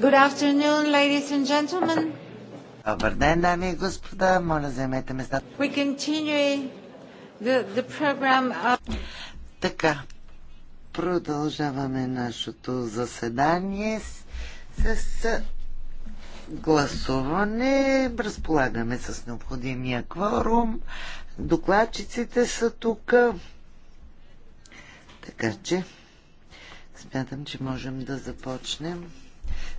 Good afternoon, ladies and gentlemen. Добър ден, дами и господа. Моля, заемете места. We continue the, program Така, продължаваме нашето заседание с гласуване. Разполагаме с необходимия кворум. Докладчиците са тук. Така че смятам, че можем да започнем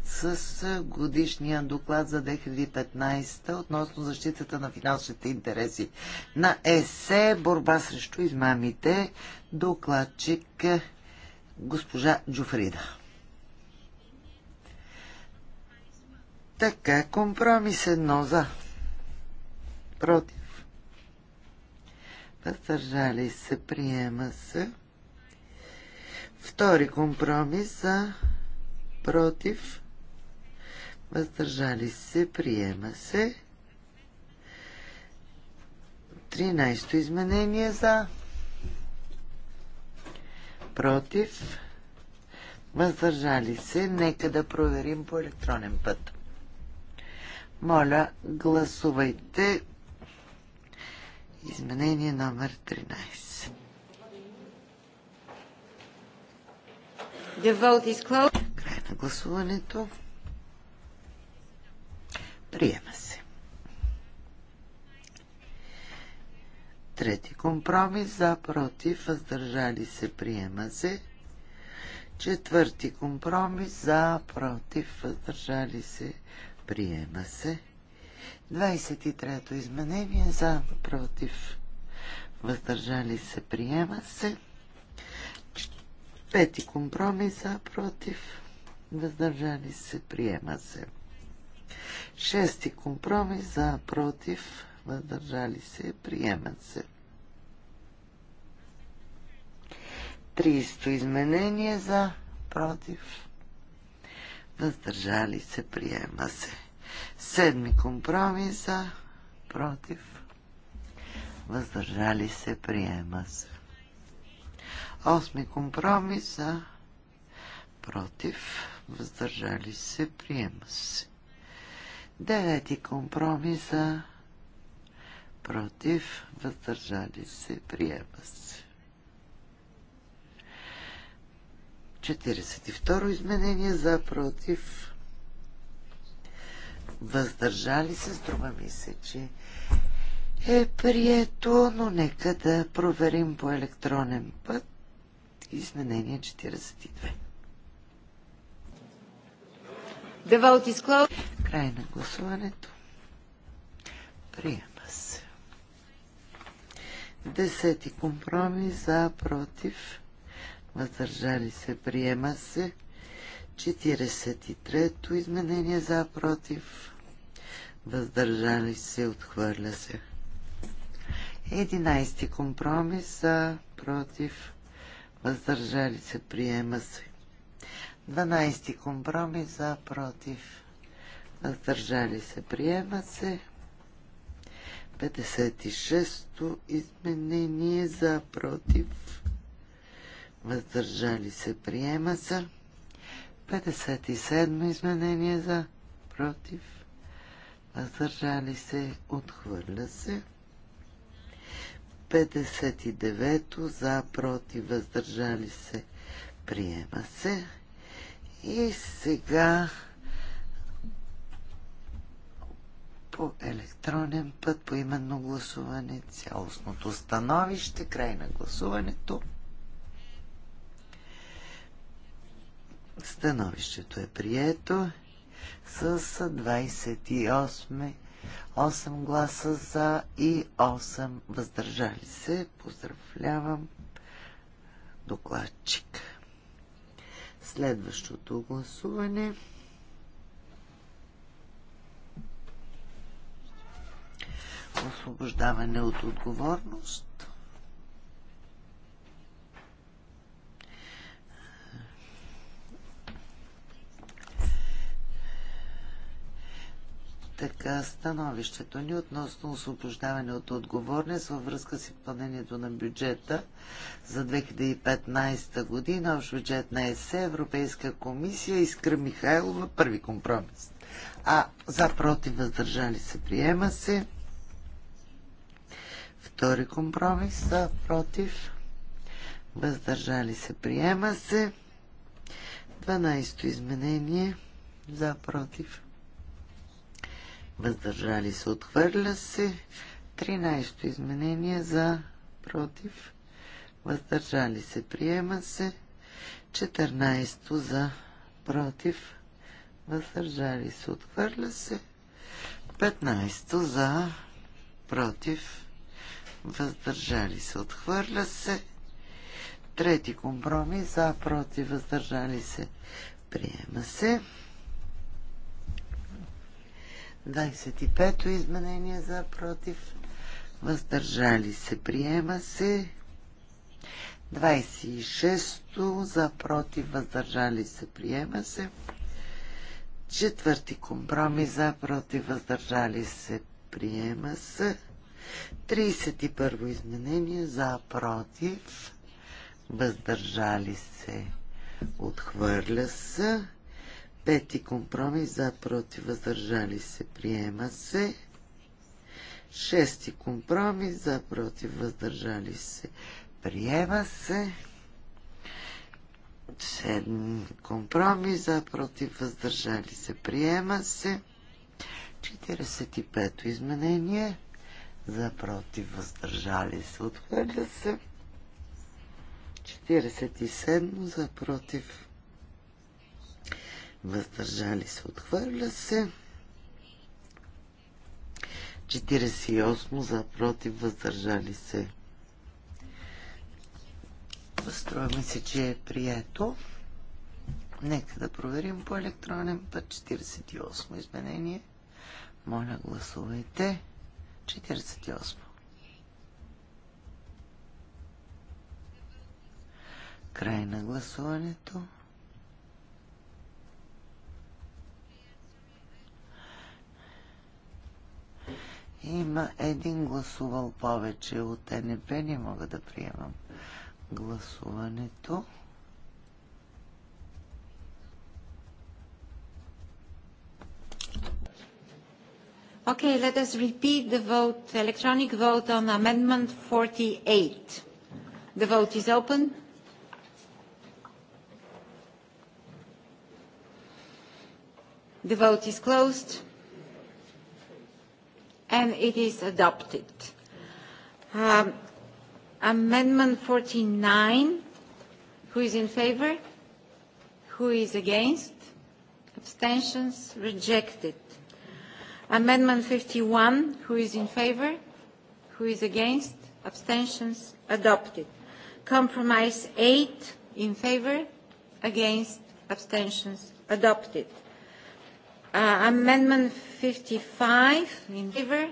с годишния доклад за 2015 относно защитата на финансовите интереси на ЕСЕ, борба срещу измамите, докладчик госпожа Джуфрида. Така, компромис едно за. Против. Въздържали се, приема се. Втори компромис за против, въздържали се, приема се. 13-то изменение за, против, въздържали се. Нека да проверим по електронен път. Моля, гласувайте изменение номер 13. The vote is closed на гласуването. Приема се. Трети компромис за против, въздържали се, приема се. Четвърти компромис за против, въздържали се, приема се. 23-то изменение за против, въздържали се, приема се. Пети компромис за против, въздържали се, приема се. Шести компромис за, против, въздържали се, приемат се. Триста изменение за, против, въздържали се, приема се. Седми компромис за, против, въздържали се, приема се. Осми компромис за, против, въздържали се, приема се. Девети компромиса. против, въздържали се, приема се. 42 изменение за против, въздържали се, струва ми се, че е прието, но нека да проверим по електронен път изменение 42. Девалт vote Край на гласуването. Приема се. Десети компромис за, против, въздържали се, приема се. 43-то изменение за, против, въздържали се, отхвърля се. 11 компромис за, против, въздържали се, приема се. 12 компромис за против. Въздържали се. Приема се. 56-то изменение за против. Въздържали се. Приема се. 57 изменение за против. Въздържали се. Отхвърля се. 59 за против. Въздържали се. Приема се. И сега по електронен път, по именно гласуване, цялостното становище, край на гласуването. Становището е прието с 28 8 гласа за и 8 въздържали се. Поздравлявам докладчика. Следващото гласуване. Освобождаване от отговорност. Така, становището ни относно освобождаване от отговорност във връзка с изпълнението на бюджета за 2015 година, общ бюджет на ЕСЕ, Европейска комисия, Искра Михайлова, първи компромис. А за против въздържали се, приема се. Втори компромис, за против въздържали се, приема се. 12 изменение, за против въздържали се, отхвърля се. 13-то изменение за против, въздържали се, приема се. 14-то за против, въздържали се, отхвърля се. 15-то за против, въздържали се, отхвърля се. Трети компромис за против, въздържали се, приема се. 25-то изменение за против. Въздържали се. Приема се. 26-то за против. Въздържали се. Приема се. Четвърти компромис за против. Въздържали се. Приема се. 31-во изменение за против. Въздържали се. Отхвърля се. Пети компромис за против въздържали се приема се. Шести компромис за против въздържали се приема се. Седми компромис за против въздържали се приема се. 45-то изменение за против въздържали се отхвърля се. 47 за против въздържали се, отхвърля се. 48 за против, въздържали се. Струваме се, че е прието. Нека да проверим по електронен път 48 изменение. Моля, гласувайте. 48. Край на гласуването. Има един гласувал повече от НП. Не мога да приемам гласуването. Okay, let us repeat the vote, electronic vote on amendment 48. The vote is open. The vote is closed and it is adopted. Um, amendment 49, who is in favor? Who is against? Abstentions? Rejected. Amendment 51, who is in favor? Who is against? Abstentions? Adopted. Compromise 8, in favor? Against? Abstentions? Adopted. Uh, amendment 55 in favor,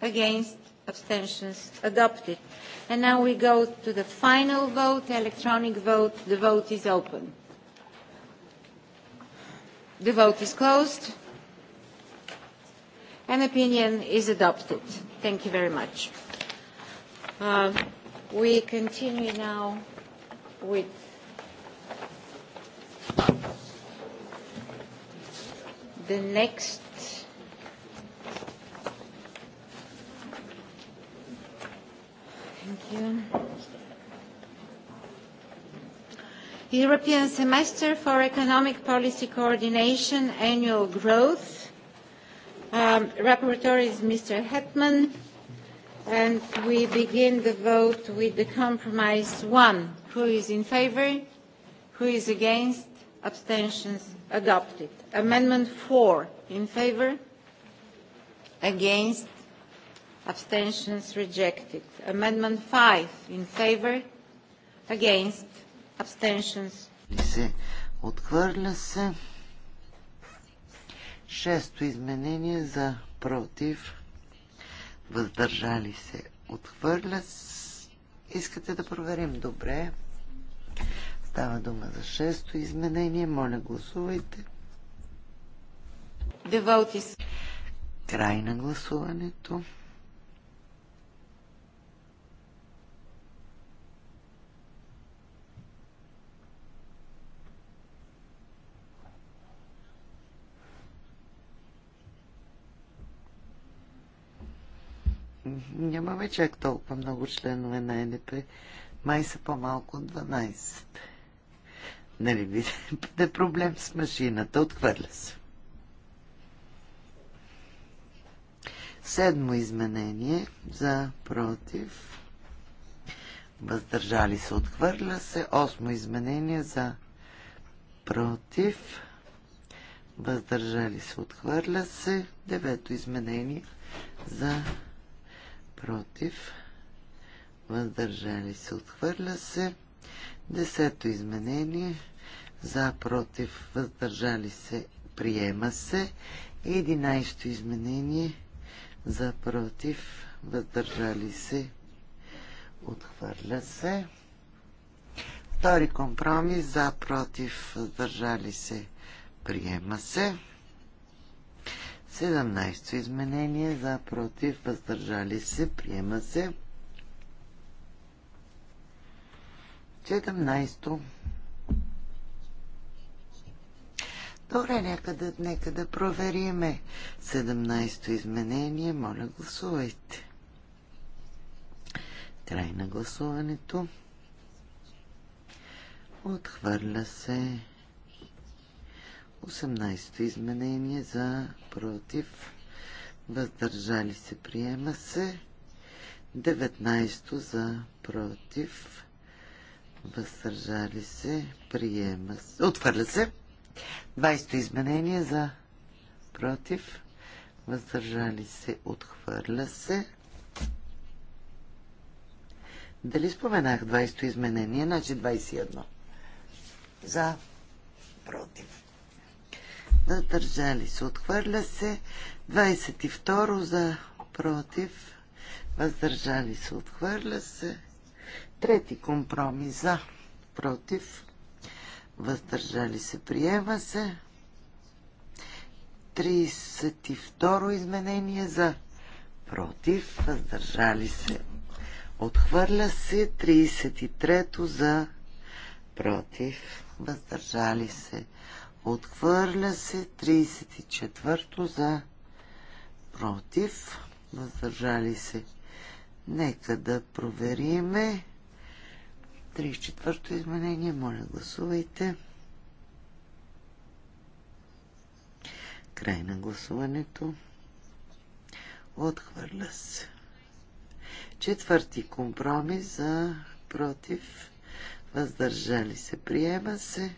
against, abstentions adopted. And now we go to the final vote, electronic vote. The vote is open. The vote is closed. An opinion is adopted. Thank you very much. Uh, we continue now with the next Thank you. European Semester for Economic Policy Coordination Annual Growth. Um, rapporteur is Mr. Hetman, and we begin the vote with the compromise one. Who is in favor? Who is against? Abstentions adopted. Amendment 4 in favor, against, abstentions rejected. Amendment 5 in favor, against, abstentions. Се отхвърля се. Шесто изменение за против. Въздържали се. Отхвърля. се. Искате да проверим? Добре. Става дума за шесто изменение. Моля, гласувайте. Девалтис. Край на гласуването. Няма вече толкова много членове на НП, Май са по-малко от 12. Нали видите проблем с машината? Отхвърля се. Седмо изменение за против. Въздържали се. Отхвърля се. Осмо изменение за против. Въздържали се. Отхвърля се. Девето изменение за против. Въздържали се. Отхвърля се. Десето изменение. За, против, въздържали се, приема се. Единайсто изменение. За, против, въздържали се, отхвърля се. Втори компромис. За, против, въздържали се, приема се. 17 изменение за против въздържали се, приема се. 17 Добре, някъде, нека да провериме 17-то изменение. Моля, гласувайте. Край на гласуването. Отхвърля се 18-то изменение за против. Въздържали се, приема се. 19 за против въздържали се, приема се, отвърля се. 20-то изменение за против, въздържали се, отхвърля се. Дали споменах 20-то изменение? Значи 21. За против. Въздържали се, отхвърля се. 22 за против. Въздържали се, отхвърля се. Трети компромис за, против, въздържали се, приема се. 32 изменение за, против, въздържали се, отхвърля се. 33 за, против, въздържали се, отхвърля се. 34 за, против, въздържали се. Нека да провериме. 34-то изменение. Моля, гласувайте. Край на гласуването. Отхвърля се. Четвърти компромис за против. Въздържали се. Приема се.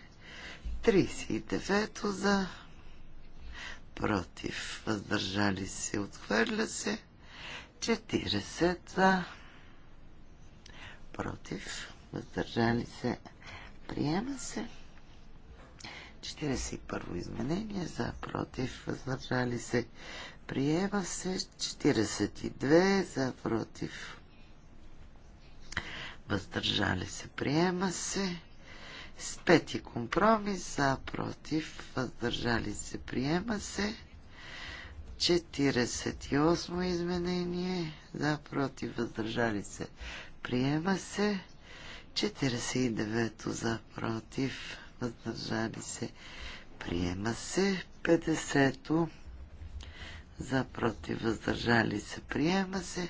39-то за против. Въздържали се. Отхвърля се. 40 за против въздържали се, приема се. 41 изменение за, против, въздържали се, приема се. 42 за, против, въздържали се, приема се. С пети компромис, за, против, въздържали се, приема се. 48 изменение, за, против, въздържали се, приема се. 49 за против, въздържали се, приема се. 50 за против, въздържали се, приема се.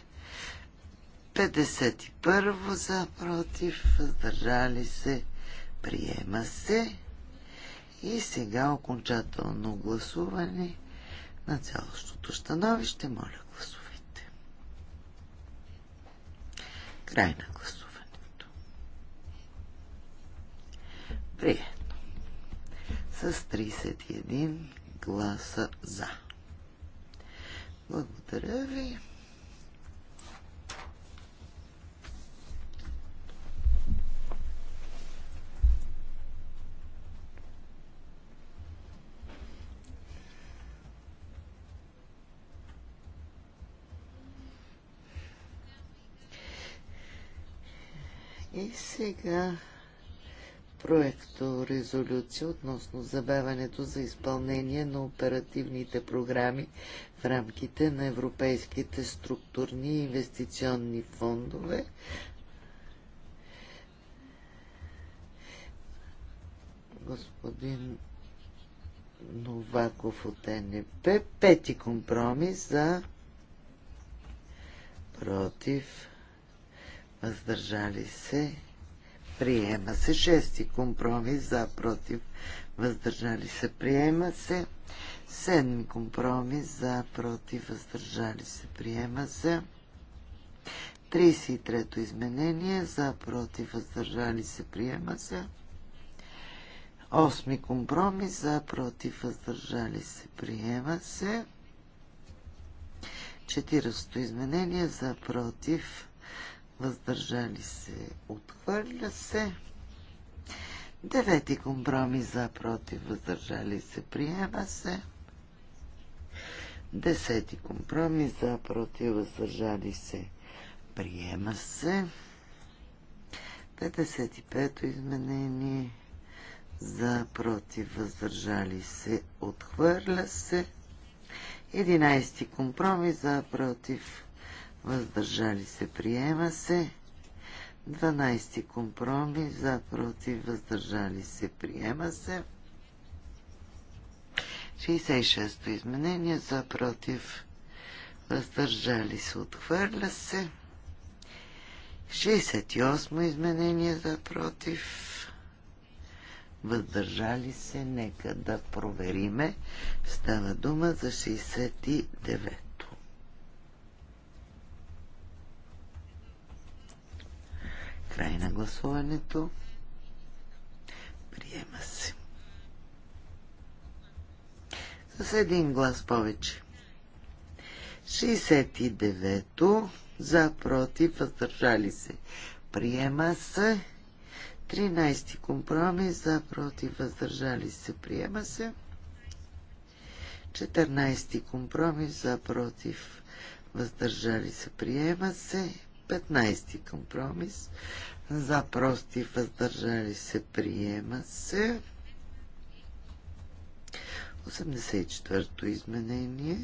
51 за против, въздържали се, приема се. И сега окончателно гласуване на цялостното становище. Моля, гласувайте. Край на гласуване. прието. С 31 гласа за. Благодаря ви. И сега проекто резолюция относно забавянето за изпълнение на оперативните програми в рамките на европейските структурни и инвестиционни фондове. Господин Новаков от НП. Пети компромис за против въздържали се приема се. Шести компромис за, против, въздържали се, приема се. Седми компромис за, против, въздържали се, приема се. 33-то изменение за, против, въздържали се, приема се. Осми компромис за, против, въздържали се, приема се. 40-то изменение за, против, въздържали се, отхвърля се. Девети компромис за, против, въздържали се, приема се. Десети компромис за, против, въздържали се, приема се. 55-то изменение за, против, въздържали се, отхвърля се. 11 компромис за, против, въздържали се, приема се. 12 компромис, за, против, въздържали се, приема се. 66-то изменение, за, против, въздържали се, отхвърля се. 68 то изменение, за, против, въздържали се, нека да провериме. Става дума за 69. Край на гласуването. Приема се. С един глас повече. 69-то за против, въздържали се. Приема се. 13 компромис за против, въздържали се. Приема се. 14 компромис за против, въздържали се. Приема се. 15 компромис за против въздържали се приема се 84-то изменение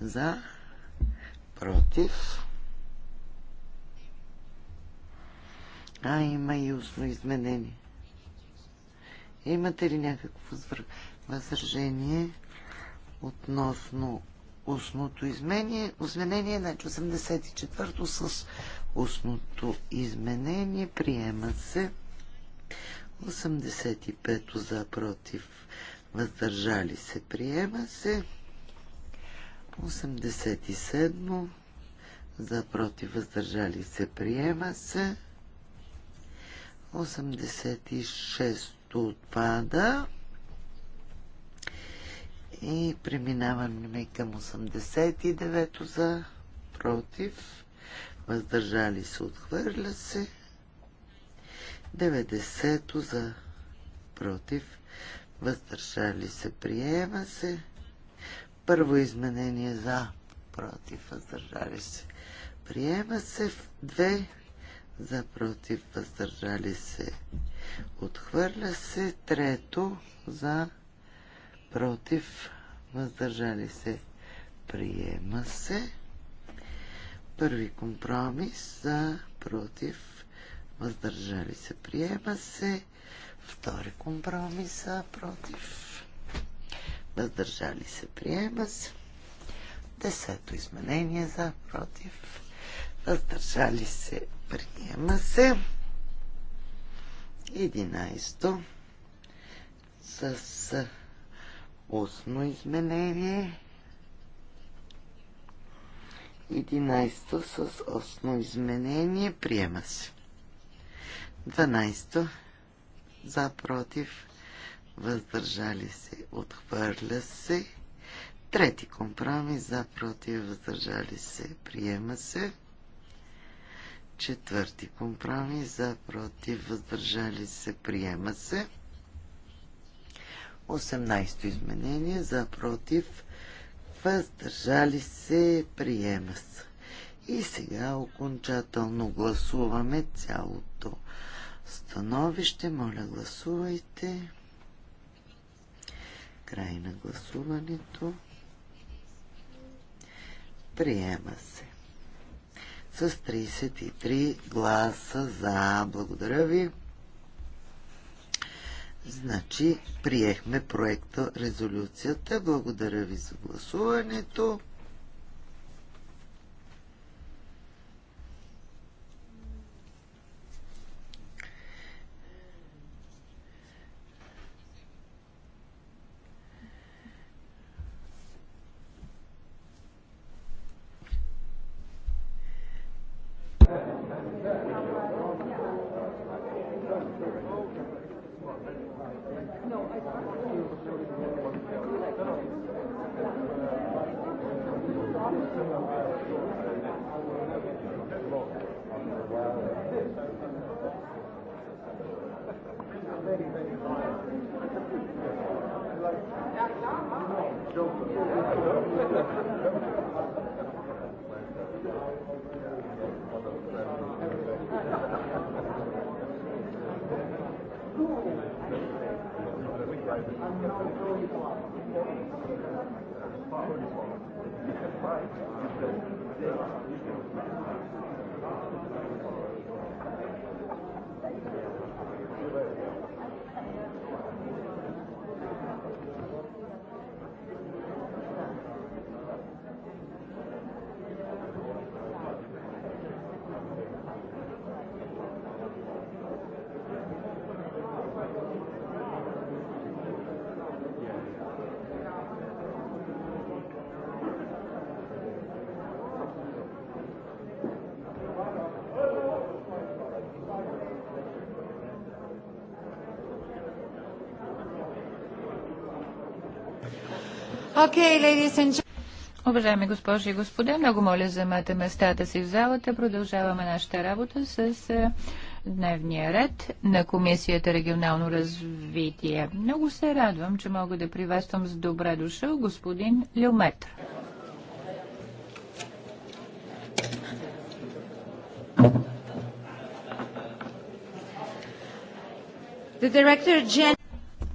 за против а има и устно изменение имате ли някакво възражение относно устното изменение, изменение на 84-то с устното изменение. Приема се 85 за против въздържали се. Приема се 87 за против въздържали се. Приема се 86 отпада и преминаваме към 89 то за против въздържали се, отхвърля се. 90 за против, въздържали се, приема се. Първо изменение за против, въздържали се, приема се. Две за против, въздържали се, отхвърля се. Трето за против, въздържали се, приема се. Първи компромис за против въздържали се приема се. Втори компромис за против въздържали се приема се. Десето изменение за против въздържали се приема се. Единайсто с устно изменение 11 с 8 изменение. Приема се. 12 за против. Въздържали се. Отхвърля се. Трети компромис за против. Въздържали се. Приема се. Четвърти компромис за против. Въздържали се. Приема се. 18 изменение за против въздържали се, приема се. И сега окончателно гласуваме цялото становище. Моля, гласувайте. Край на гласуването. Приема се. С 33 гласа за. Благодаря ви. Значи, приехме проекта резолюцията. Благодаря ви за гласуването. Уважаеми госпожи и господа, много моля заемете местата си в залата. Продължаваме нашата работа с е, дневния ред на Комисията регионално развитие. Много се радвам, че мога да приветствам с добре дошъл господин Люметр.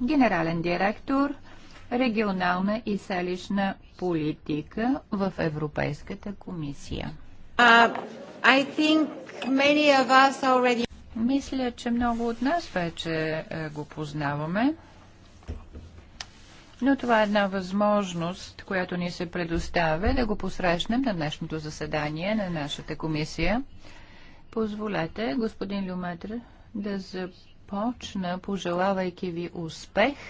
Генерален директор регионална и селищна политика в Европейската комисия. Uh, I think many of us already... Мисля, че много от нас вече е, го познаваме. Но това е една възможност, която ни се предоставя да го посрещнем на днешното заседание на нашата комисия. Позволете, господин Люметр, да започна, пожелавайки ви успех –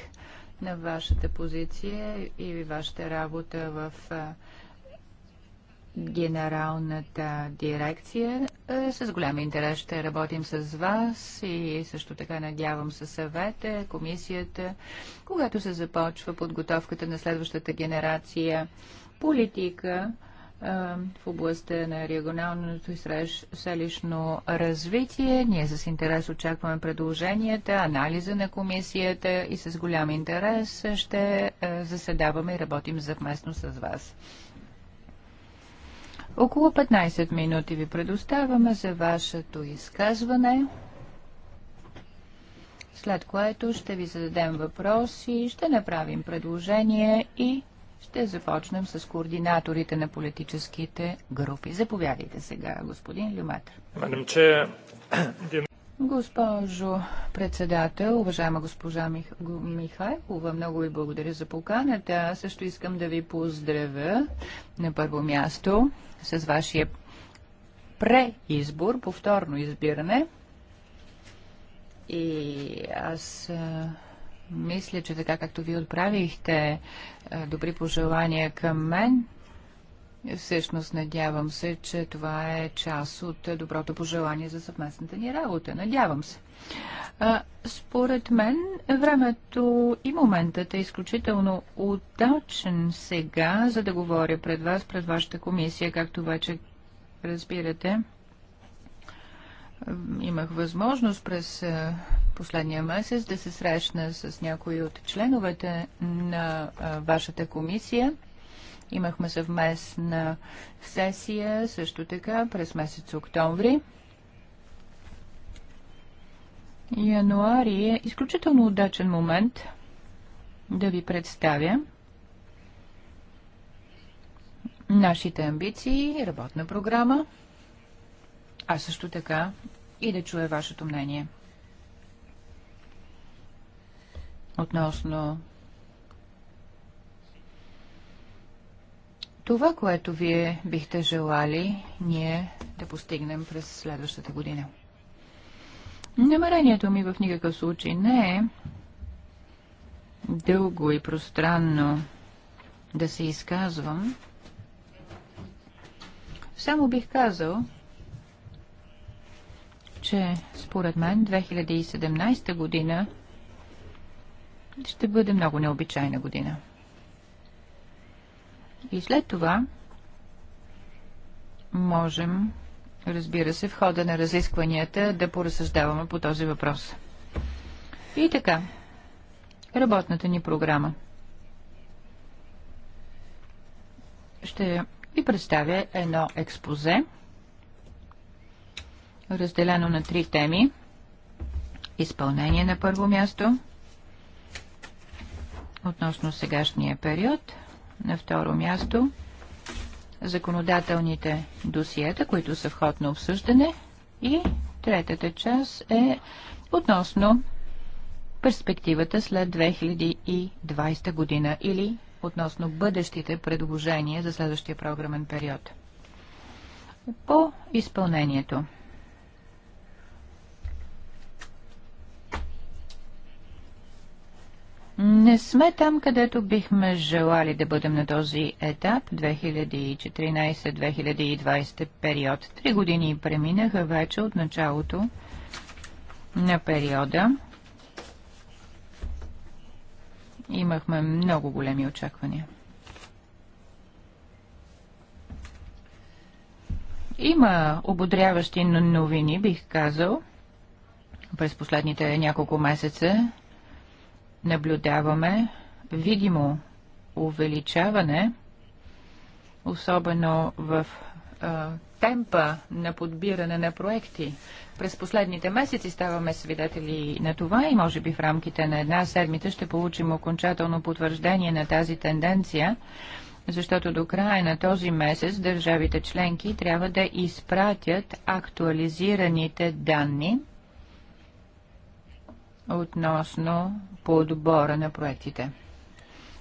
на вашата позиция и вашата работа в генералната дирекция. С голям интерес ще работим с вас и също така надявам се съвета, комисията, когато се започва подготовката на следващата генерация политика в областта на регионалното и селищно развитие. Ние с интерес очакваме предложенията, анализа на комисията и с голям интерес ще заседаваме и работим съвместно с вас. Около 15 минути ви предоставяме за вашето изказване, след което ще ви зададем въпроси, ще направим предложение и ще започнем с координаторите на политическите групи. Заповядайте сега, господин Люматър. Госпожо председател, уважаема госпожа Мих... Михайлова, много ви благодаря за поканата. Аз също искам да ви поздравя на първо място с вашия преизбор, повторно избиране. И аз мисля, че така както ви отправихте е, добри пожелания към мен, Всъщност надявам се, че това е част от е, доброто пожелание за съвместната ни работа. Надявам се. според мен времето и моментът е изключително удачен сега, за да говоря пред вас, пред вашата комисия, както вече разбирате. Имах възможност през е, последния месец да се срещна с някои от членовете на вашата комисия. Имахме съвместна сесия също така през месец октомври. Януари е изключително удачен момент да ви представя нашите амбиции, работна програма, а също така и да чуя вашето мнение. относно това, което вие бихте желали ние да постигнем през следващата година. Намерението ми в никакъв случай не е дълго и пространно да се изказвам. Само бих казал, че според мен 2017 година ще бъде много необичайна година. И след това можем, разбира се, в хода на разискванията да поразсъждаваме по този въпрос. И така, работната ни програма. Ще ви представя едно експозе, разделено на три теми. Изпълнение на първо място – относно сегашния период. На второ място законодателните досиета, които са вход на обсъждане. И третата част е относно перспективата след 2020 година или относно бъдещите предложения за следващия програмен период. По изпълнението. Не сме там, където бихме желали да бъдем на този етап 2014-2020 период. Три години преминаха вече от началото на периода. Имахме много големи очаквания. Има ободряващи новини, бих казал, през последните няколко месеца наблюдаваме видимо увеличаване, особено в а, темпа на подбиране на проекти. През последните месеци ставаме свидетели на това и може би в рамките на една седмица ще получим окончателно потвърждение на тази тенденция, защото до края на този месец държавите членки трябва да изпратят актуализираните данни – относно подбора на проектите.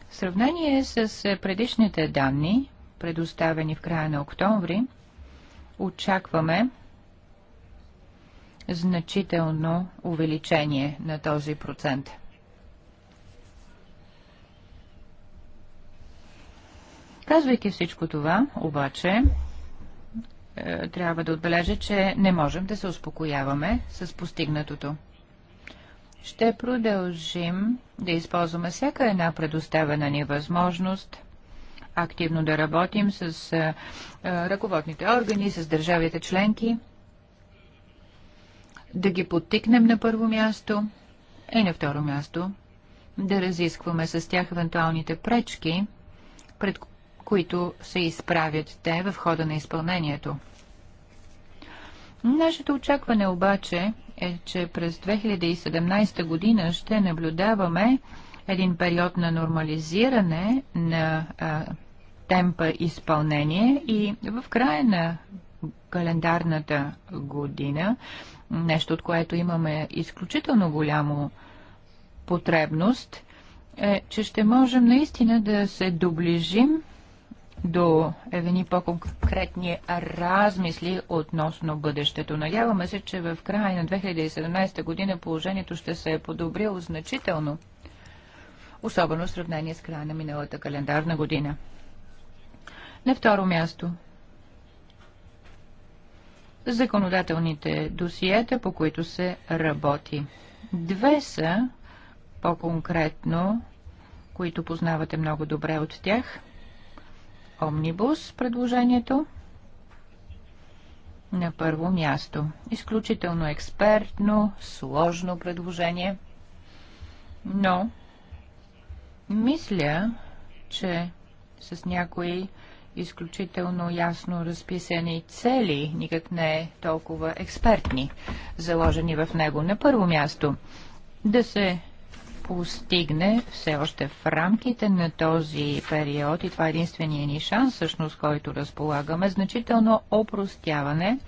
В сравнение с е, предишните данни, предоставени в края на октомври, очакваме значително увеличение на този процент. Казвайки всичко това, обаче, е, трябва да отбележа, че не можем да се успокояваме с постигнатото ще продължим да използваме всяка една предоставена ни възможност активно да работим с а, ръководните органи, с държавите членки, да ги подтикнем на първо място и на второ място да разискваме с тях евентуалните пречки, пред които се изправят те в хода на изпълнението. Нашето очакване обаче е, че през 2017 година ще наблюдаваме един период на нормализиране на а, темпа изпълнение и в края на календарната година, нещо от което имаме изключително голямо потребност, е, че ще можем наистина да се доближим до едни по-конкретни размисли относно бъдещето. Надяваме се, че в края на 2017 година положението ще се е подобрило значително, особено в сравнение с края на миналата календарна година. На второ място законодателните досиета, по които се работи. Две са, по-конкретно, които познавате много добре от тях – Омнибус предложението. На първо място. Изключително експертно, сложно предложение. Но, мисля, че с някои изключително ясно разписани цели, никак не е толкова експертни, заложени в него. На първо място да се постигне все още в рамките на този период, и това е единствения ни шанс, всъщност, който разполагаме, значително опростяване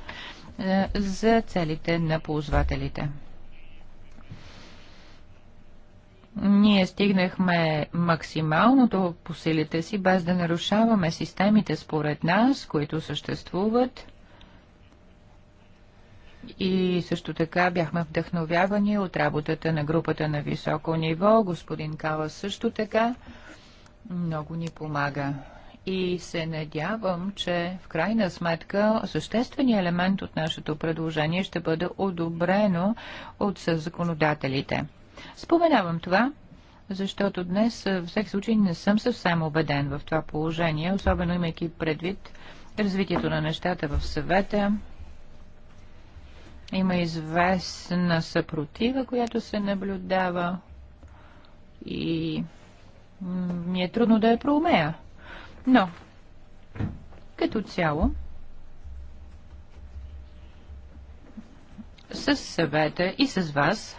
е, за целите на ползвателите. Ние стигнахме максималното по силите си, без да нарушаваме системите според нас, които съществуват – и също така бяхме вдъхновявани от работата на групата на високо ниво. Господин Кала също така много ни помага. И се надявам, че в крайна сметка същественият елемент от нашето предложение ще бъде одобрено от законодателите. Споменавам това, защото днес във всеки случай не съм съвсем убеден в това положение, особено имайки предвид развитието на нещата в съвета, има известна съпротива, която се наблюдава и ми е трудно да я проумея. Но, като цяло, с съвета и с вас,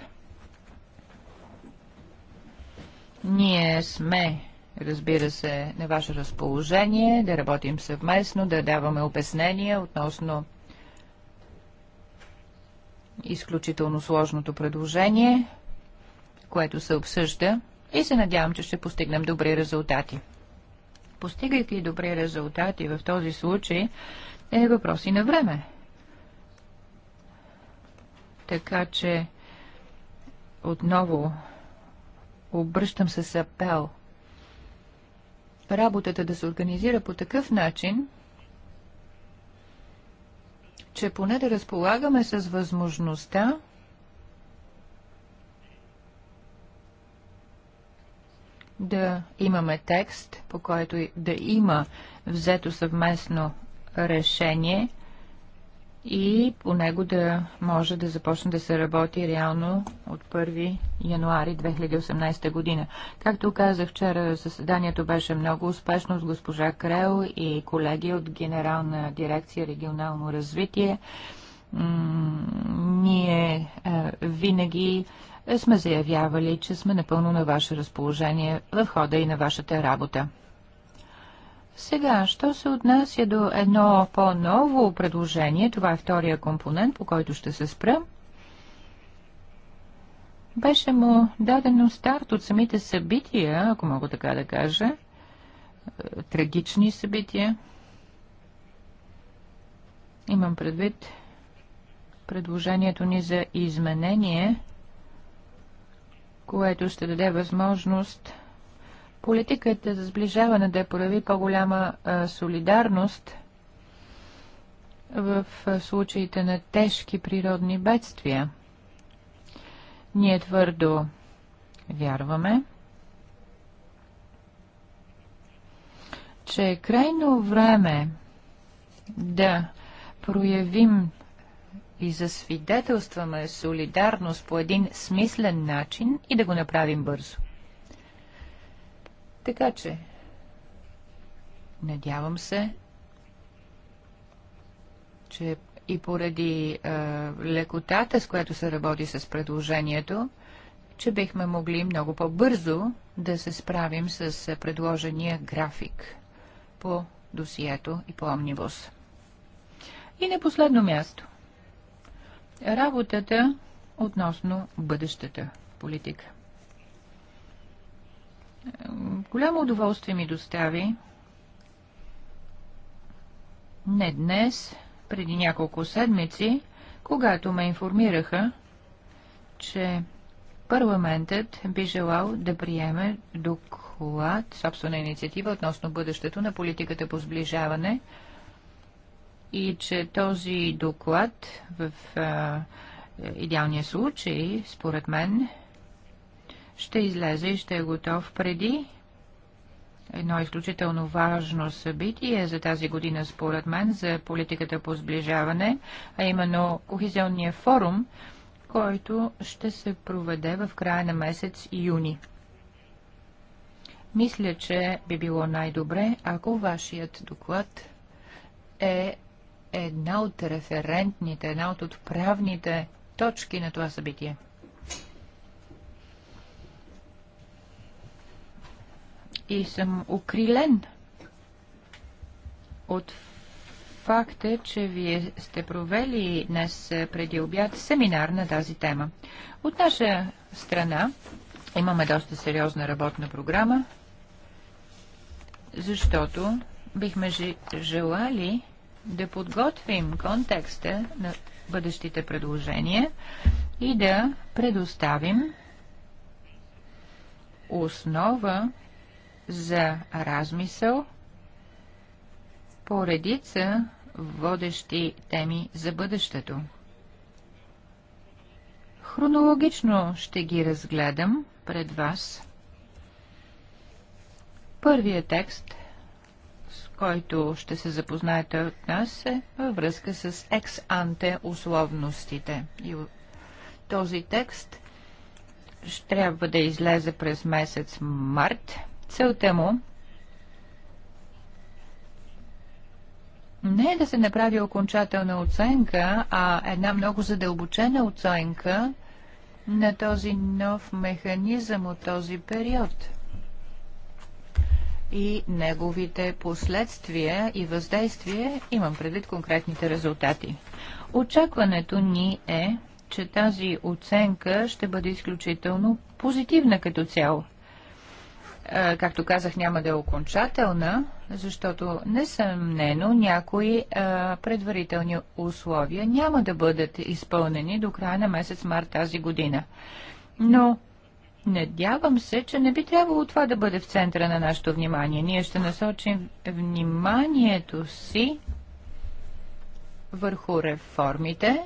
ние сме, разбира се, на ваше разположение, да работим съвместно, да даваме обяснения относно изключително сложното предложение, което се обсъжда и се надявам, че ще постигнем добри резултати. Постигайки добри резултати в този случай е въпрос и на време. Така че отново обръщам се с апел. Работата да се организира по такъв начин, че поне да разполагаме с възможността да имаме текст, по който да има взето съвместно решение и по него да може да започне да се работи реално от 1 януари 2018 година. Както казах вчера, заседанието беше много успешно с госпожа Крел и колеги от Генерална дирекция регионално развитие. ние е, винаги сме заявявали, че сме напълно на ваше разположение в хода и на вашата работа. Сега, що се отнася до едно по-ново предложение, това е втория компонент, по който ще се спра, беше му дадено старт от самите събития, ако мога така да кажа, е, трагични събития. Имам предвид предложението ни за изменение, което ще даде възможност Политиката за сближаване да прояви по-голяма солидарност в случаите на тежки природни бедствия. Ние твърдо вярваме, че е крайно време да проявим и засвидетелстваме солидарност по един смислен начин и да го направим бързо. Така че, надявам се, че и поради е, лекотата, с която се работи с предложението, че бихме могли много по-бързо да се справим с предложения график по досието и по омнибус. И на последно място. Работата относно бъдещата политика. Голямо удоволствие ми достави не днес, преди няколко седмици, когато ме информираха, че парламентът би желал да приеме доклад, собствена инициатива относно бъдещето на политиката по сближаване и че този доклад в а, е, идеалния случай, според мен, ще излезе и ще е готов преди едно изключително важно събитие за тази година, според мен, за политиката по сближаване, а именно Кохизионния форум, който ще се проведе в края на месец юни. Мисля, че би било най-добре, ако вашият доклад е една от референтните, една от отправните точки на това събитие. и съм укрилен от факта, че вие сте провели днес е, преди обяд семинар на тази тема. От наша страна имаме доста сериозна работна програма, защото бихме желали да подготвим контекста на бъдещите предложения и да предоставим основа за размисъл по редица водещи теми за бъдещето. Хронологично ще ги разгледам пред вас. Първият текст, с който ще се запознаете от нас, е във връзка с екс-анте условностите. И този текст ще трябва да излезе през месец март Целта му не е да се направи окончателна оценка, а една много задълбочена оценка на този нов механизъм от този период и неговите последствия и въздействие, имам предвид конкретните резултати. Очакването ни е, че тази оценка ще бъде изключително позитивна като цяло – е, както казах, няма да е окончателна, защото несъмнено някои е, предварителни условия няма да бъдат изпълнени до края на месец март тази година. Но надявам се, че не би трябвало това да бъде в центъра на нашето внимание. Ние ще насочим вниманието си върху реформите,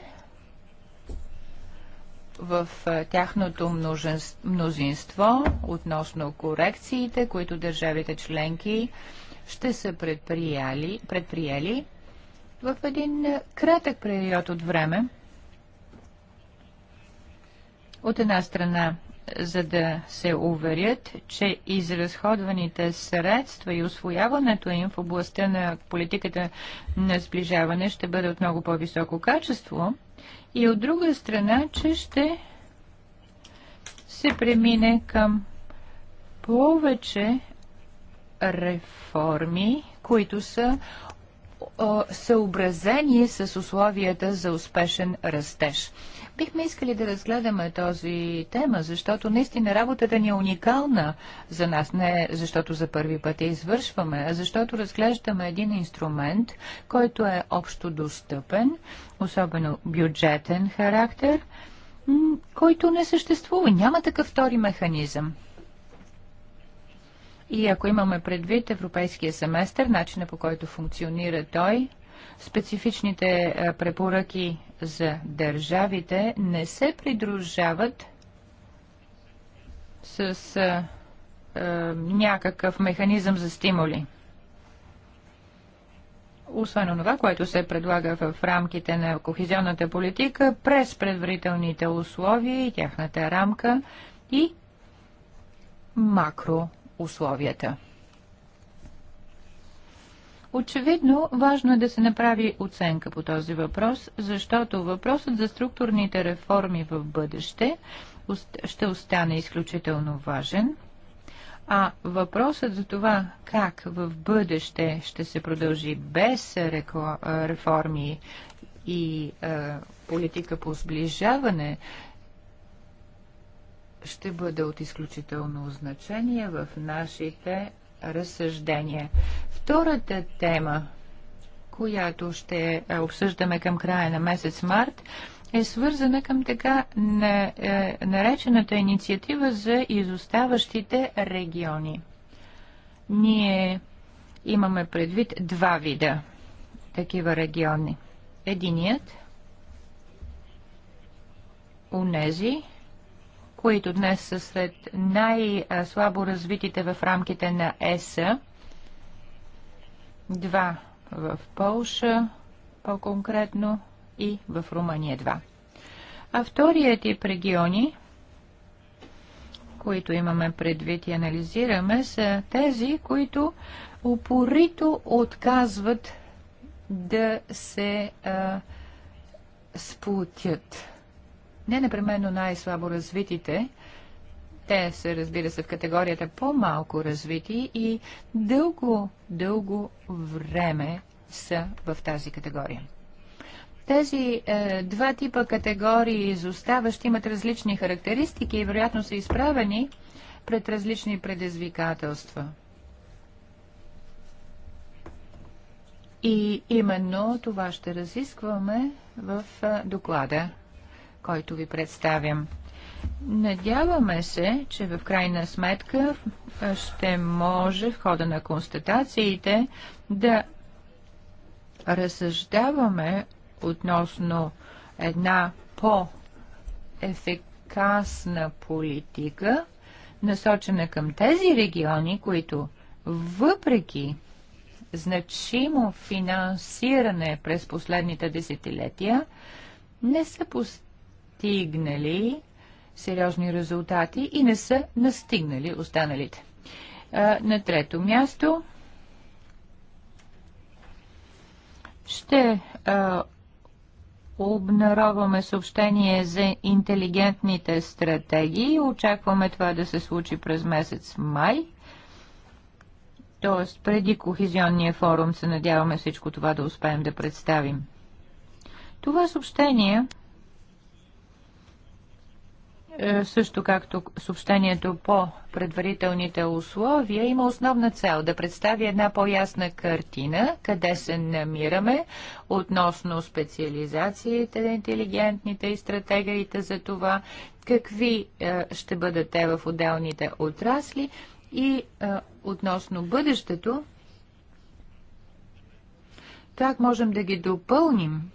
в е, тяхното мнозинство относно корекциите, които държавите членки ще са предприели, предприели в един е, кратък период от време. От една страна, за да се уверят, че изразходваните средства и освояването им в областта на политиката на сближаване ще бъде от много по-високо качество – и от друга страна, че ще се премине към повече реформи, които са съобразени с условията за успешен растеж. Бихме искали да разгледаме този тема, защото наистина работата ни е уникална за нас, не защото за първи път я извършваме, а защото разглеждаме един инструмент, който е общо достъпен, особено бюджетен характер, който не съществува. Няма такъв втори механизъм. И ако имаме предвид европейския семестър, начина по който функционира той, специфичните е, препоръки за държавите не се придружават с а, е, е, някакъв механизъм за стимули. Освен това, което се предлага в рамките на кохезионната политика, през предварителните условия и тяхната рамка и макроусловията. Очевидно, важно е да се направи оценка по този въпрос, защото въпросът за структурните реформи в бъдеще ще остане изключително важен. А въпросът за това как в бъдеще ще се продължи без реформи и политика по сближаване ще бъде от изключително значение в нашите разсъждения. Втората тема, която ще е, обсъждаме към края на месец март, е свързана към така на, е, наречената инициатива за изоставащите региони. Ние имаме предвид два вида такива региони. Единият нези, които днес са сред най-слабо развитите в рамките на ЕСА, два в Полша по-конкретно и в Румъния два. А вторият тип региони, които имаме предвид и анализираме, са тези, които упорито отказват да се а, сплутят. Не непременно най-слабо развитите, те са, разбира се, в категорията по-малко развити и дълго, дълго време са в тази категория. Тези е, два типа категории изоставащи имат различни характеристики и вероятно са изправени пред различни предизвикателства. И именно това ще разискваме в е, доклада, който ви представям. Надяваме се, че в крайна сметка ще може в хода на констатациите да разсъждаваме относно една по-ефикасна политика, насочена към тези региони, които въпреки значимо финансиране през последните десетилетия, не са постигнали сериозни резултати и не са настигнали останалите. На трето място ще обнароваме съобщение за интелигентните стратегии. Очакваме това да се случи през месец май. Тоест, преди Кохизионния форум се надяваме всичко това да успеем да представим. Това съобщение е, също както съобщението по предварителните условия, има основна цел да представи една по-ясна картина, къде се намираме относно специализациите на интелигентните и стратегиите за това, какви е, ще бъдат те в отделните отрасли и е, относно бъдещето, как можем да ги допълним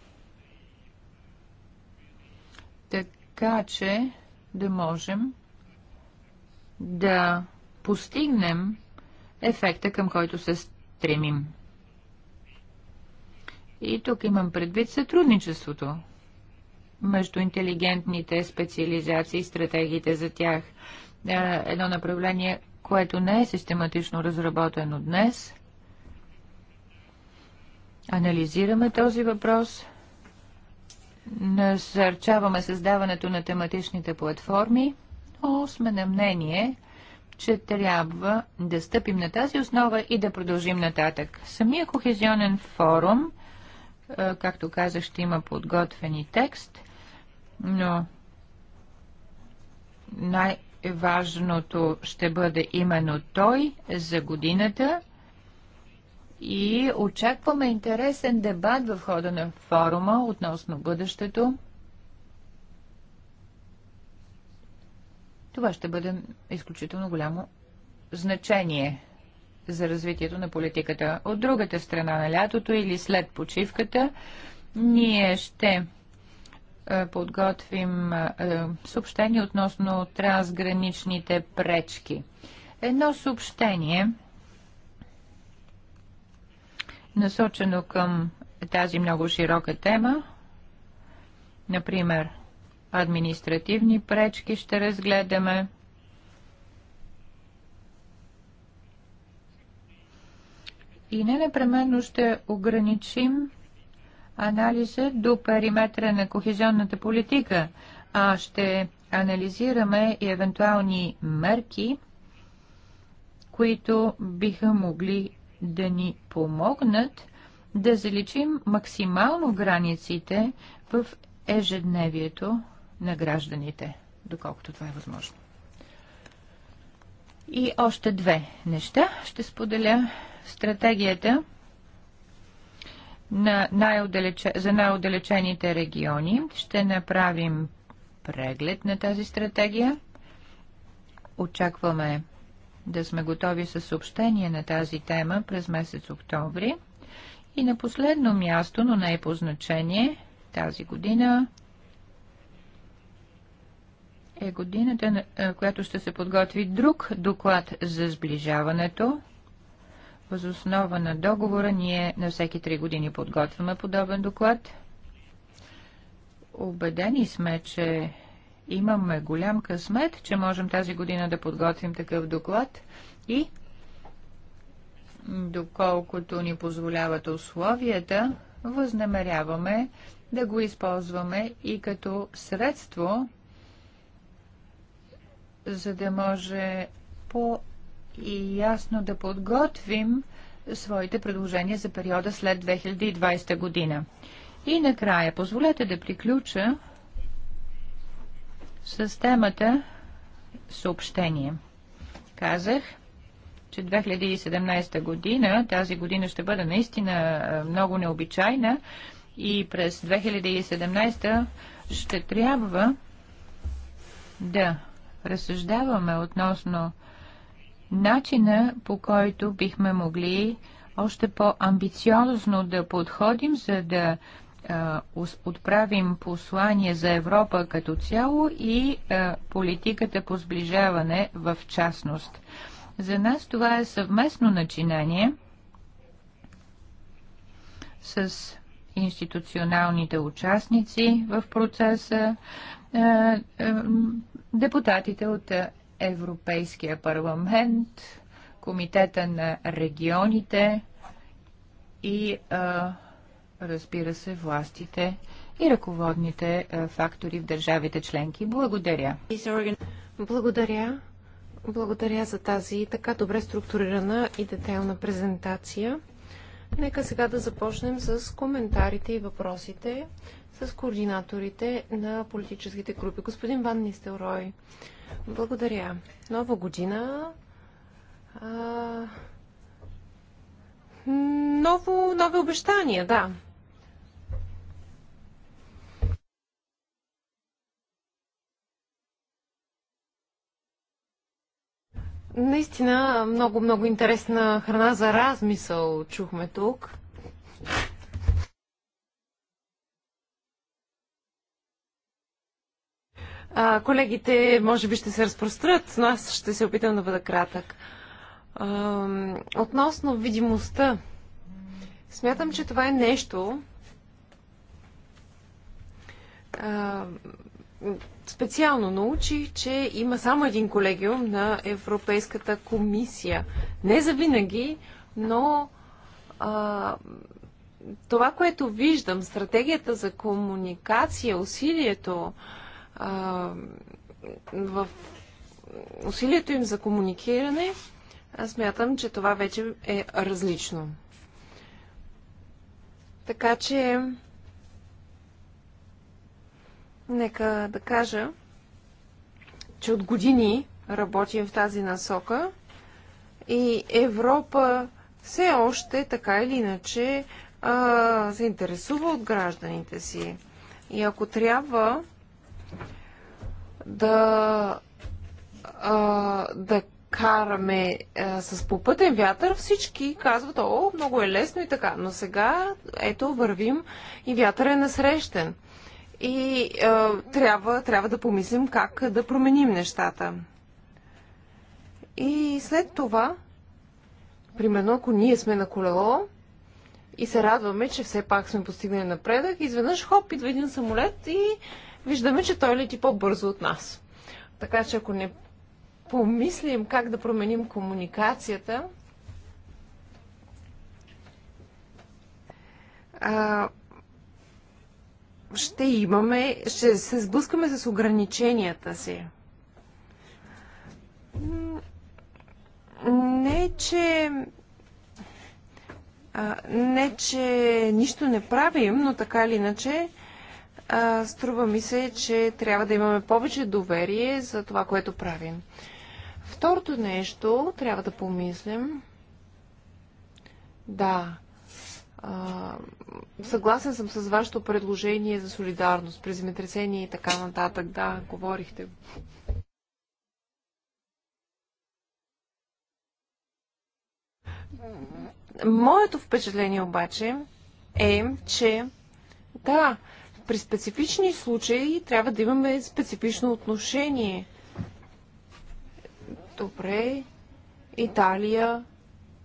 така че да можем да постигнем ефекта, към който се стремим. И тук имам предвид сътрудничеството между интелигентните специализации и стратегиите за тях. Е, едно направление, което не е систематично разработено днес. Анализираме този въпрос – насърчаваме създаването на тематичните платформи, но сме на мнение, че трябва да стъпим на тази основа и да продължим нататък. Самия кохезионен форум, е, както казах, ще има подготвени текст, но най-важното ще бъде именно той за годината – и очакваме интересен дебат в хода на форума относно бъдещето. Това ще бъде изключително голямо значение за развитието на политиката. От другата страна на лятото или след почивката ние ще е, подготвим е, съобщение относно трансграничните пречки. Едно съобщение – насочено към тази много широка тема. Например, административни пречки ще разгледаме. И не непременно ще ограничим анализа до периметра на кохезионната политика, а ще анализираме и евентуални мерки, които биха могли да ни помогнат да заличим максимално границите в ежедневието на гражданите, доколкото това е възможно. И още две неща. Ще споделя стратегията на най за най-отдалечените региони. Ще направим преглед на тази стратегия. Очакваме да сме готови с съобщение на тази тема през месец октомври. И на последно място, но не е по значение, тази година е годината, която ще се подготви друг доклад за сближаването. Възоснова на договора ние на всеки три години подготвяме подобен доклад. Обедени сме, че имаме голям късмет, че можем тази година да подготвим такъв доклад и доколкото ни позволяват условията, възнамеряваме да го използваме и като средство, за да може по-ясно да подготвим своите предложения за периода след 2020 година. И накрая, позволете да приключа с темата съобщение. Казах, че 2017 година, тази година ще бъде наистина много необичайна и през 2017 ще трябва да разсъждаваме относно начина по който бихме могли още по-амбициозно да подходим, за да отправим послание за Европа като цяло и политиката по сближаване в частност. За нас това е съвместно начинание с институционалните участници в процеса, депутатите от Европейския парламент, Комитета на регионите и а, разбира се, властите и ръководните е, фактори в държавите членки. Благодаря. Благодаря. Благодаря за тази така добре структурирана и детайлна презентация. Нека сега да започнем с коментарите и въпросите с координаторите на политическите групи. Господин Ван Нистелрой, благодаря. Нова година. А... Ново, нови обещания, да. Наистина много, много интересна храна за размисъл чухме тук. А, колегите може би ще се разпрострат, но аз ще се опитам да бъда кратък. А, относно видимостта, смятам, че това е нещо, а, специално научих, че има само един колегиум на Европейската комисия. Не за винаги, но а, това, което виждам, стратегията за комуникация, усилието а, в усилието им за комуникиране, аз смятам, че това вече е различно. Така че Нека да кажа, че от години работим в тази насока и Европа все още, така или иначе, а, се интересува от гражданите си. И ако трябва да, а, да караме а, с попътен вятър, всички казват, о, много е лесно и така. Но сега, ето, вървим и вятър е насрещен и е, трябва, трябва да помислим как да променим нещата. И след това, примерно, ако ние сме на колело и се радваме, че все пак сме постигнали напредък, изведнъж хоп, идва един самолет и виждаме, че той лети по-бързо от нас. Така че ако не помислим как да променим комуникацията, а, ще имаме, ще се сблъскаме с ограниченията си. Не, че не, че нищо не правим, но така или иначе струва ми се, че трябва да имаме повече доверие за това, което правим. Второто нещо, трябва да помислим. Да, съгласен съм с вашето предложение за солидарност при земетресение и така нататък. Да, говорихте. Моето впечатление обаче е, че да, при специфични случаи трябва да имаме специфично отношение. Добре, Италия,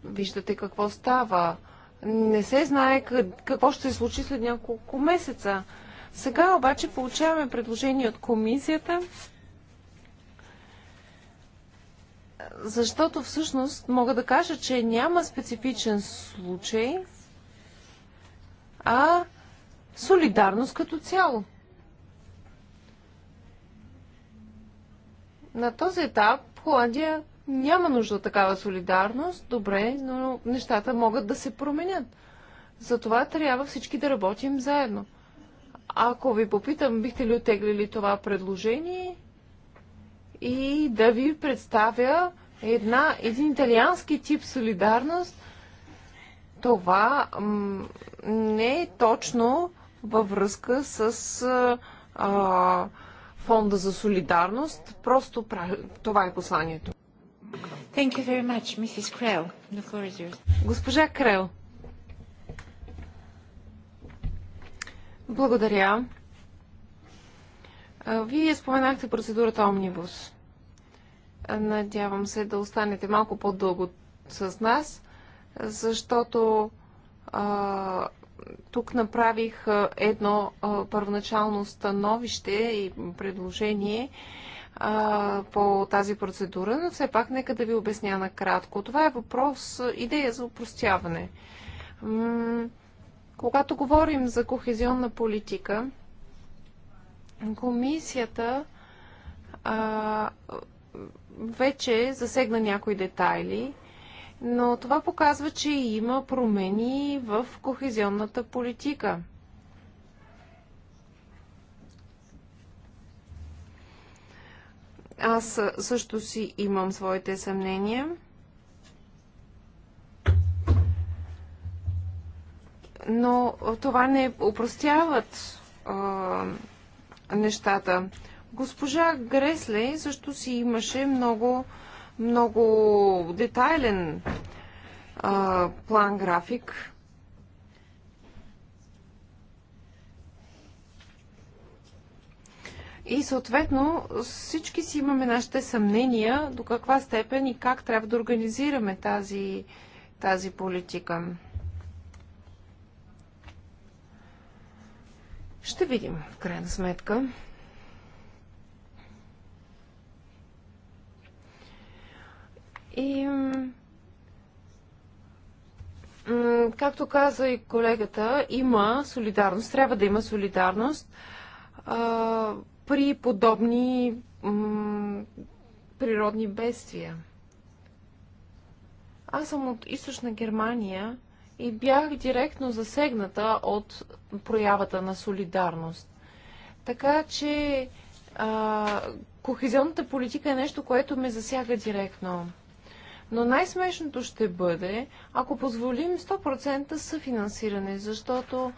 виждате какво става не се знае какво ще се случи след няколко месеца. Сега обаче получаваме предложение от комисията, защото всъщност мога да кажа, че няма специфичен случай, а солидарност като цяло. На този етап Холандия няма нужда от такава солидарност, добре, но нещата могат да се променят. Затова трябва всички да работим заедно. Ако ви попитам, бихте ли отеглили това предложение и да ви представя една, един италиански тип солидарност, това не е точно във връзка с а, фонда за солидарност. Просто това е посланието. Thank you very much, Mrs. The floor is yours. Госпожа Крел. Благодаря. Вие споменахте процедурата Омнибус. Надявам се да останете малко по-дълго с нас, защото а, тук направих едно а, първоначално становище и предложение. А, а, по тази процедура, но все пак нека да ви обясня накратко. Това е въпрос, идея за упростяване. М- когато говорим за кохезионна политика, комисията а, вече засегна някои детайли, но това показва, че има промени в кохезионната политика. Аз също си имам своите съмнения. Но това не упростяват а, нещата. Госпожа Гресле също си имаше много, много детайлен а, план график И съответно всички си имаме нашите съмнения до каква степен и как трябва да организираме тази, тази политика. Ще видим, в крайна сметка. И както каза и колегата, има солидарност, трябва да има солидарност при подобни природни бедствия. Аз съм от източна Германия и бях директно засегната от проявата на солидарност. Така че а, кохезионната политика е нещо, което ме засяга директно. Но най-смешното ще бъде, ако позволим 100% съфинансиране, защото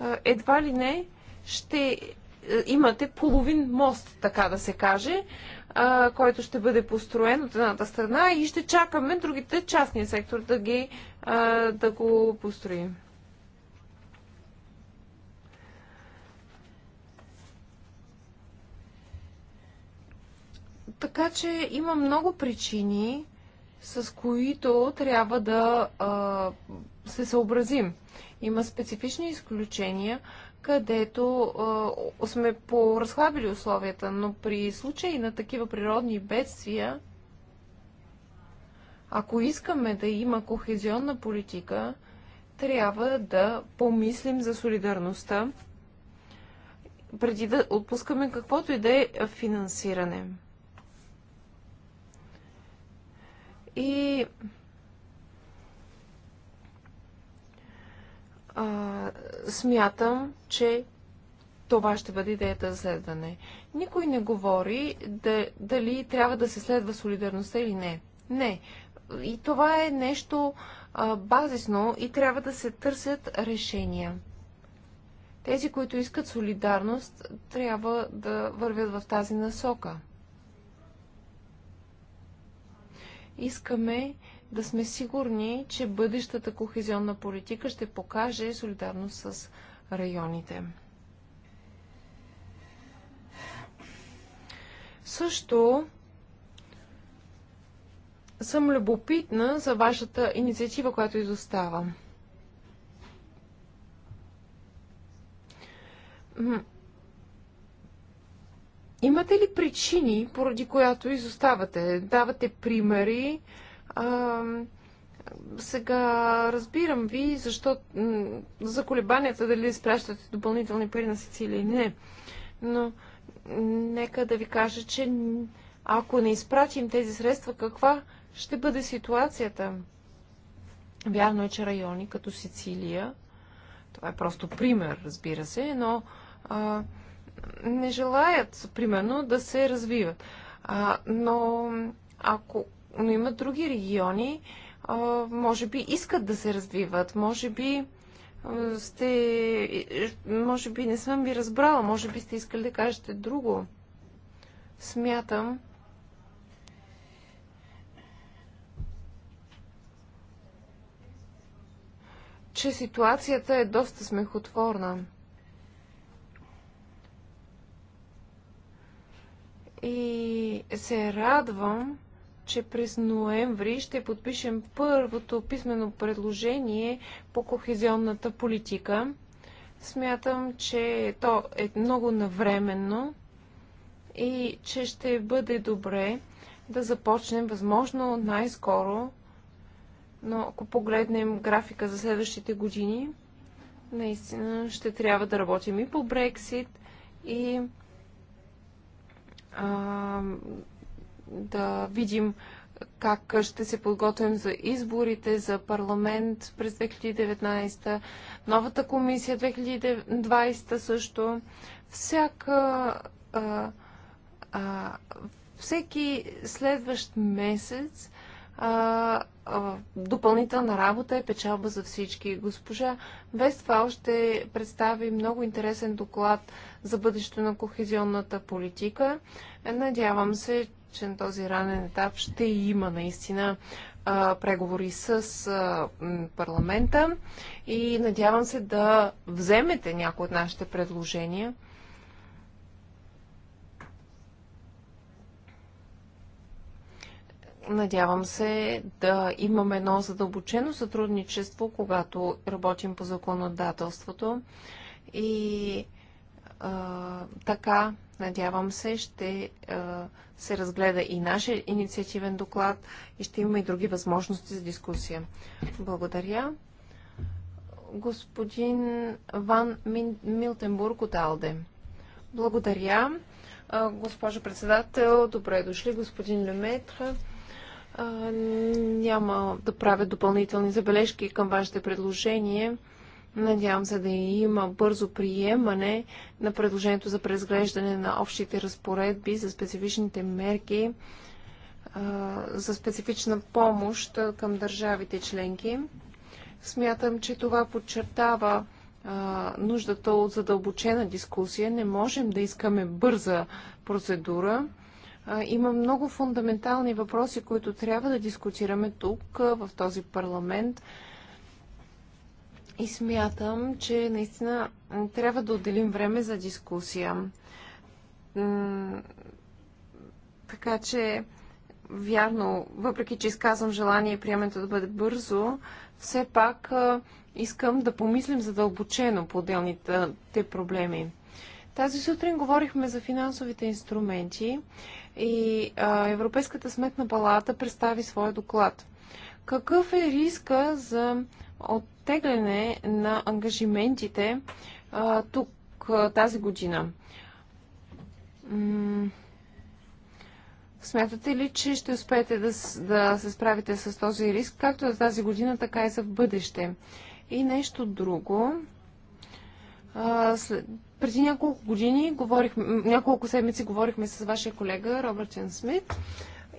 а, едва ли не ще е, имате половин мост, така да се каже, а, който ще бъде построен от едната страна и ще чакаме другите частния сектор да, ги, а, да го построим. Така че има много причини с които трябва да а, се съобразим. Има специфични изключения, където а, сме поразхлабили условията, но при случаи на такива природни бедствия, ако искаме да има кохезионна политика, трябва да помислим за солидарността, преди да отпускаме каквото и да е финансиране. и а, смятам, че това ще бъде идеята за следване. Никой не говори да, дали трябва да се следва солидарността или не. Не. И това е нещо а, базисно и трябва да се търсят решения. Тези, които искат солидарност, трябва да вървят в тази насока. Искаме да сме сигурни, че бъдещата кохезионна политика ще покаже солидарност с районите. Също съм любопитна за вашата инициатива, която изостава. Имате ли причини, поради която изоставате? Давате примери. А, сега разбирам ви, защо за колебанията дали изпращате допълнителни пари на Сицилия или не. Но нека да ви кажа, че ако не изпратим тези средства, каква ще бъде ситуацията? Вярно е, че райони като Сицилия, това е просто пример, разбира се, но а, не желаят, примерно, да се развиват. А, но ако но има други региони, а, може би искат да се развиват, може би сте, може би не съм ви разбрала, може би сте искали да кажете друго. Смятам, че ситуацията е доста смехотворна. И се радвам, че през ноември ще подпишем първото писмено предложение по кохезионната политика. Смятам, че то е много навременно и че ще бъде добре да започнем възможно най-скоро, но ако погледнем графика за следващите години, наистина ще трябва да работим и по Брексит, и да видим как ще се подготвим за изборите за парламент през 2019, новата комисия 2020 също. Всяка, а, а, всеки следващ месец а, а, допълнителна работа е печалба за всички. Госпожа Вествал ще представи много интересен доклад за бъдещето на кохезионната политика. Надявам се, че на този ранен етап ще има наистина а, преговори с а, парламента и надявам се да вземете някои от нашите предложения. Надявам се да имаме едно задълбочено сътрудничество, когато работим по законодателството и така, надявам се, ще а, се разгледа и нашия инициативен доклад и ще има и други възможности за дискусия. Благодаря. Господин Ван Милтенбург от Алде. Благодаря. А, госпожо председател, добре дошли, господин Леметра. Няма да правя допълнителни забележки към вашите предложения. Надявам се да има бързо приемане на предложението за преразглеждане на общите разпоредби за специфичните мерки за специфична помощ към държавите членки. Смятам, че това подчертава нуждата от задълбочена дискусия. Не можем да искаме бърза процедура. има много фундаментални въпроси, които трябва да дискутираме тук, в този парламент и смятам, че наистина трябва да отделим време за дискусия. Така че, вярно, въпреки че изказвам желание приемането да бъде бързо, все пак искам да помислим задълбочено по отделните проблеми. Тази сутрин говорихме за финансовите инструменти и Европейската сметна палата представи своя доклад – какъв е риска за оттегляне на ангажиментите а, тук а, тази година? М Смятате ли, че ще успеете да, да се справите с този риск, както за тази година, така и за в бъдеще? И нещо друго. А, след, преди няколко години, говорих, няколко седмици говорихме с вашия колега Робъртен Смит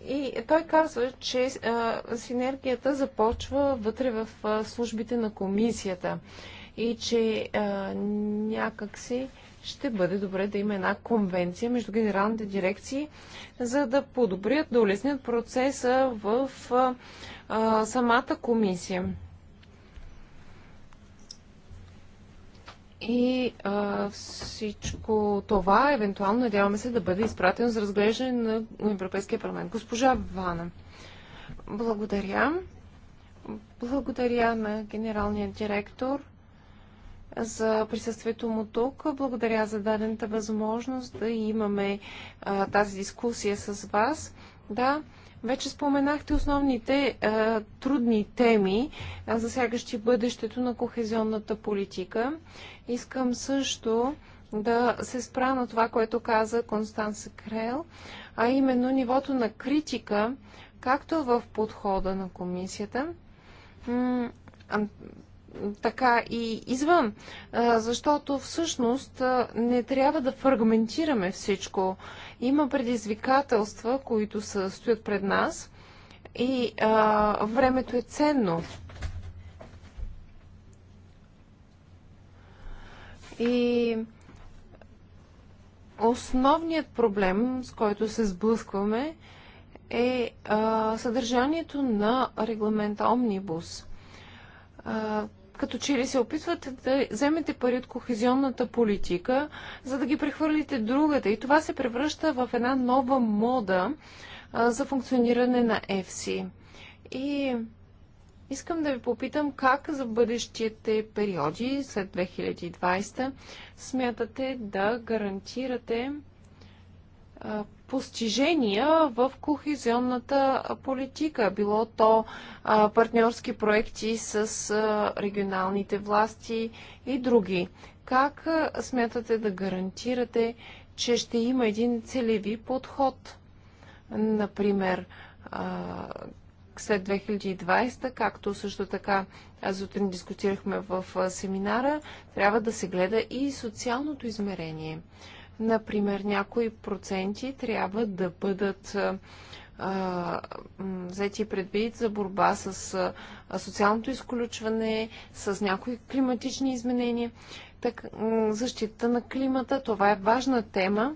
и той казва, че а, синергията започва вътре в а, службите на комисията и че а, някакси ще бъде добре да има една конвенция между генералните дирекции, за да подобрят, да улеснят процеса в а, а, самата комисия. И а, всичко това, евентуално, надяваме се да бъде изпратено за разглеждане на Европейския парламент. Госпожа Вана, благодаря. Благодаря на генералния директор за присъствието му тук. Благодаря за дадената възможност да имаме а, тази дискусия с вас. Да, вече споменахте основните а, е, трудни теми, а, е, засягащи бъдещето на кохезионната политика. Искам също да се спра на това, което каза Констанс Крел, а именно нивото на критика, както в подхода на комисията, така и извън, защото всъщност не трябва да фрагментираме всичко. Има предизвикателства, които са, стоят пред нас и а, времето е ценно. И основният проблем, с който се сблъскваме, е а, съдържанието на регламента Омнибус – като че ли се опитвате да вземете пари от кохезионната политика, за да ги прехвърлите другата. И това се превръща в една нова мода а, за функциониране на EFSI. И искам да ви попитам как за бъдещите периоди след 2020 смятате да гарантирате постижения в кохезионната политика, било то партньорски проекти с регионалните власти и други. Как смятате да гарантирате, че ще има един целеви подход? Например, след 2020, както също така аз утре дискутирахме в семинара, трябва да се гледа и социалното измерение. Например, някои проценти трябва да бъдат взети предвид за борба с а, социалното изключване, с някои климатични изменения. Так, защита на климата, това е важна тема.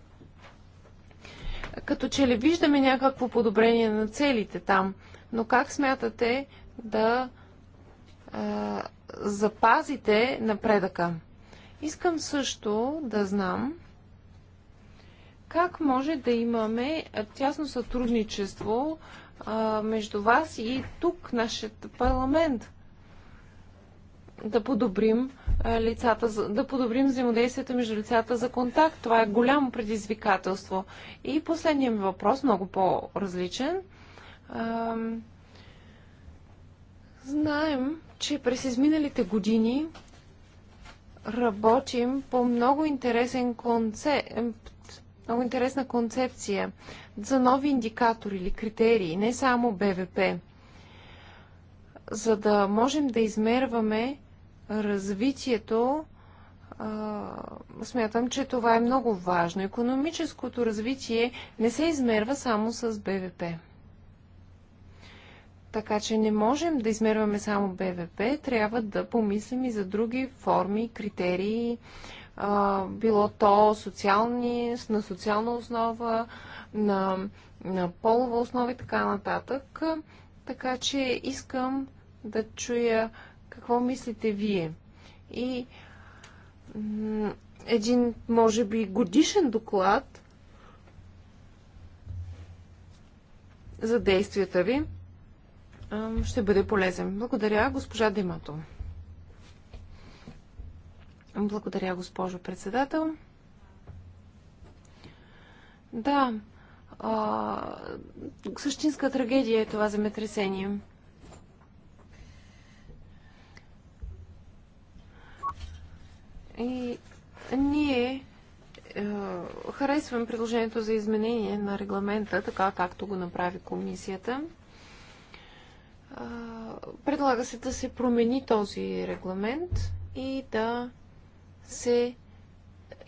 Като че ли виждаме някакво подобрение на целите там, но как смятате да а, запазите напредъка? Искам също да знам как може да имаме тясно сътрудничество а, между вас и тук, нашият парламент? Да подобрим лицата, да подобрим взаимодействието между лицата за контакт. Това е голямо предизвикателство. И последният ми въпрос, много по-различен. Знаем, че през изминалите години работим по много интересен концепт много интересна концепция за нови индикатори или критерии, не само БВП, за да можем да измерваме развитието. смятам, че това е много важно. Економическото развитие не се измерва само с БВП. Така че не можем да измерваме само БВП, трябва да помислим и за други форми, критерии, било то социални, на социална основа, на, на полова основа и така нататък. Така че искам да чуя какво мислите вие. И един, може би, годишен доклад за действията ви ще бъде полезен. Благодаря, госпожа Демато. Благодаря, госпожо председател. Да, а, същинска трагедия е това земетресение. И ние е, харесваме предложението за изменение на регламента, така както го направи комисията. предлага се да се промени този регламент и да се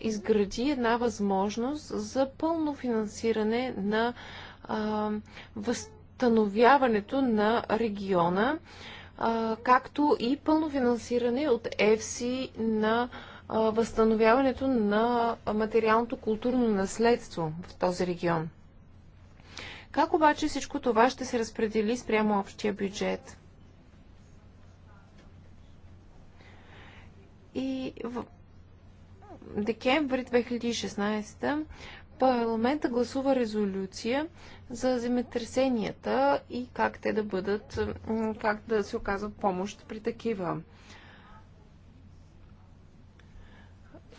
изгради една възможност за пълно финансиране на а, възстановяването на региона, а, както и пълно финансиране от ЕФСИ на а, възстановяването на материалното културно наследство в този регион. Как обаче всичко това ще се разпредели спрямо общия бюджет? И декември 2016 парламента гласува резолюция за земетресенията и как те да бъдат, как да се оказва помощ при такива.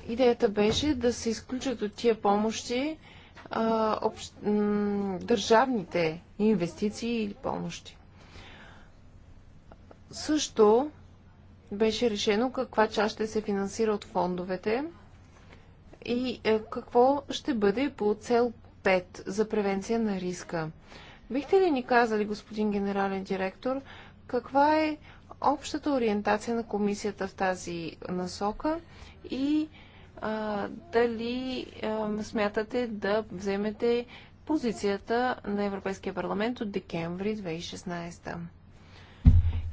Идеята беше да се изключат от тия помощи а, общ, държавните инвестиции или помощи. Също беше решено каква част ще се финансира от фондовете – и е, какво ще бъде по цел 5 за превенция на риска? Бихте ли ни казали, господин генерален директор, каква е общата ориентация на комисията в тази насока и а, дали а, смятате да вземете позицията на Европейския парламент от декември 2016.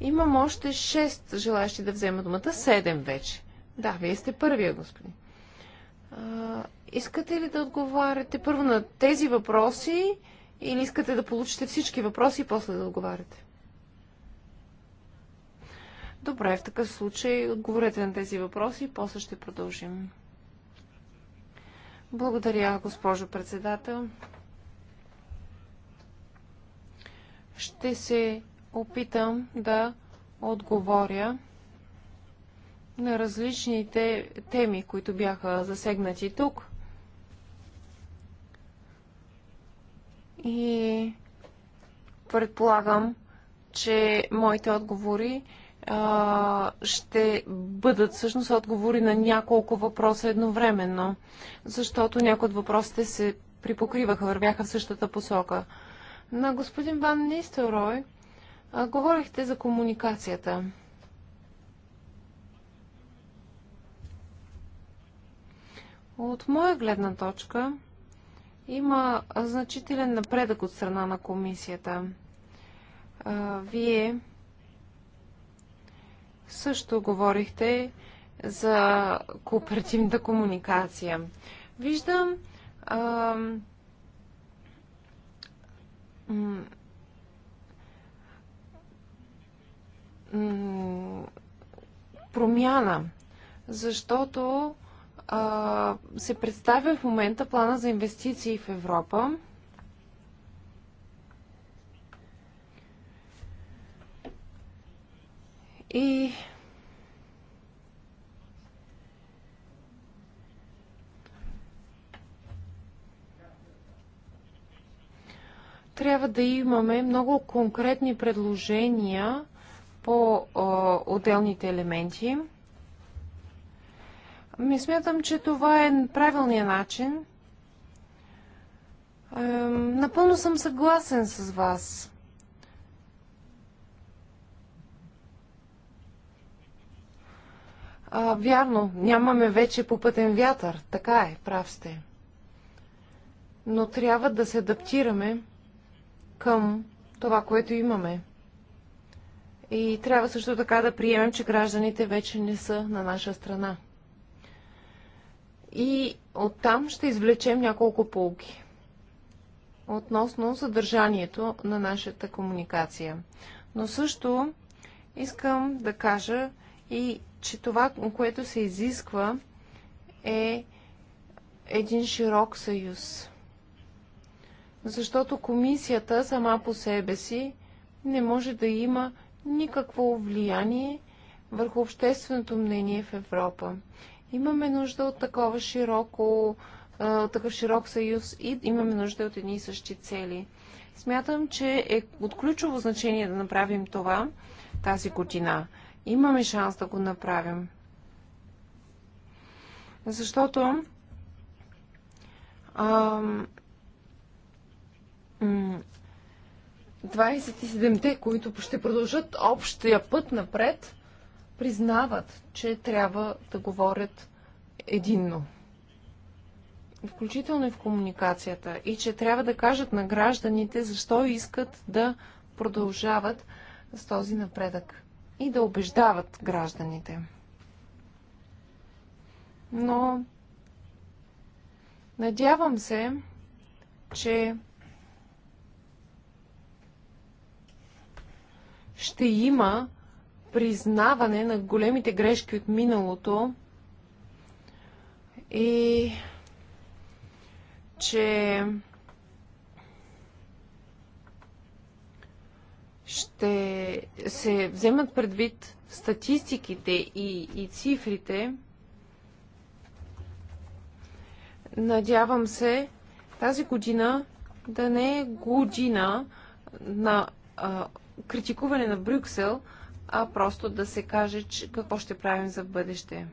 Имам още 6 желащи да взема думата, 7 вече. Да, вие сте първия, господин искате ли да отговаряте първо на тези въпроси или искате да получите всички въпроси и после да отговаряте? Добре, в такъв случай отговорете на тези въпроси и после ще продължим. Благодаря, госпожо председател. Ще се опитам да отговоря на различните теми, които бяха засегнати тук. И предполагам, че моите отговори а, ще бъдат всъщност отговори на няколко въпроса едновременно, защото някои от въпросите се припокриваха, вървяха в същата посока. На господин Ван Нистерой говорихте за комуникацията. От моя гледна точка има значителен напредък от страна на комисията. Вие също говорихте за кооперативната комуникация. Виждам промяна, защото а, се представя в момента плана за инвестиции в Европа. И трябва да имаме много конкретни предложения по а, отделните елементи. Ми смятам, че това е правилният начин. напълно съм съгласен с вас. А, вярно, нямаме вече попътен вятър. Така е, прав сте. Но трябва да се адаптираме към това, което имаме. И трябва също така да приемем, че гражданите вече не са на наша страна и оттам ще извлечем няколко полки относно съдържанието на нашата комуникация. Но също искам да кажа и, че това, което се изисква е един широк съюз. Защото комисията сама по себе си не може да има никакво влияние върху общественото мнение в Европа. Имаме нужда от такова широко, такъв широк съюз и имаме нужда от едни и същи цели. Смятам, че е от ключово значение да направим това тази година. Имаме шанс да го направим. Защото ам, 27-те, които ще продължат общия път напред, признават, че трябва да говорят единно. Включително и в комуникацията. И че трябва да кажат на гражданите защо искат да продължават с този напредък. И да убеждават гражданите. Но надявам се, че ще има признаване на големите грешки от миналото и че ще се вземат предвид статистиките и, и цифрите. Надявам се тази година да не е година на а, критикуване на Брюксел, а просто да се каже че какво ще правим за бъдеще.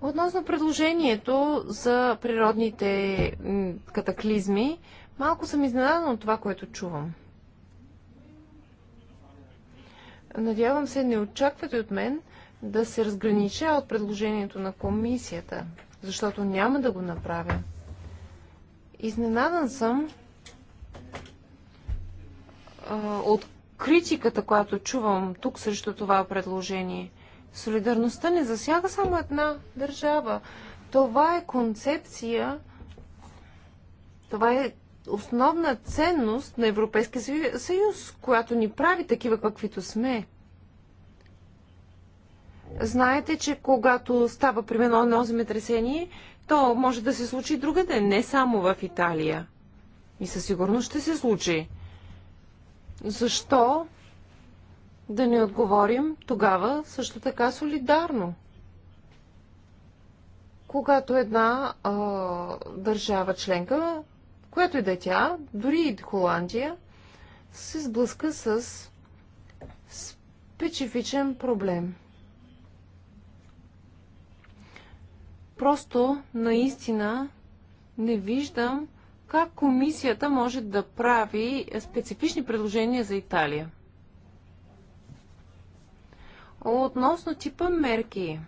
Относно предложението за природните катаклизми, малко съм изненадана от това, което чувам. Надявам се, не очаквате от мен да се разгранича от предложението на комисията, защото няма да го направя. Изненадан съм, от критиката, която чувам тук срещу това предложение. Солидарността не засяга само една държава. Това е концепция, това е основна ценност на Европейския съюз, която ни прави такива каквито сме. Знаете, че когато става примерно едно земетресение, то може да се случи другаде, не само в Италия. И със сигурност ще се случи. Защо да не отговорим тогава също така солидарно? Когато една а, държава членка, която и да е тя, дори и Холандия, се сблъска с специфичен проблем. Просто наистина не виждам как комисията може да прави специфични предложения за Италия? Относно типа мерки,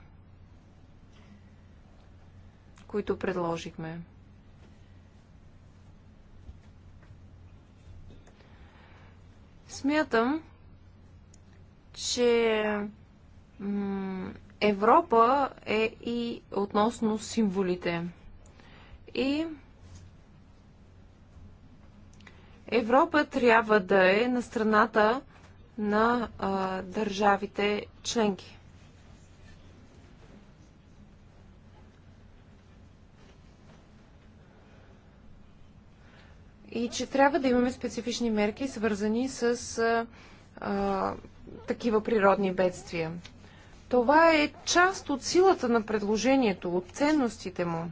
които предложихме. Смятам, че Европа е и относно символите. И Европа трябва да е на страната на а, държавите членки. И че трябва да имаме специфични мерки, свързани с а, а, такива природни бедствия. Това е част от силата на предложението, от ценностите му.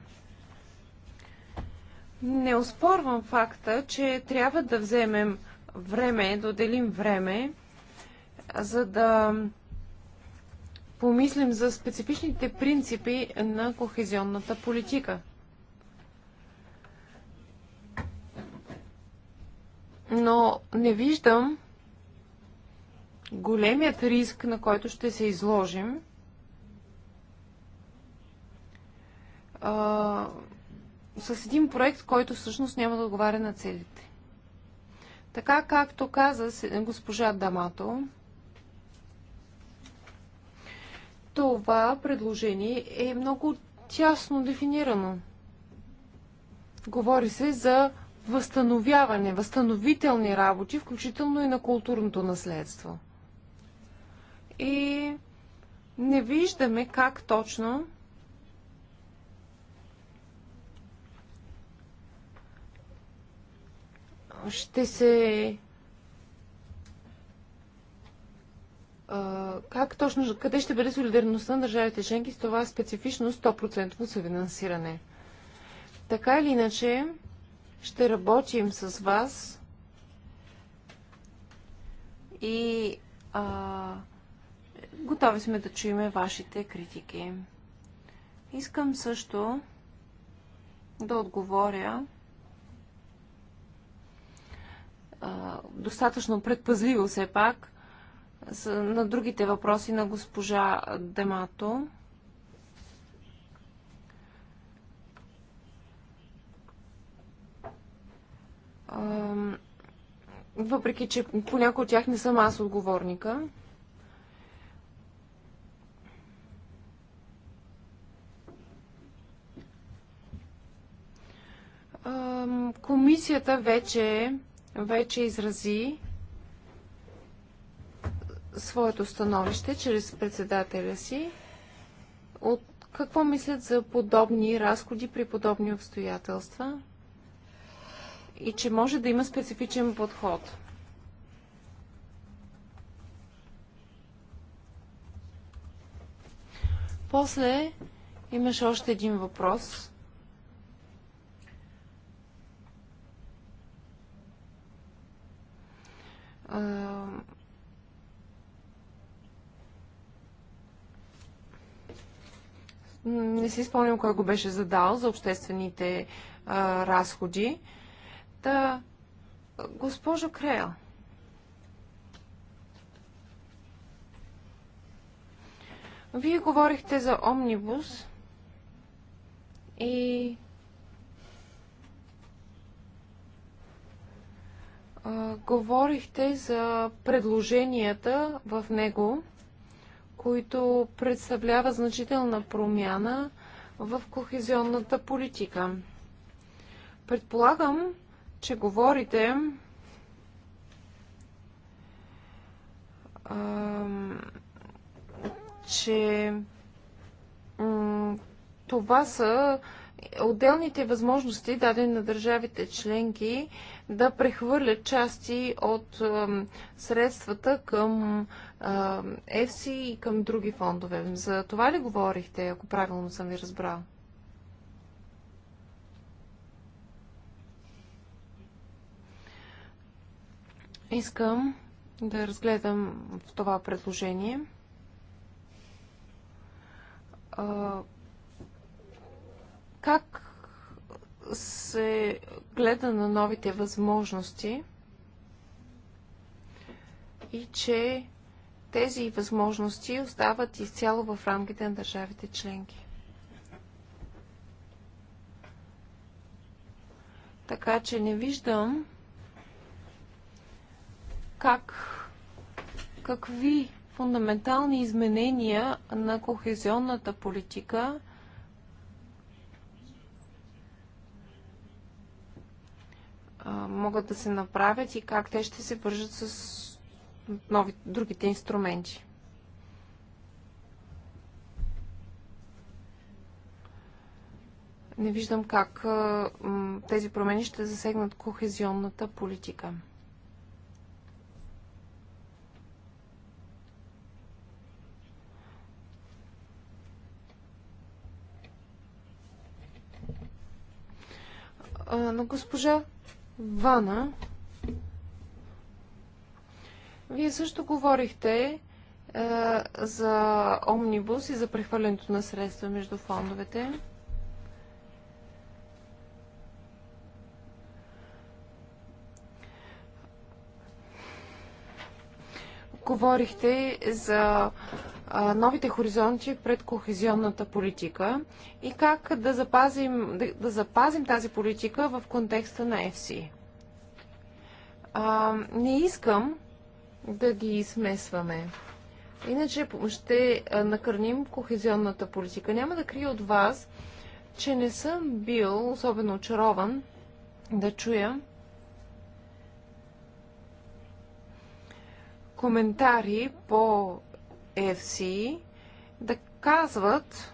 Не оспорвам факта, че трябва да вземем време, да отделим време, за да помислим за специфичните принципи на кохезионната политика. Но не виждам големият риск, на който ще се изложим, с един проект, който всъщност няма да отговаря на целите. Така както каза госпожа Дамато, това предложение е много тясно дефинирано. Говори се за възстановяване, възстановителни работи, включително и на културното наследство. И не виждаме как точно ще се как точно, къде ще бъде солидарността на държавите членки с това специфично 100% съфинансиране? Така или иначе, ще работим с вас и а, готови сме да чуем вашите критики. Искам също да отговоря достатъчно предпазливо все пак на другите въпроси на госпожа Демато. въпреки, че по някои от тях не съм аз отговорника. Комисията вече вече изрази своето становище чрез председателя си от какво мислят за подобни разходи при подобни обстоятелства и че може да има специфичен подход. После имаше още един въпрос. не си спомням кой го беше задал за обществените а, разходи. Та, госпожо Крея, вие говорихте за омнибус и говорихте за предложенията в него, които представлява значителна промяна в кохезионната политика. Предполагам, че говорите а, че това са отделните възможности, дадени на държавите членки, да прехвърлят части от средствата към ЕФСИ и към други фондове. За това ли говорихте, ако правилно съм ви разбрал? Искам да разгледам в това предложение как се гледа на новите възможности и че тези възможности остават изцяло в рамките на държавите членки. Така че не виждам как, какви фундаментални изменения на кохезионната политика – могат да се направят и как те ще се вържат с нови, другите инструменти. Не виждам как тези промени ще засегнат кохезионната политика. Но госпожа Вана, вие също говорихте е, за омнибус и за прехвърлянето на средства между фондовете. Говорихте за новите хоризонти пред кохезионната политика и как да запазим, да, да запазим тази политика в контекста на ЕФСИ. не искам да ги смесваме. Иначе ще накърним кохезионната политика. Няма да крия от вас, че не съм бил особено очарован да чуя коментари по EFC да казват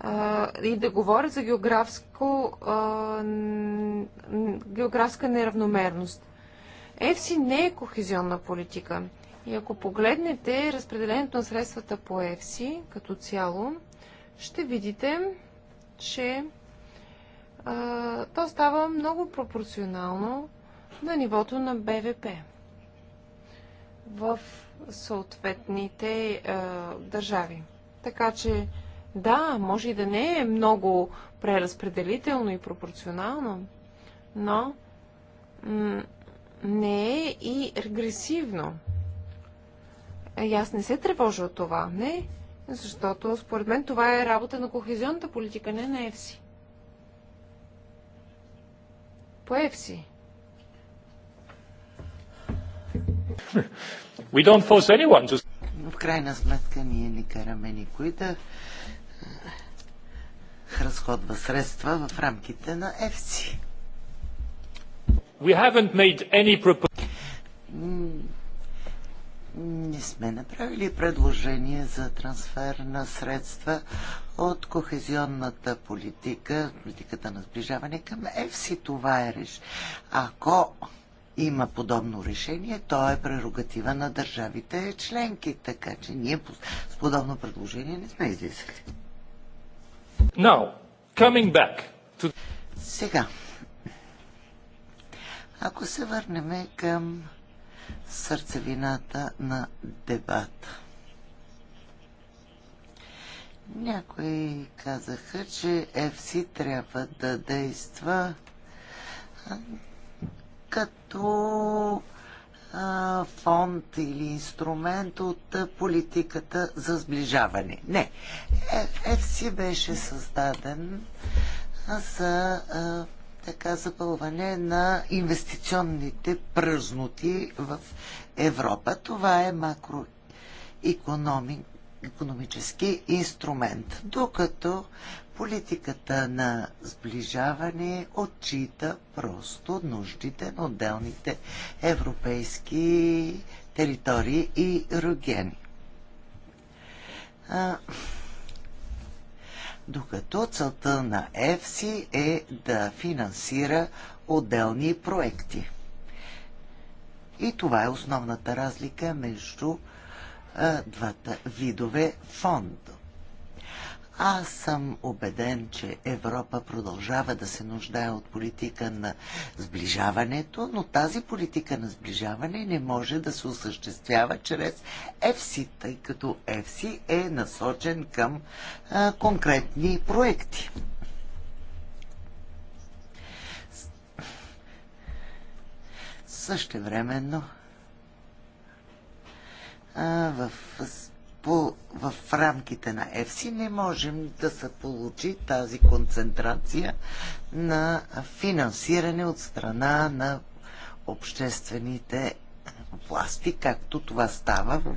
а, и да говорят за географско, а, географска неравномерност. EFC не е кохезионна политика. И ако погледнете разпределението на средствата по EFC като цяло, ще видите, че а, то става много пропорционално на нивото на БВП. В съответните а, държави. Така че, да, може и да не е много преразпределително и пропорционално, но не е и регресивно. И аз не се тревожа от това, не, защото според мен това е работа на кохезионната политика, не на ЕФСИ. По ЕФСИ We don't force anyone to... В крайна сметка ние не караме никой да е, разходва средства в рамките на ЕФСИ. We haven't made any не сме направили предложение за трансфер на средства от кохезионната политика, политиката на сближаване към ЕФСИ. Това е реш. Ако има подобно решение, то е прерогатива на държавите членки, така че ние с подобно предложение не сме излизали. Now, coming back to... Сега, ако се върнем към сърцевината на дебата. Някои казаха, че FC трябва да действа като фонд или инструмент от политиката за сближаване. Не. Е, ЕФСИ беше създаден за така запълване на инвестиционните пръзноти в Европа. Това е макроекономически инструмент. Докато Политиката на сближаване отчита просто нуждите на отделните европейски територии и рогени. Докато целта на ЕФСИ е да финансира отделни проекти. И това е основната разлика между а, двата видове фонд, аз съм убеден, че Европа продължава да се нуждае от политика на сближаването, но тази политика на сближаване не може да се осъществява чрез ЕФСИ, тъй като ЕФСИ е насочен към а, конкретни проекти. Същевременно а, в по, в рамките на ЕФСИ не можем да се получи тази концентрация на финансиране от страна на обществените власти, както това става в,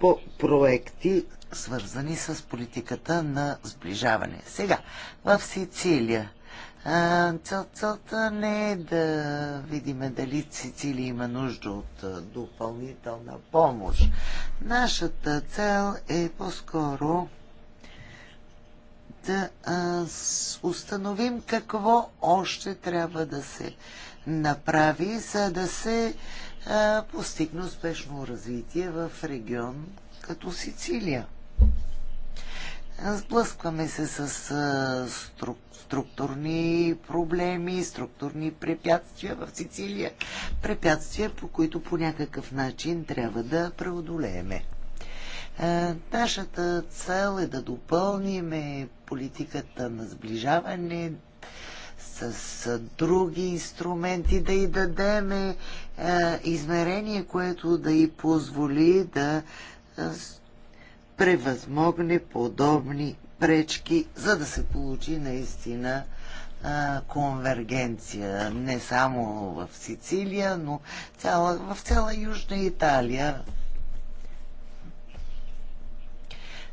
по проекти, свързани с политиката на сближаване. Сега, в Сицилия целта не е да видим дали Сицилия има нужда от допълнителна помощ. Нашата цел е по-скоро да а, установим какво още трябва да се направи, за да се а, постигне успешно развитие в регион като Сицилия. Сблъскваме се с струк, структурни проблеми, структурни препятствия в Сицилия. Препятствия, по които по някакъв начин трябва да преодолееме. Нашата цел е да допълним политиката на сближаване с други инструменти, да и дадем измерение, което да й позволи да превъзмогне подобни пречки, за да се получи наистина а, конвергенция не само в Сицилия, но цяла, в цяла Южна Италия.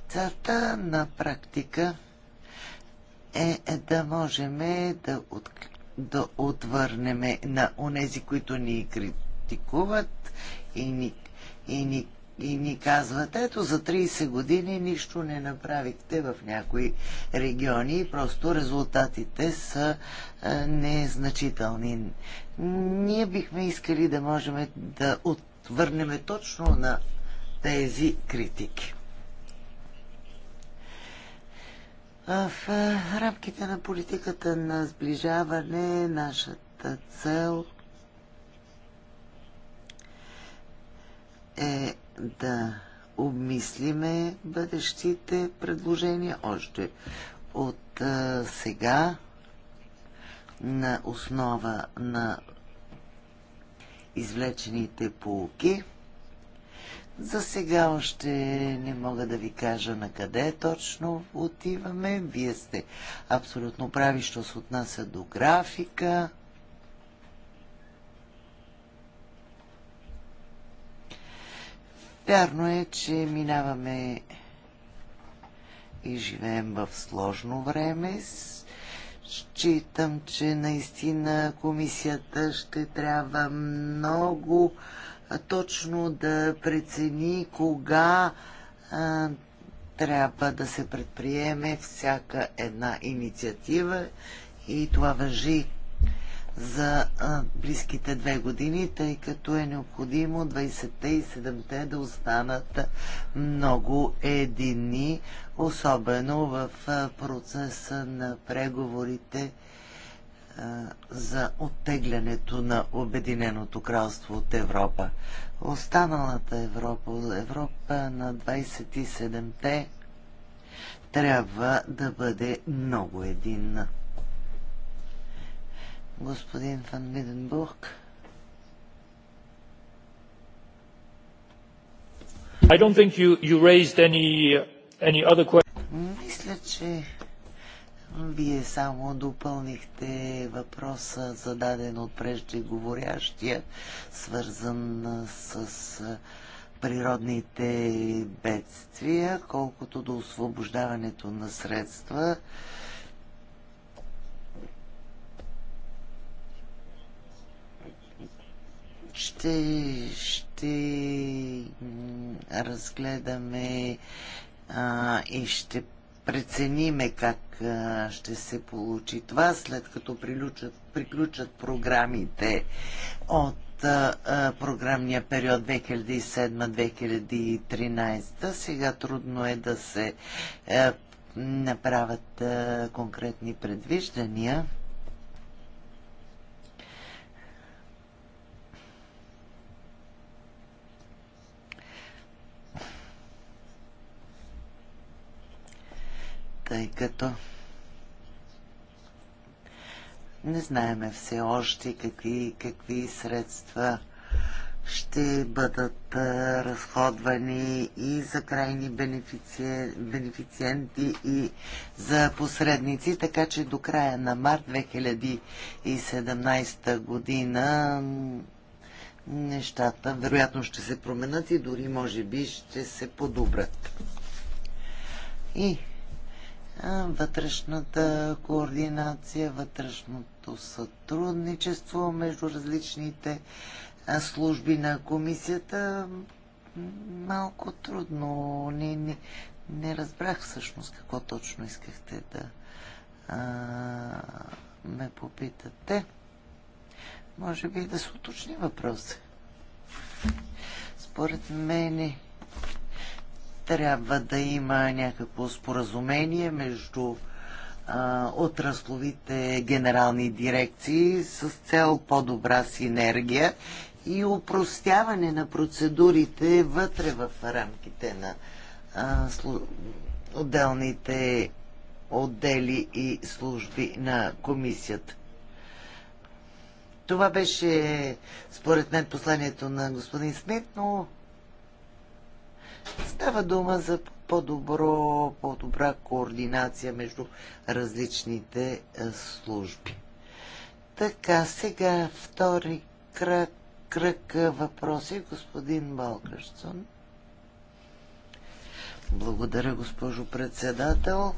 Целта на практика е, е да можем да, от, да отвърнем на онези, които ни критикуват и ни, и ни и ни казват, ето за 30 години нищо не направихте в някои региони и просто резултатите са а, незначителни. Ние бихме искали да можем да отвърнем точно на тези критики. В рамките на политиката на сближаване нашата цел – е да обмислиме бъдещите предложения още от а, е, сега на основа на извлечените полуки. За сега още не мога да ви кажа на къде точно отиваме. Вие сте абсолютно прави, що се отнася до графика Вярно е, че минаваме и живеем в сложно време. Считам, че наистина комисията ще трябва много точно да прецени кога а, трябва да се предприеме всяка една инициатива и това въжи за близките две години, тъй като е необходимо 20-те и 7-те да останат много едини, особено в процеса на преговорите за оттеглянето на Обединеното кралство от Европа. Останалата Европа, Европа на 27-те трябва да бъде много единна господин Ван Миденбург. I don't think you, you raised any, any other question. Мисля, че вие само допълнихте въпроса, зададен от преждеговорящия, свързан с природните бедствия, колкото до освобождаването на средства. ще, ще разгледаме а, и ще прецениме как а, ще се получи това, след като приключат, приключат програмите от а, а, програмния период 2007-2013. Сега трудно е да се а, е, направят а, е, конкретни предвиждания. тъй като не знаеме все още какви, какви средства ще бъдат разходвани и за крайни бенефициенти и за посредници, така че до края на март 2017 година нещата вероятно ще се променят и дори може би ще се подобрят. И вътрешната координация, вътрешното сътрудничество между различните служби на комисията. Малко трудно. Не, не, не разбрах всъщност какво точно искахте да а, ме попитате. Може би да се уточни въпроса. Според мен трябва да има някакво споразумение между а, отрасловите генерални дирекции с цел по-добра синергия и упростяване на процедурите вътре в рамките на а, слу... отделните отдели и служби на комисията. Това беше, според мен, посланието на господин Смит, но Става дума за по-добро, по-добра координация между различните е, служби. Така, сега втори кръг, кръг е, въпроси, господин Балкърсон. Благодаря, госпожо председател.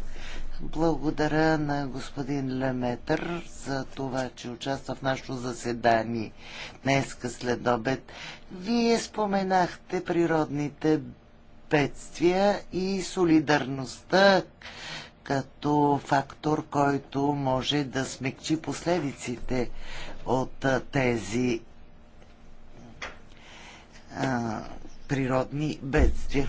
Благодаря на господин Леметър за това, че участва в нашето заседание днеска след обед. Вие споменахте природните бедствия и солидарността като фактор, който може да смекчи последиците от тези а, природни бедствия.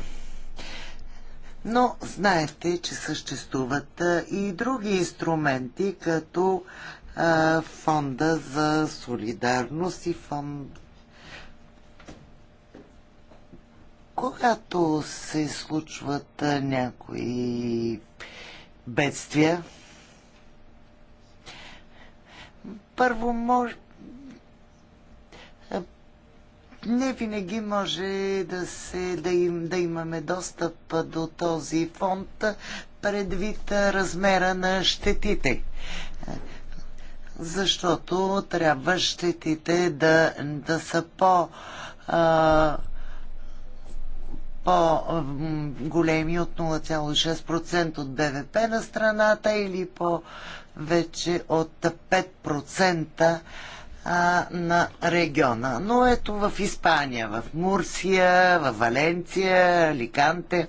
Но знаете, че съществуват и други инструменти, като фонда за солидарност и фонд Когато се случват някои бедствия, първо може не винаги може да, се, да, им, да имаме достъп до този фонд предвид размера на щетите. Защото трябва щетите да, да са по- а, по-големи от 0,6% от БВП на страната или по вече от 5% на региона. Но ето в Испания, в Мурсия, в Валенция, Ликанте.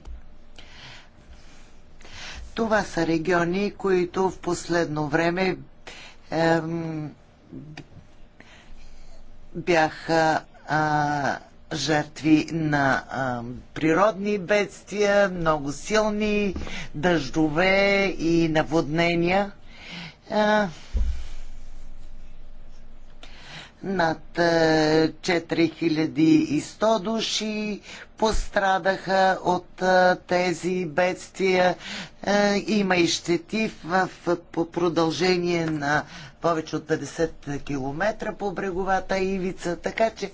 Това са региони, които в последно време ем, бяха а, жертви на а, природни бедствия, много силни дъждове и наводнения. А, над 4100 души пострадаха от тези бедствия. Има и щети в, по продължение на повече от 50 км по бреговата ивица, така че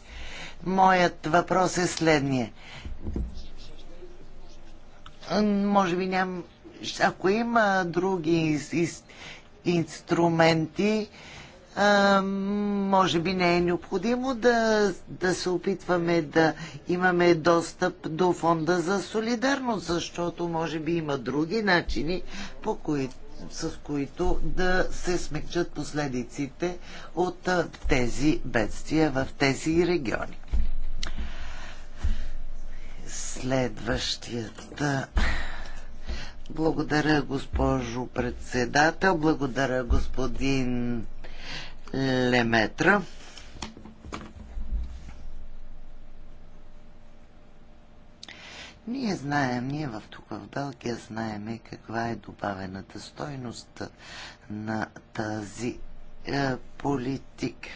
Моят въпрос е следния. Може би ням... Ако има други из... Из... инструменти, а, може би не е необходимо да, да се опитваме да имаме достъп до фонда за солидарност, защото може би има други начини, по които с които да се смекчат последиците от тези бедствия в тези региони. Следващият. Благодаря, госпожо председател. Благодаря, господин е, Леметра. Ние знаем, ние в тук в Белгия знаем каква е добавената стойност на тази е, политика.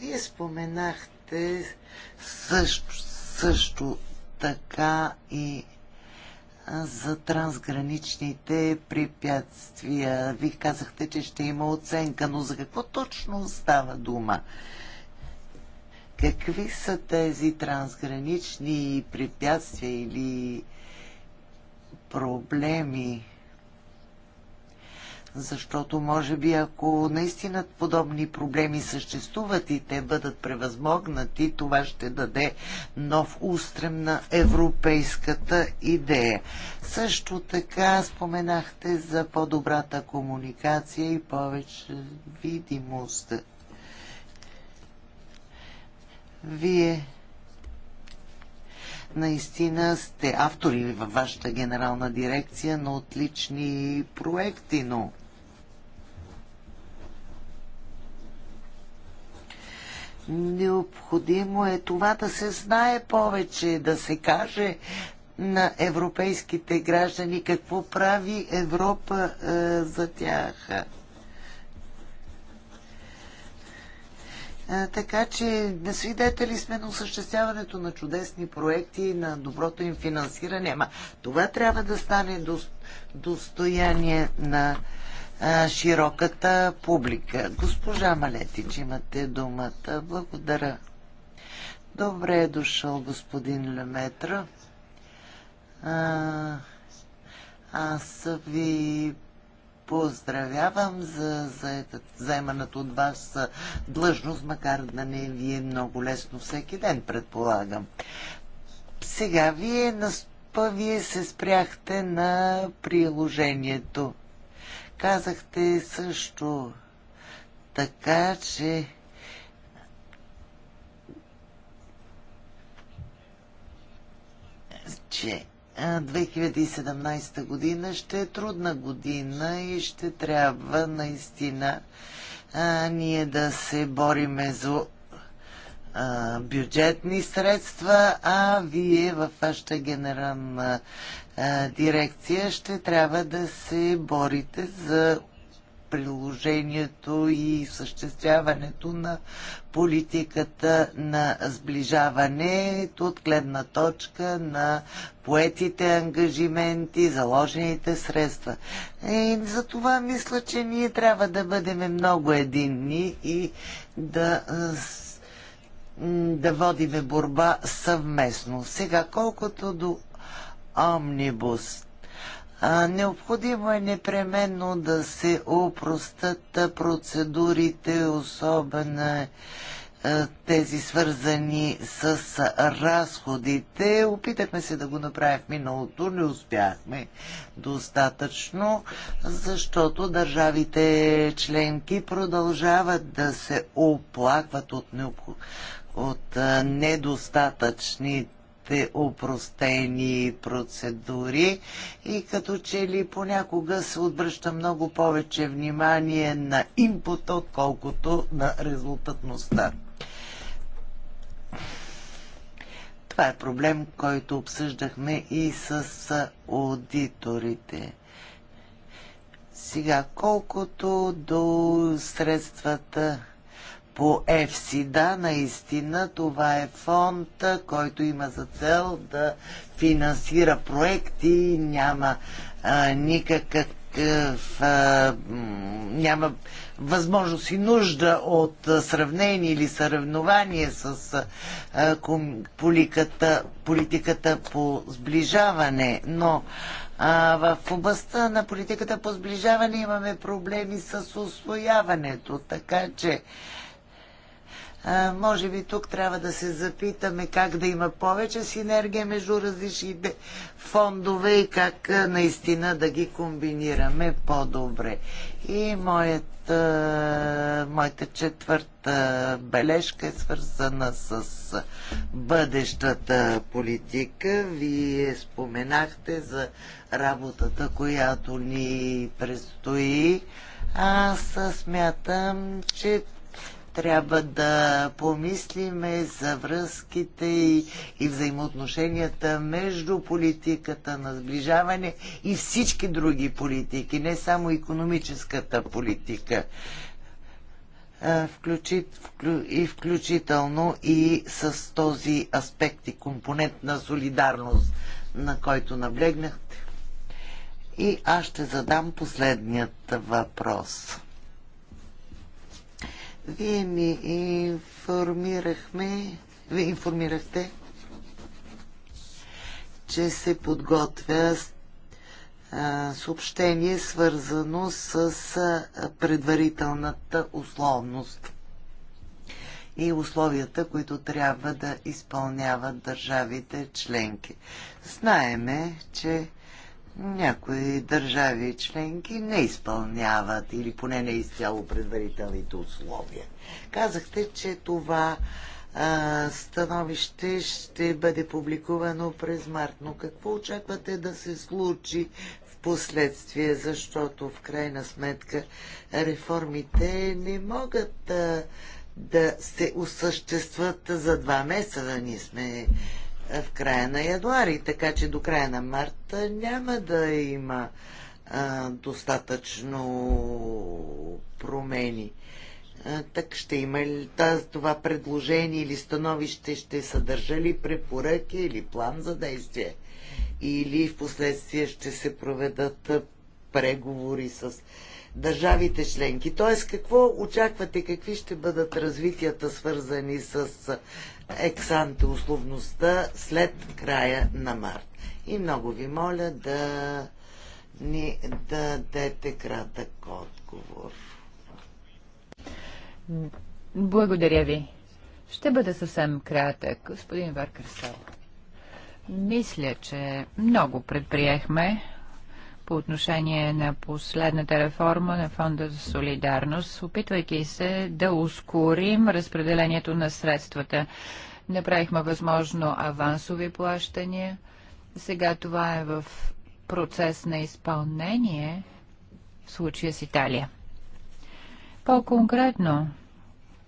Вие споменахте те също, също така и за трансграничните препятствия. Ви казахте, че ще има оценка, но за какво точно става дума? Какви са тези трансгранични препятствия или проблеми? защото може би ако наистина подобни проблеми съществуват и те бъдат превъзмогнати, това ще даде нов устрем на европейската идея. Също така споменахте за по-добрата комуникация и повече видимост. Вие наистина сте автори във вашата генерална дирекция на отлични проекти, но Необходимо е това да се знае повече, да се каже на европейските граждани какво прави Европа е, за тях. Е, така че свидетели сме на осъществяването на чудесни проекти, на доброто им финансиране. Ама това трябва да стане до, достояние на а, е, широката публика. Госпожа Малетич, имате думата. Благодаря. Добре е дошъл господин Леметра. А, е, аз ви поздравявам за заеманата от вас длъжност, макар да не ви е много лесно всеки ден, предполагам. Сега вие, наспа, вие се спряхте на приложението. Казахте също така, че че 2017 година ще е трудна година и ще трябва наистина а, ние да се бориме за а, бюджетни средства, а вие във вашата генерална а, дирекция ще трябва да се борите за приложението и съществяването на политиката на сближаване от гледна точка на поетите ангажименти, заложените средства. И е, за това мисля, че ние трябва да бъдем много единни и да да водиме борба съвместно. Сега, колкото до омнибус, а, необходимо е непременно да се опростат процедурите, особено е, тези свързани с разходите. Опитахме се да го направим в миналото, не успяхме достатъчно, защото държавите членки продължават да се оплакват от, необх... от недостатъчните предвидихте упростени процедури и като че ли понякога се обръща много повече внимание на импута, отколкото на резултатността. Това е проблем, който обсъждахме и с аудиторите. Сега, колкото до средствата по ЕФСИ. Да, наистина това е фонд, който има за цел да финансира проекти, няма а, никакъв. А, няма възможност и нужда от сравнение или съревнование с а, поликата, политиката по сближаване, но а, в областта на политиката по сближаване имаме проблеми с освояването, така че може би тук трябва да се запитаме как да има повече синергия между различните фондове и как наистина да ги комбинираме по-добре. И моят, моята четвърта бележка е свързана с бъдещата политика. Вие споменахте за работата, която ни предстои. Аз смятам, че трябва да помислиме за връзките и, и взаимоотношенията между политиката на сближаване и всички други политики, не само економическата политика, включит, вклю, и включително и с този аспект и компонент на солидарност, на който наблегнахте. И аз ще задам последният въпрос. Вие ми информирахме, ви информирахте, че се подготвя съобщение, свързано с предварителната условност и условията, които трябва да изпълняват държавите членки. Знаеме, че някои държави членки не изпълняват или поне не изцяло предварителните условия. Казахте, че това а, становище ще бъде публикувано през март, но какво очаквате да се случи в последствие, защото в крайна сметка реформите не могат а, да се осъществат за два месеца. Ние сме в края на януари, така че до края на март няма да има а, достатъчно промени. А, так ще има ли това предложение или становище, ще съдържа ли препоръки или план за действие? Или в последствие ще се проведат преговори с държавите членки. Тоест, какво очаквате, какви ще бъдат развитията свързани с ексанте условността след края на март. И много ви моля да ни дадете кратък отговор. Благодаря ви. Ще бъде съвсем кратък, господин Варкърсел. Мисля, че много предприехме по отношение на последната реформа на Фонда за солидарност, опитвайки се да ускорим разпределението на средствата. Направихме възможно авансови плащания. Сега това е в процес на изпълнение в случая с Италия. По-конкретно,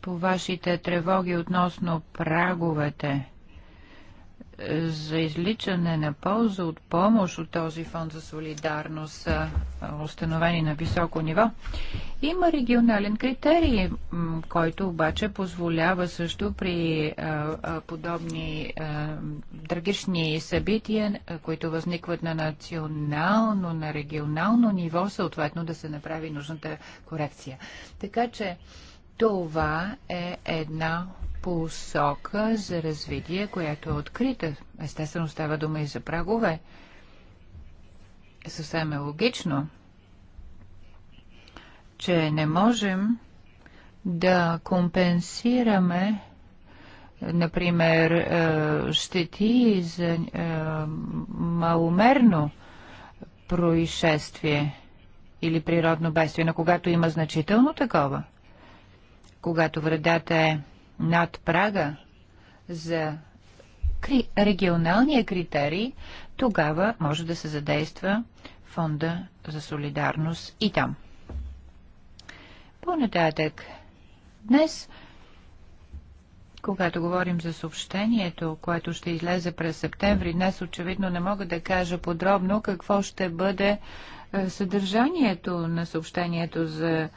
по вашите тревоги относно праговете – за изличане на полза от помощ от този фонд за солидарност са установени на високо ниво. Има регионален критерий, който обаче позволява също при подобни трагични събития, които възникват на национално, на регионално ниво, съответно да се направи нужната корекция. Така че това е една посока за развитие, която е открита. Естествено става дума и за прагове. Съвсем е логично, че не можем да компенсираме например, е, щети за е, маломерно происшествие или природно бедствие, но когато има значително такова, когато вредата е над прага за регионалния критерий, тогава може да се задейства фонда за солидарност и там. По-нататък, днес, когато говорим за съобщението, което ще излезе през септември, днес очевидно не мога да кажа подробно какво ще бъде е, съдържанието на съобщението за е,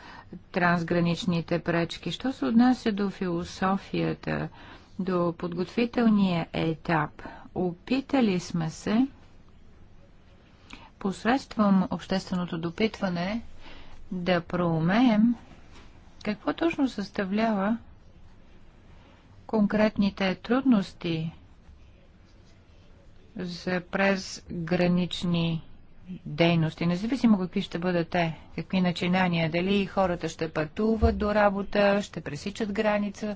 трансграничните пречки. Що се отнася до философията, до подготвителния етап? Опитали сме се посредством общественото допитване да проумеем какво точно съставлява конкретните трудности за презгранични дейности, независимо какви ще бъдат те, какви начинания, дали хората ще пътуват до работа, ще пресичат граница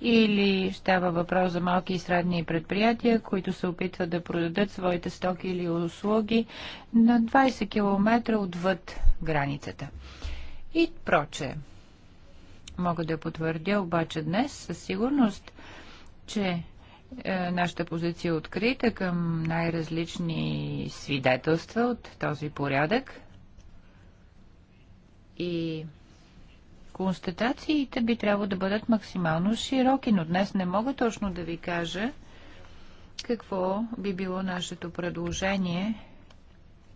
или става въпрос за малки и средни предприятия, които се опитват да продадат своите стоки или услуги на 20 км отвъд границата. И проче, Мога да потвърдя обаче днес със сигурност, че е, нашата позиция е открита към най-различни свидетелства от този порядък. И констатациите би трябвало да бъдат максимално широки, но днес не мога точно да ви кажа какво би било нашето предложение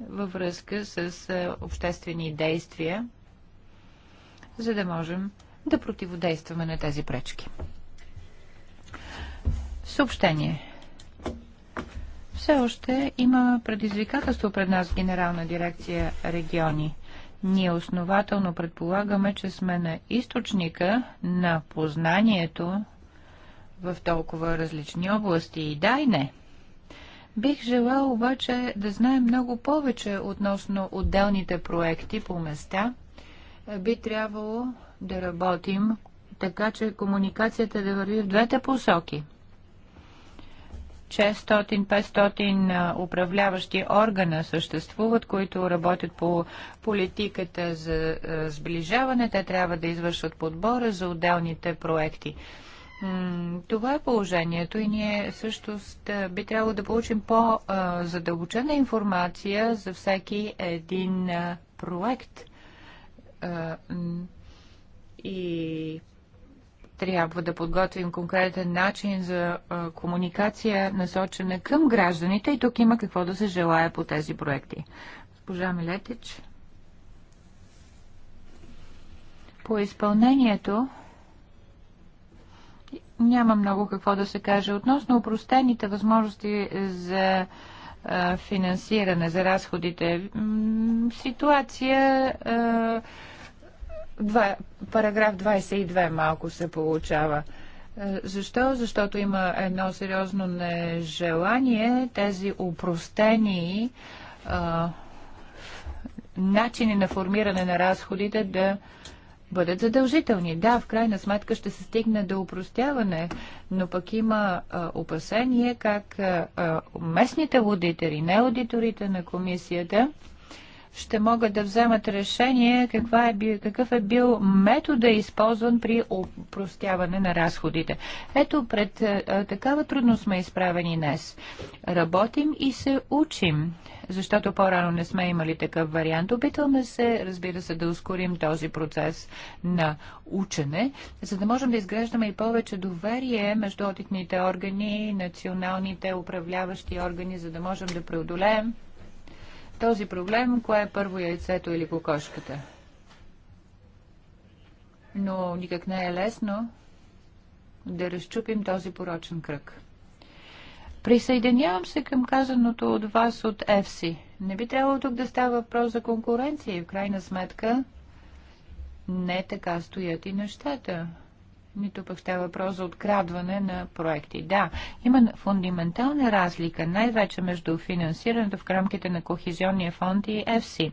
във връзка с е, обществени действия, за да можем да противодействаме на тези пречки. Съобщение. Все още има предизвикателство пред нас Генерална дирекция региони. Ние основателно предполагаме, че сме на източника на познанието в толкова различни области. И да, и не. Бих желал обаче да знаем много повече относно отделните проекти по места. Би трябвало да работим така, че комуникацията да върви в двете посоки – 600-500 управляващи органа съществуват, които работят по политиката за сближаване. Те трябва да извършват подбора за отделните проекти. Това е положението и ние също би трябвало да получим по-задълбочена информация за всеки един проект. И трябва да подготвим конкретен начин за комуникация, насочена към гражданите и тук има какво да се желая по тези проекти. Госпожа Милетич. По изпълнението няма много какво да се каже. Относно упростените възможности за финансиране, за разходите, ситуация Два, параграф 22 малко се получава. Е, защо? Защото има едно сериозно нежелание тези упростени а, е, начини на формиране на разходите да бъдат задължителни. Да, в крайна сметка ще се стигне до упростяване, но пък има а, е, опасение как а, местните аудитори, не аудиторите на комисията, ще могат да вземат решение каква е, бил, какъв е бил метода използван при упростяване на разходите. Ето пред а, е, е, такава трудност сме изправени днес. Работим и се учим, защото по-рано не сме имали такъв вариант. Опитваме се, разбира се, да ускорим този процес на учене, за да можем да изграждаме и повече доверие между одитните органи, националните управляващи органи, за да можем да преодолеем този проблем, кое е първо яйцето или кокошката. Но никак не е лесно да разчупим този порочен кръг. Присъединявам се към казаното от вас от ЕФСИ. Не би трябвало тук да става въпрос за конкуренция и в крайна сметка не така стоят и нещата нито пък става въпрос за открадване на проекти. Да, има фундаментална разлика, най-вече между финансирането в рамките на Кохезионния фонд и ЕФСИ.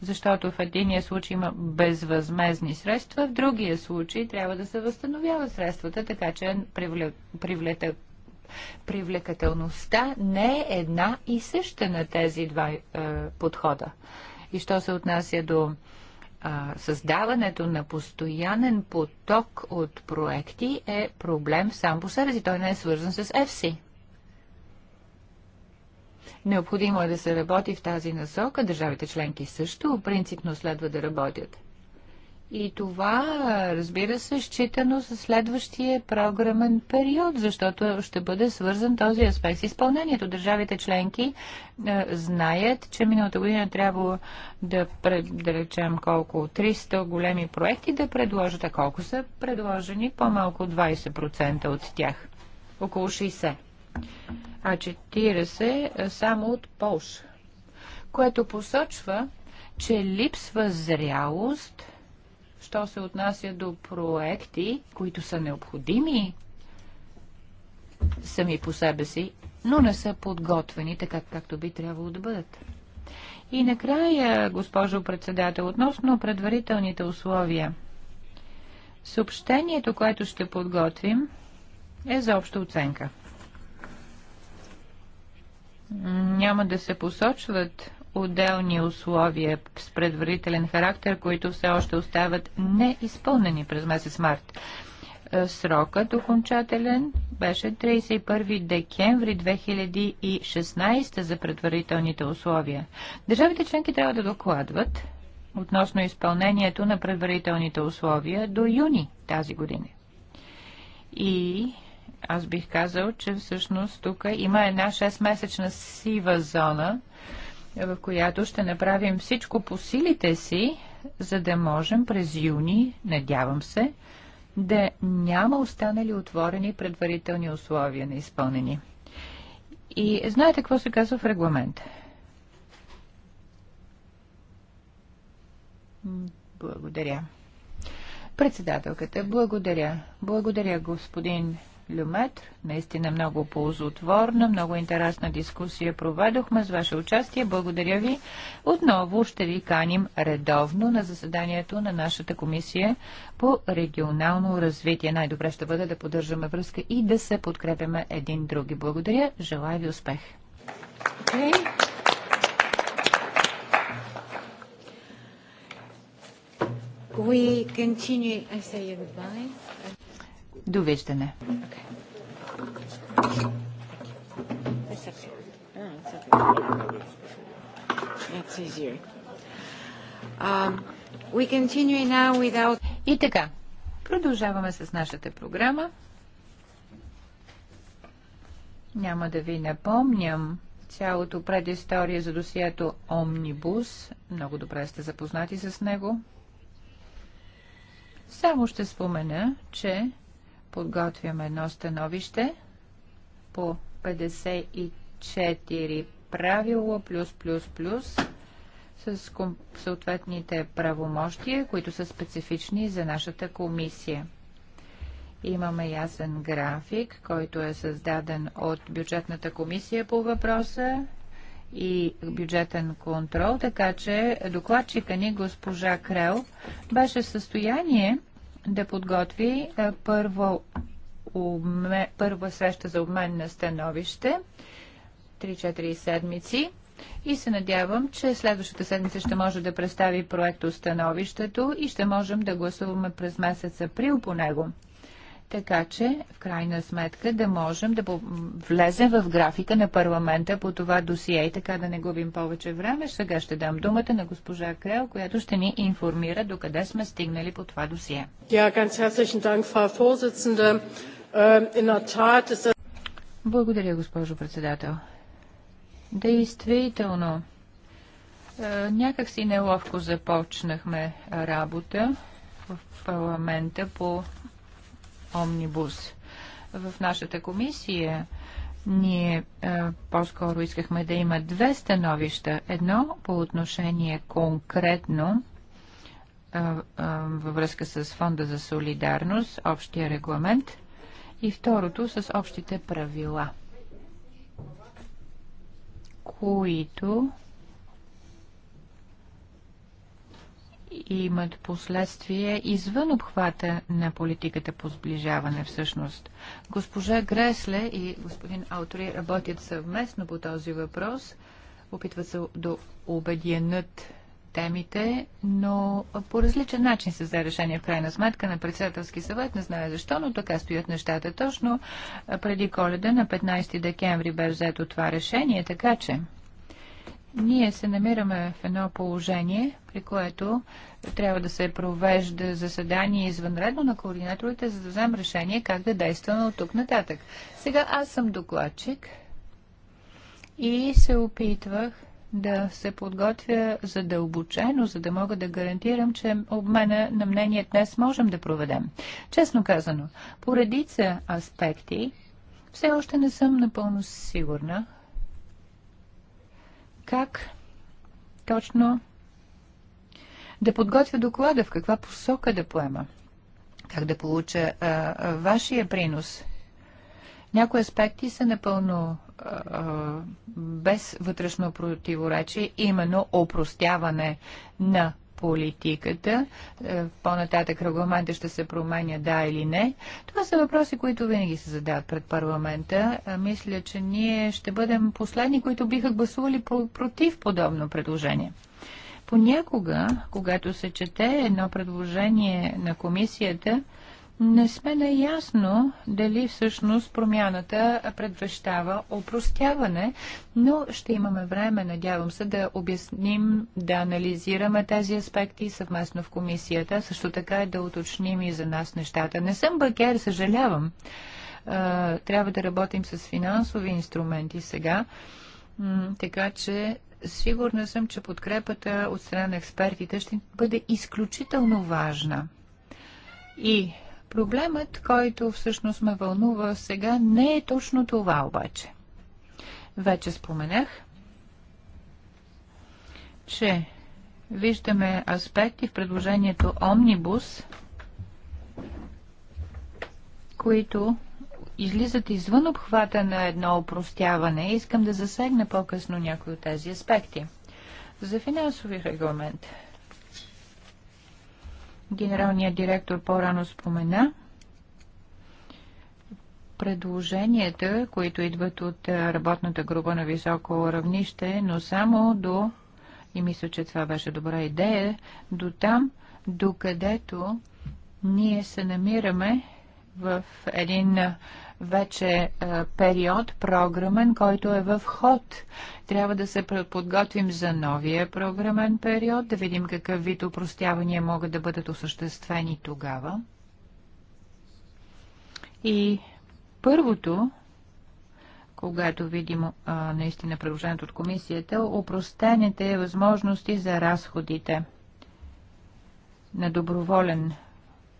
Защото в единия случай има безвъзмезни средства, в другия случай трябва да се възстановява средствата, така че привлекателността не е една и съща на тези два е, подхода. И що се отнася до а, създаването на постоянен поток от проекти е проблем сам по себе си. Той не е свързан с ЕФСИ. Необходимо е да се работи в тази насока. Държавите членки също принципно следва да работят. И това, разбира се, считано за следващия програмен период, защото ще бъде свързан този аспект с изпълнението. Държавите членки е, знаят, че миналата година трябва да, да речем колко 300 големи проекти да предложат, а колко са предложени по-малко 20% от тях. Около 60. А 40 само от Полша. Което посочва, че липсва зрялост – що се отнася до проекти, които са необходими сами по себе си, но не са подготвени така, както би трябвало да бъдат. И накрая, госпожо председател, относно предварителните условия. Съобщението, което ще подготвим, е за обща оценка. Няма да се посочват отделни условия с предварителен характер, които все още остават неизпълнени през месец март. Е, срокът окончателен беше 31 декември 2016 за предварителните условия. Държавите членки трябва да докладват относно изпълнението на предварителните условия до юни тази година. И аз бих казал, че всъщност тук има една 6-месечна сива зона, в която ще направим всичко по силите си, за да можем през юни, надявам се, да няма останали отворени предварителни условия на изпълнени. И знаете какво се казва в регламента? Благодаря. Председателката, благодаря. Благодаря, господин Люметр. Наистина много ползотворна, много интересна дискусия проведохме с ваше участие. Благодаря ви. Отново ще ви каним редовно на заседанието на нашата комисия по регионално развитие. Най-добре ще бъде да поддържаме връзка и да се подкрепяме един други. Благодаря. Желая ви успех. Okay. We continue I say goodbye. Довиждане. И така, продължаваме с нашата програма. Няма да ви напомням цялото предистория за досието Омнибус. Много добре сте запознати с него. Само ще спомена, че подготвям едно становище по 54 правило плюс плюс плюс с съответните правомощия, които са специфични за нашата комисия. Имаме ясен график, който е създаден от бюджетната комисия по въпроса и бюджетен контрол, така че докладчика ни госпожа Крел беше в състояние да подготви е, първо обме, първа среща за обмен на становище 3-4 седмици и се надявам, че следващата седмица ще може да представи проекто становището и ще можем да гласуваме през месец април по него така че в крайна сметка да можем да влезем в графика на парламента по това досие и така да не губим повече време. Сега ще дам думата на госпожа Крел, която ще ни информира докъде сме стигнали по това досие. Äh, Благодаря, госпожо председател. Действително, е, някак си неловко започнахме работа в парламента по омнибус. В нашата комисия ние е, по-скоро искахме да има две становища. Едно по отношение конкретно е, е, във връзка с Фонда за солидарност, общия регламент, и второто с общите правила, които имат последствия извън обхвата на политиката по сближаване всъщност. Госпожа Гресле и господин Аутри работят съвместно по този въпрос, опитват се да обединят темите, но по различен начин се взе решение в крайна сметка на председателски съвет. Не знае защо, но така стоят нещата. Точно преди коледа на 15 декември бе взето това решение, така че ние се намираме в едно положение, при което трябва да се провежда заседание извънредно на координаторите, за да вземем решение как да действаме от тук нататък. Сега аз съм докладчик и се опитвах да се подготвя задълбочено, за да мога да гарантирам, че обмена на мнение днес можем да проведем. Честно казано, по редица аспекти все още не съм напълно сигурна как точно да подготвя доклада, в каква посока да поема, как да получа а, а, вашия принос. Някои аспекти са напълно без вътрешно противоречие, именно опростяване на политиката. Е, по-нататък регламента ще се променя, да или не. Това са въпроси, които винаги се задават пред парламента. Е, мисля, че ние ще бъдем последни, които биха гласували против подобно предложение. Понякога, когато се чете едно предложение на комисията, не сме наясно дали всъщност промяната предвещава опростяване, но ще имаме време, надявам се, да обясним, да анализираме тези аспекти съвместно в комисията, също така и да уточним и за нас нещата. Не съм бакер, съжалявам. Трябва да работим с финансови инструменти сега, така че сигурна съм, че подкрепата от страна на експертите ще бъде изключително важна. И Проблемът, който всъщност ме вълнува сега, не е точно това обаче. Вече споменах, че виждаме аспекти в предложението Омнибус, които излизат извън обхвата на едно упростяване. Искам да засегна по-късно някои от тези аспекти. За финансови регламент – генералният директор по-рано спомена, предложенията, които идват от работната група на високо равнище, но само до, и мисля, че това беше добра идея, до там, докъдето ние се намираме в един вече е, период програмен, който е в ход. Трябва да се подготвим за новия програмен период, да видим какъв вид упростявания могат да бъдат осъществени тогава. И първото, когато видим а, наистина предложението от комисията, упростените възможности за разходите на доброволен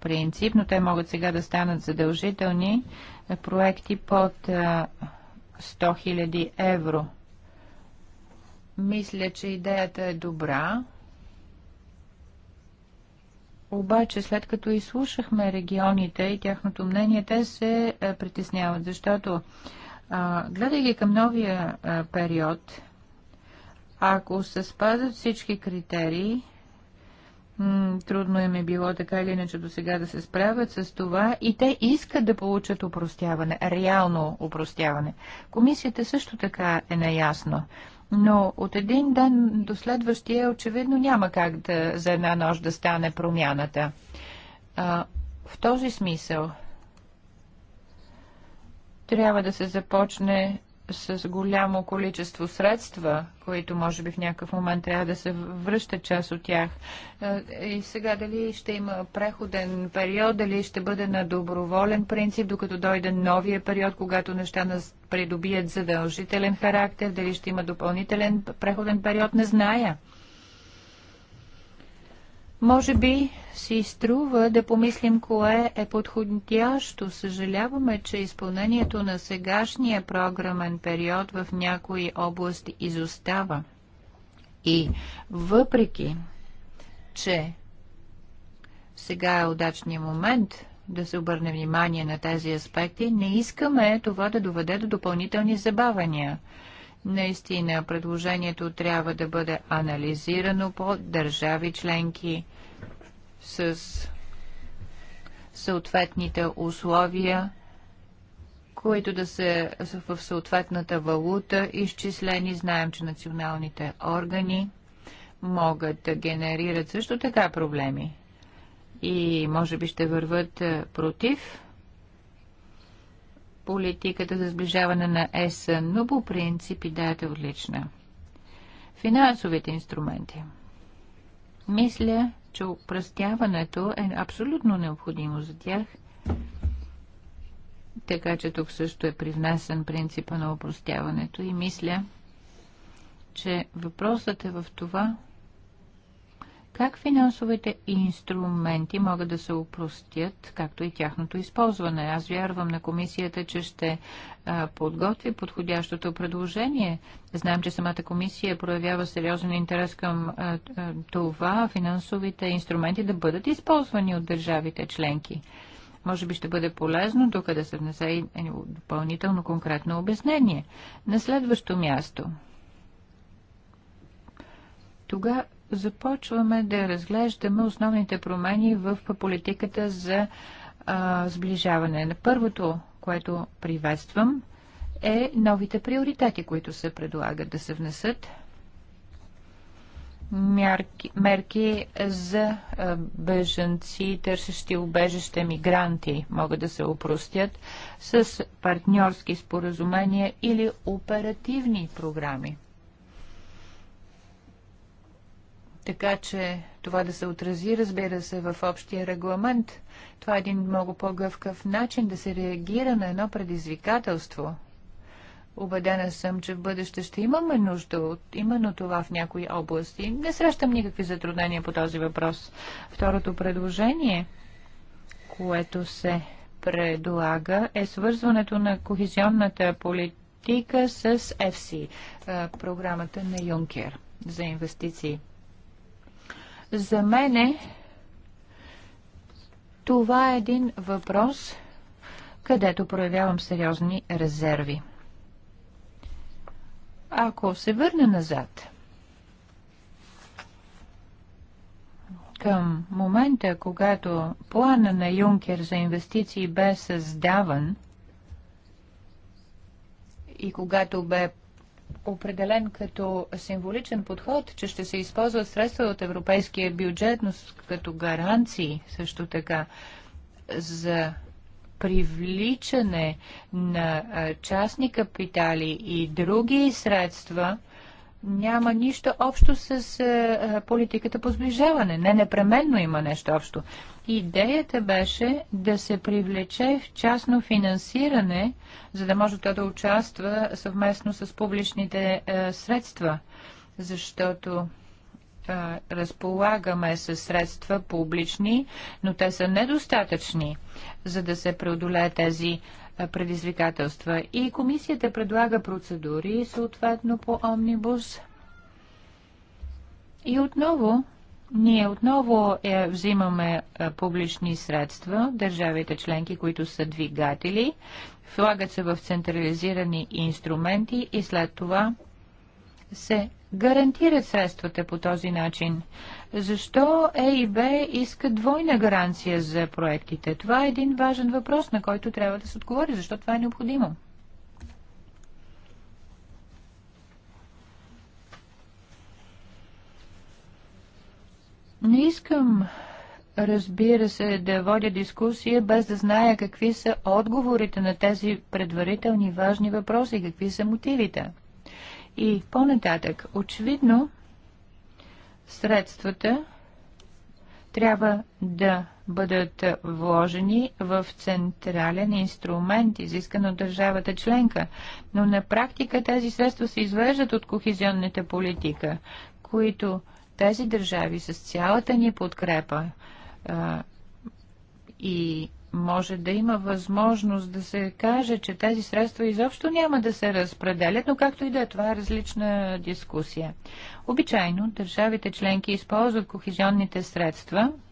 принцип, но те могат сега да станат задължителни проекти под 100 000 евро. Мисля, че идеята е добра. Обаче, след като изслушахме регионите и тяхното мнение, те се притесняват, защото гледайки към новия период, ако се спазят всички критерии, трудно им е било така или иначе до сега да се справят с това и те искат да получат упростяване, реално упростяване. Комисията също така е наясно. Но от един ден до следващия очевидно няма как да, за една нощ да стане промяната. А, в този смисъл трябва да се започне с голямо количество средства, които може би в някакъв момент трябва да се връща част от тях. Е, и сега дали ще има преходен период, дали ще бъде на доброволен принцип, докато дойде новия период, когато неща нас придобият задължителен характер, дали ще има допълнителен преходен период, не зная. Може би си струва да помислим кое е подходящо. Съжаляваме, че изпълнението на сегашния програмен период в някои области изостава. И въпреки, че сега е удачният момент да се обърне внимание на тези аспекти, не искаме това да доведе до допълнителни забавания. Наистина, предложението трябва да бъде анализирано по държави членки с съответните условия, които да са в съответната валута изчислени. Знаем, че националните органи могат да генерират също така проблеми и може би ще върват против политиката за сближаване на ЕС, но по принцип идеята е отлична. Финансовите инструменти. Мисля, че упростяването е абсолютно необходимо за тях, така че тук също е привнесен принципа на упростяването и мисля, че въпросът е в това, как финансовите инструменти могат да се упростят, както и тяхното използване? Аз вярвам на комисията, че ще а, подготви подходящото предложение. Знам, че самата комисия проявява сериозен интерес към а, а, това финансовите инструменти да бъдат използвани от държавите членки. Може би ще бъде полезно тук да се внесе и допълнително конкретно обяснение. На следващо място. Тогава започваме да разглеждаме основните промени в политиката за а, сближаване. На първото, което приветствам, е новите приоритети, които се предлагат да се внесат. Мерки, мерки за бежанци, търсещи убежище, мигранти могат да се опростят с партньорски споразумения или оперативни програми. така че това да се отрази, разбира се, в общия регламент. Това е един много по-гъвкав начин да се реагира на едно предизвикателство. Обедена съм, че в бъдеще ще имаме нужда от именно това в някои области. Не срещам никакви затруднения по този въпрос. Второто предложение, което се предлага, е свързването на кохезионната политика с ФСИ, програмата на Юнкер за инвестиции. За мене това е един въпрос, където проявявам сериозни резерви. Ако се върна назад към момента, когато плана на Юнкер за инвестиции бе създаван и когато бе определен като символичен подход, че ще се използват средства от европейския бюджет, но като гаранции също така за привличане на частни капитали и други средства – няма нищо общо с е, е, политиката по сближаване. Не непременно има нещо общо. Идеята беше да се привлече в частно финансиране, за да може то да участва съвместно с публичните е, средства, защото е, разполагаме с средства публични, но те са недостатъчни, за да се преодолее тези е, предизвикателства. И комисията предлага процедури, съответно по омнибус. И отново, ние отново е, взимаме е, публични средства, държавите членки, които са двигатели, влагат се в централизирани инструменти и след това се гарантират средствата по този начин. Защо Е и Б иска двойна гаранция за проектите? Това е един важен въпрос, на който трябва да се отговори. Защо това е необходимо? Не искам, разбира се, да водя дискусия без да зная какви са отговорите на тези предварителни важни въпроси, какви са мотивите. И по-нататък, очевидно, средствата трябва да бъдат вложени в централен инструмент, изискан от държавата членка. Но на практика тези средства се извеждат от кохезионната политика, които тези държави с цялата ни подкрепа а, и може да има възможност да се каже, че тези средства изобщо няма да се разпределят, но както и да е, това е различна дискусия. Обичайно държавите членки използват кохезионните средства –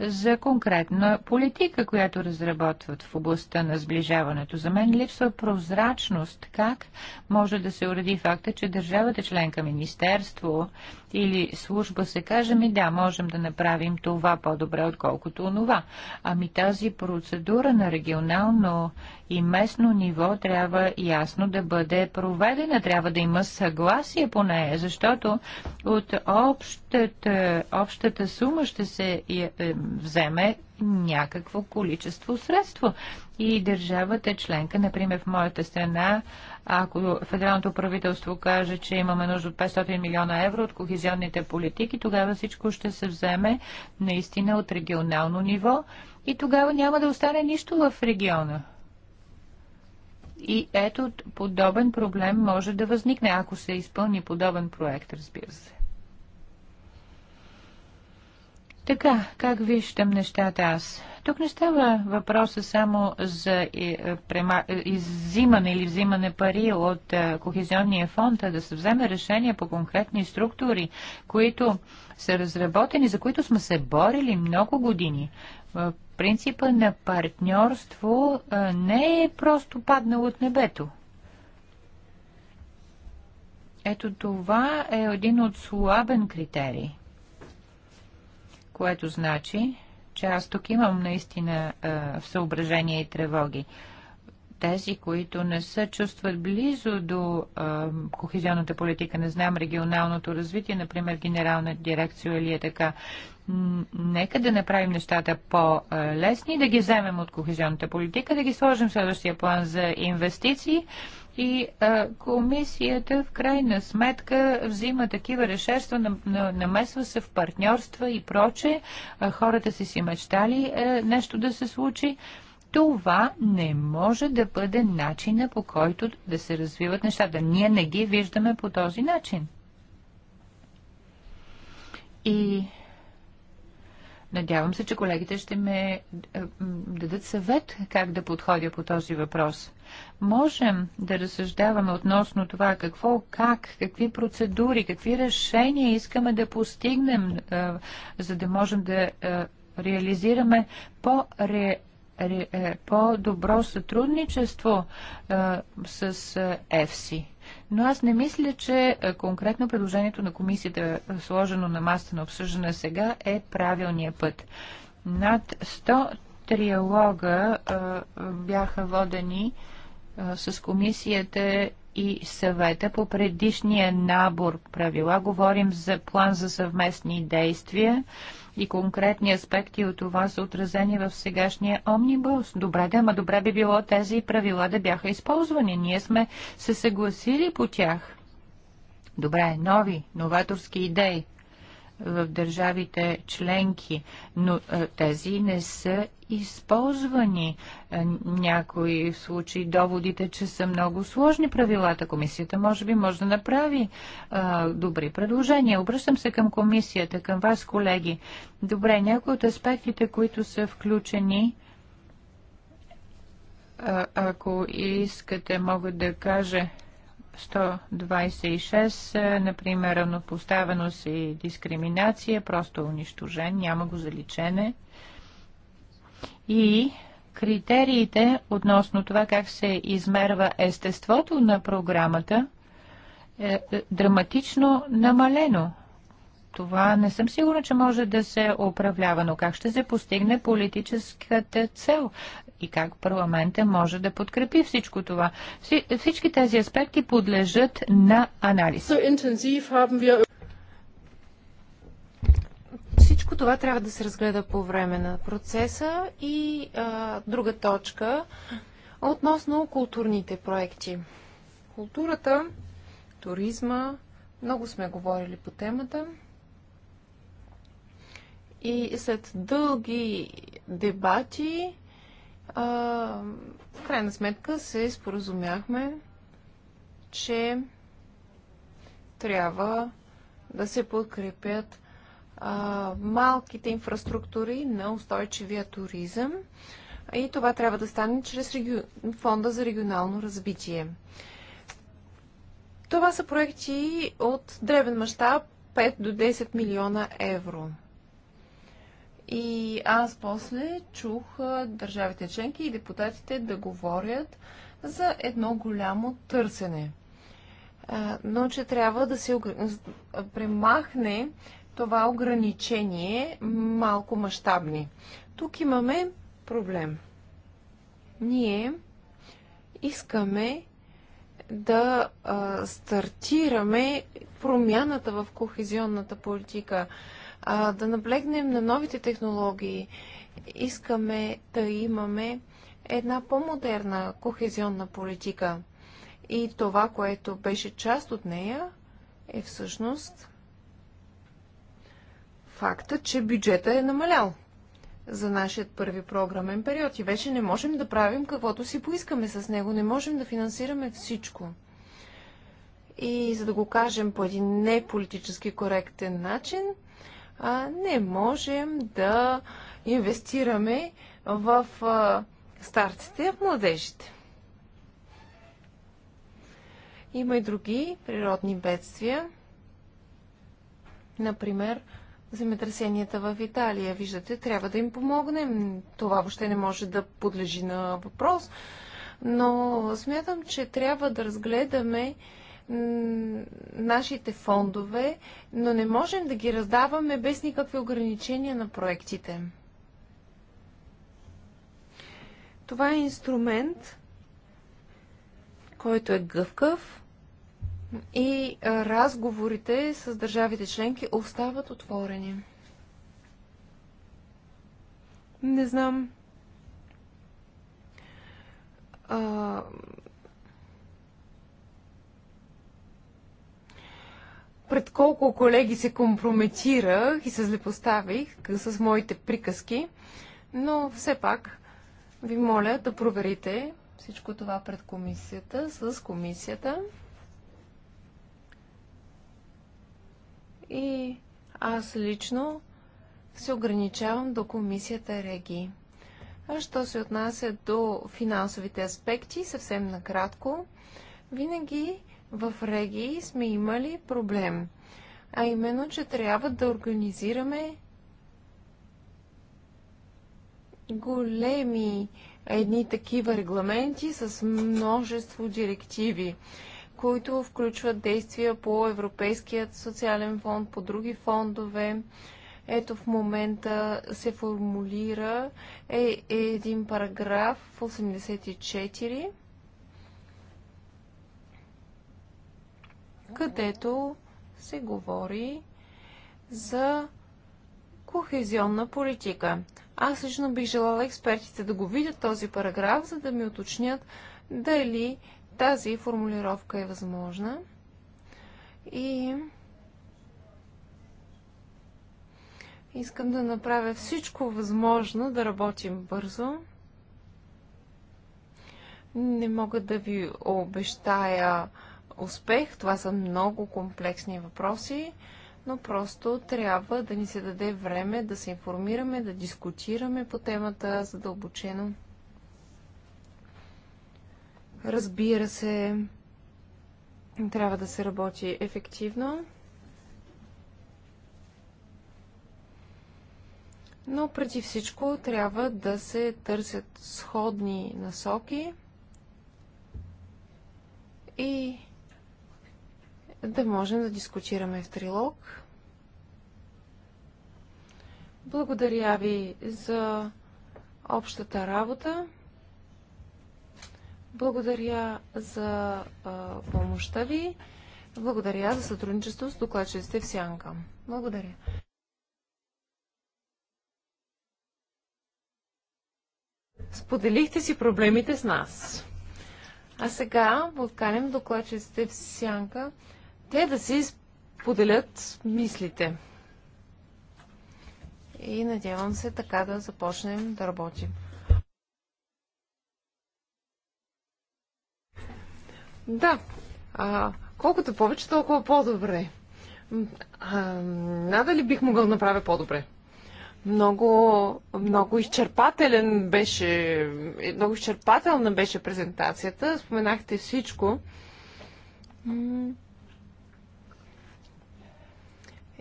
за конкретна политика, която разработват в областта на сближаването. За мен липсва прозрачност как може да се уреди факта, че държавата членка министерство или служба се каже ми да, можем да направим това по-добре, отколкото онова. Ами тази процедура на регионално и местно ниво трябва ясно да бъде проведена, трябва да има съгласие по нея, защото от общата, общата сума ще се е, е, вземе някакво количество средство. И държавата членка, например в моята страна, ако федералното правителство каже, че имаме нужда от 500 милиона евро от кохезионните политики, тогава всичко ще се вземе наистина от регионално ниво и тогава няма да остане нищо в региона. И ето, подобен проблем може да възникне, ако се изпълни подобен проект, разбира се. Така, как виждам нещата аз? Тук не става въпроса само за е, е, е, иззимане или взимане пари от Кохезионния фонд, а да се вземе решение по конкретни структури, които са разработени, за които сме се борили много години принципа на партньорство не е просто паднал от небето. Ето това е един от слабен критерий, което значи, че аз тук имам наистина в съображение и тревоги тези, които не се чувстват близо до а, кохезионната политика, не знам, регионалното развитие, например, генерална дирекция или е така. Нека да направим нещата по-лесни, да ги вземем от кохезионната политика, да ги сложим в следващия план за инвестиции и а, комисията в крайна сметка взима такива решерства, намесва се в партньорства и проче. А, хората си си мечтали а, е, нещо да се случи. А, това не може да бъде начина по който да се развиват нещата. Ние не ги виждаме по този начин. И надявам се, че колегите ще ме е, дадат съвет как да подходя по този въпрос. Можем да разсъждаваме относно това какво, как, какви процедури, какви решения искаме да постигнем, е, за да можем да е, реализираме по реално е, по-добро сътрудничество е, с е, ЕФСИ. Но аз не мисля, че конкретно предложението на комисията, сложено на масата на обсъждане сега, е правилният път. Над 100 триалога бяха водени с комисията и съвета по предишния набор правила. Говорим за план за съвместни действия и конкретни аспекти от това са отразени в сегашния омнибус. Добре да, ама добре би било тези правила да бяха използвани. Ние сме се съгласили по тях. Добре, нови, новаторски идеи в държавите членки, но тези не са използвани. Някои случаи доводите, че са много сложни правилата. Комисията може би може да направи а, добри предложения. Обръщам се към комисията, към вас, колеги. Добре, някои от аспектите, които са включени, а, ако искате, мога да кажа 126, например, равнопоставеност и дискриминация, просто унищожен, няма го заличене. И критериите относно това как се измерва естеството на програмата е, е драматично намалено. Това не съм сигурна, че може да се управлява, но как ще се постигне политическата цел? и как парламента може да подкрепи всичко това. Всички тези аспекти подлежат на анализ. Всичко това трябва да се разгледа по време на процеса и а, друга точка относно културните проекти. Културата, туризма, много сме говорили по темата. И след дълги дебати а, в крайна сметка се споразумяхме, че трябва да се подкрепят а, малките инфраструктури на устойчивия туризъм и това трябва да стане чрез реги... фонда за регионално развитие. Това са проекти от древен мащаб 5 до 10 милиона евро. И аз после чух държавите членки и депутатите да говорят за едно голямо търсене. Но че трябва да се премахне това ограничение малко мащабни. Тук имаме проблем. Ние искаме да а, стартираме промяната в кохезионната политика а, да наблегнем на новите технологии. Искаме да имаме една по-модерна кохезионна политика. И това, което беше част от нея, е всъщност факта, че бюджета е намалял за нашия първи програмен период и вече не можем да правим каквото си поискаме с него, не можем да финансираме всичко. И за да го кажем по един неполитически коректен начин, а, не можем да инвестираме в а, старците, в младежите. Има и други природни бедствия. Например, земетресенията в Италия. Виждате, трябва да им помогнем. Това въобще не може да подлежи на въпрос. Но смятам, че трябва да разгледаме нашите фондове, но не можем да ги раздаваме без никакви ограничения на проектите. Това е инструмент, който е гъвкав и разговорите с държавите членки остават отворени. Не знам. А, пред колко колеги се компрометирах и се злепоставих с моите приказки, но все пак ви моля да проверите всичко това пред комисията, с комисията. И аз лично се ограничавам до комисията Реги. А що се отнася до финансовите аспекти, съвсем накратко, винаги в регии сме имали проблем. А именно, че трябва да организираме големи едни такива регламенти с множество директиви, които включват действия по Европейският социален фонд, по други фондове. Ето в момента се формулира е, е един параграф 84 където се говори за кохезионна политика. Аз лично бих желала експертите да го видят този параграф, за да ми уточнят дали тази формулировка е възможна. И искам да направя всичко възможно да работим бързо. Не мога да ви обещая успех. Това са много комплексни въпроси, но просто трябва да ни се даде време да се информираме, да дискутираме по темата задълбочено. Разбира се, трябва да се работи ефективно. Но преди всичко трябва да се търсят сходни насоки и да можем да дискутираме в трилог. Благодаря ви за общата работа. Благодаря за а, помощта ви. Благодаря за сътрудничество с докладчиците в Сянка. Благодаря. Споделихте си проблемите с нас. А сега подканем докладчиците в Сянка те да си споделят мислите. И надявам се така да започнем да работим. Да, а, колкото повече, толкова по-добре. надали бих могъл да направя по-добре? Много, много изчерпателен беше, много изчерпателна беше презентацията. Споменахте всичко.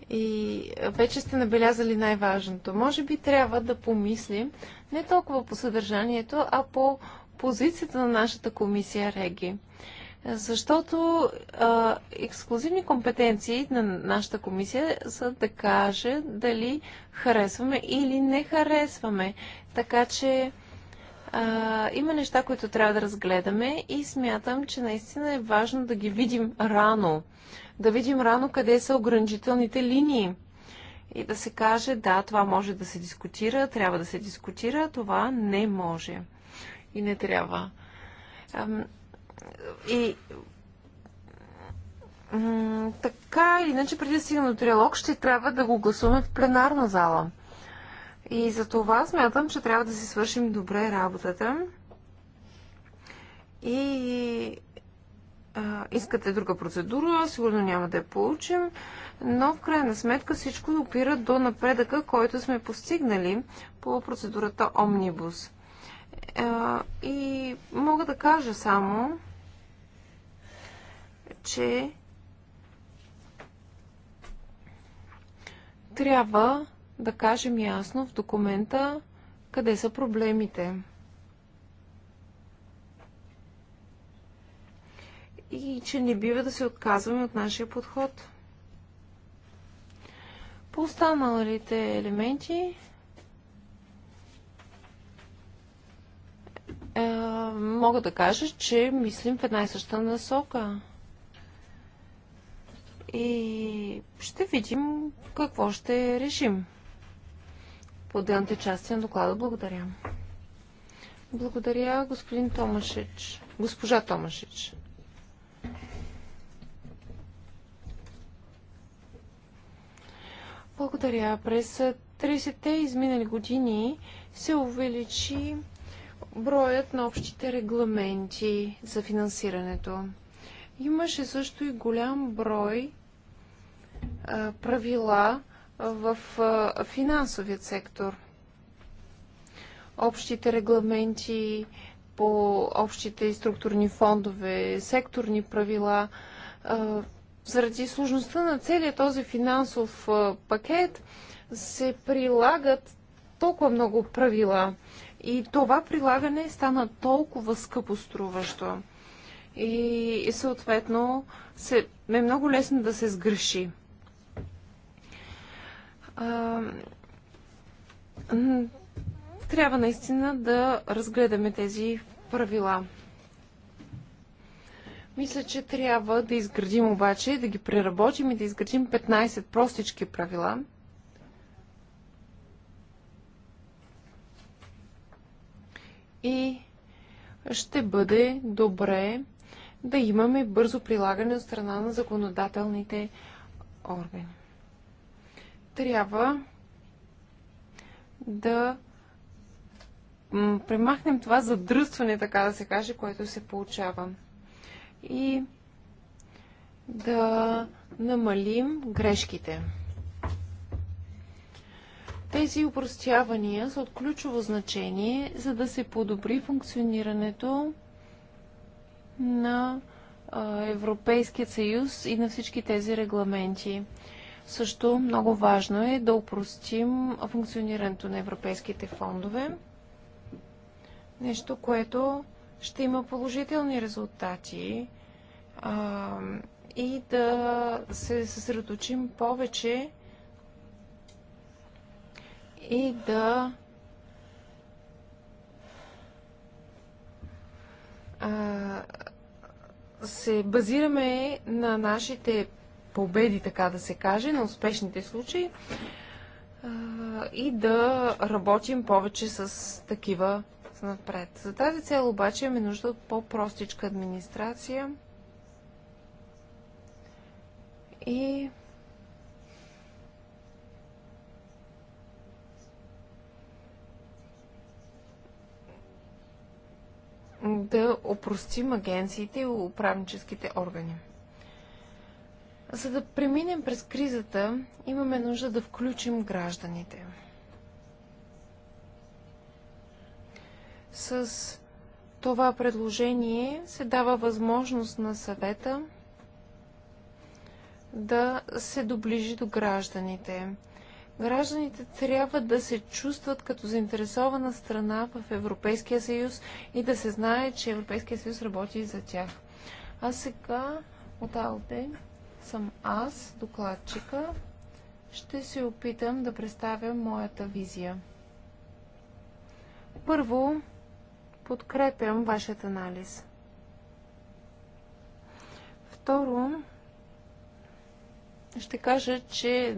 И вече сте набелязали най-важното. Може би трябва да помислим не толкова по съдържанието, а по позицията на нашата комисия Реги. Защото а, ексклюзивни компетенции на нашата комисия са да каже дали харесваме или не харесваме. Така че а, има неща, които трябва да разгледаме и смятам, че наистина е важно да ги видим рано да видим рано къде са ограничителните линии и да се каже, да, това може да се дискутира, трябва да се дискутира, това не може и не трябва. И така или иначе, преди да стигнем до триалог, ще трябва да го гласуваме в пленарна зала. И за това смятам, че трябва да си свършим добре работата. И искате друга процедура, сигурно няма да я получим, но в крайна сметка всичко опира до напредъка, който сме постигнали по процедурата Омнибус. и мога да кажа само, че трябва да кажем ясно в документа къде са проблемите. и че не бива да се отказваме от нашия подход. По останалите елементи е, мога да кажа, че мислим в една и съща насока. И ще видим какво ще решим. По отделните части на доклада благодаря. Благодаря, господин Томашич. Госпожа Томашич. Благодаря. През 30-те изминали години се увеличи броят на общите регламенти за финансирането. Имаше също и голям брой а, правила в а, финансовият сектор. Общите регламенти по общите структурни фондове, секторни правила, а, заради сложността на целият този финансов пакет се прилагат толкова много правила. И това прилагане стана толкова скъпоструващо. И, съответно се, е много лесно да се сгреши. А, трябва наистина да разгледаме тези правила. Мисля, че трябва да изградим обаче, да ги преработим и да изградим 15 простички правила. И ще бъде добре да имаме бързо прилагане от страна на законодателните органи. Трябва да премахнем това задръстване, така да се каже, което се получава и да намалим грешките. Тези упростявания са от ключово значение, за да се подобри функционирането на Европейския съюз и на всички тези регламенти. Също много важно е да упростим функционирането на европейските фондове. Нещо, което ще има положителни резултати а, и да се съсредоточим повече и да а, се базираме на нашите победи, така да се каже, на успешните случаи а, и да работим повече с такива нещата напред. За тази цел обаче имаме нужда от по-простичка администрация и да опростим агенциите и управническите органи. За да преминем през кризата, имаме нужда да включим гражданите – С това предложение се дава възможност на съвета да се доближи до гражданите. Гражданите трябва да се чувстват като заинтересована страна в Европейския съюз и да се знае, че Европейския съюз работи за тях. А сега от Алде съм аз, докладчика. Ще се опитам да представя моята визия. Първо, Подкрепям вашият анализ. Второ, ще кажа, че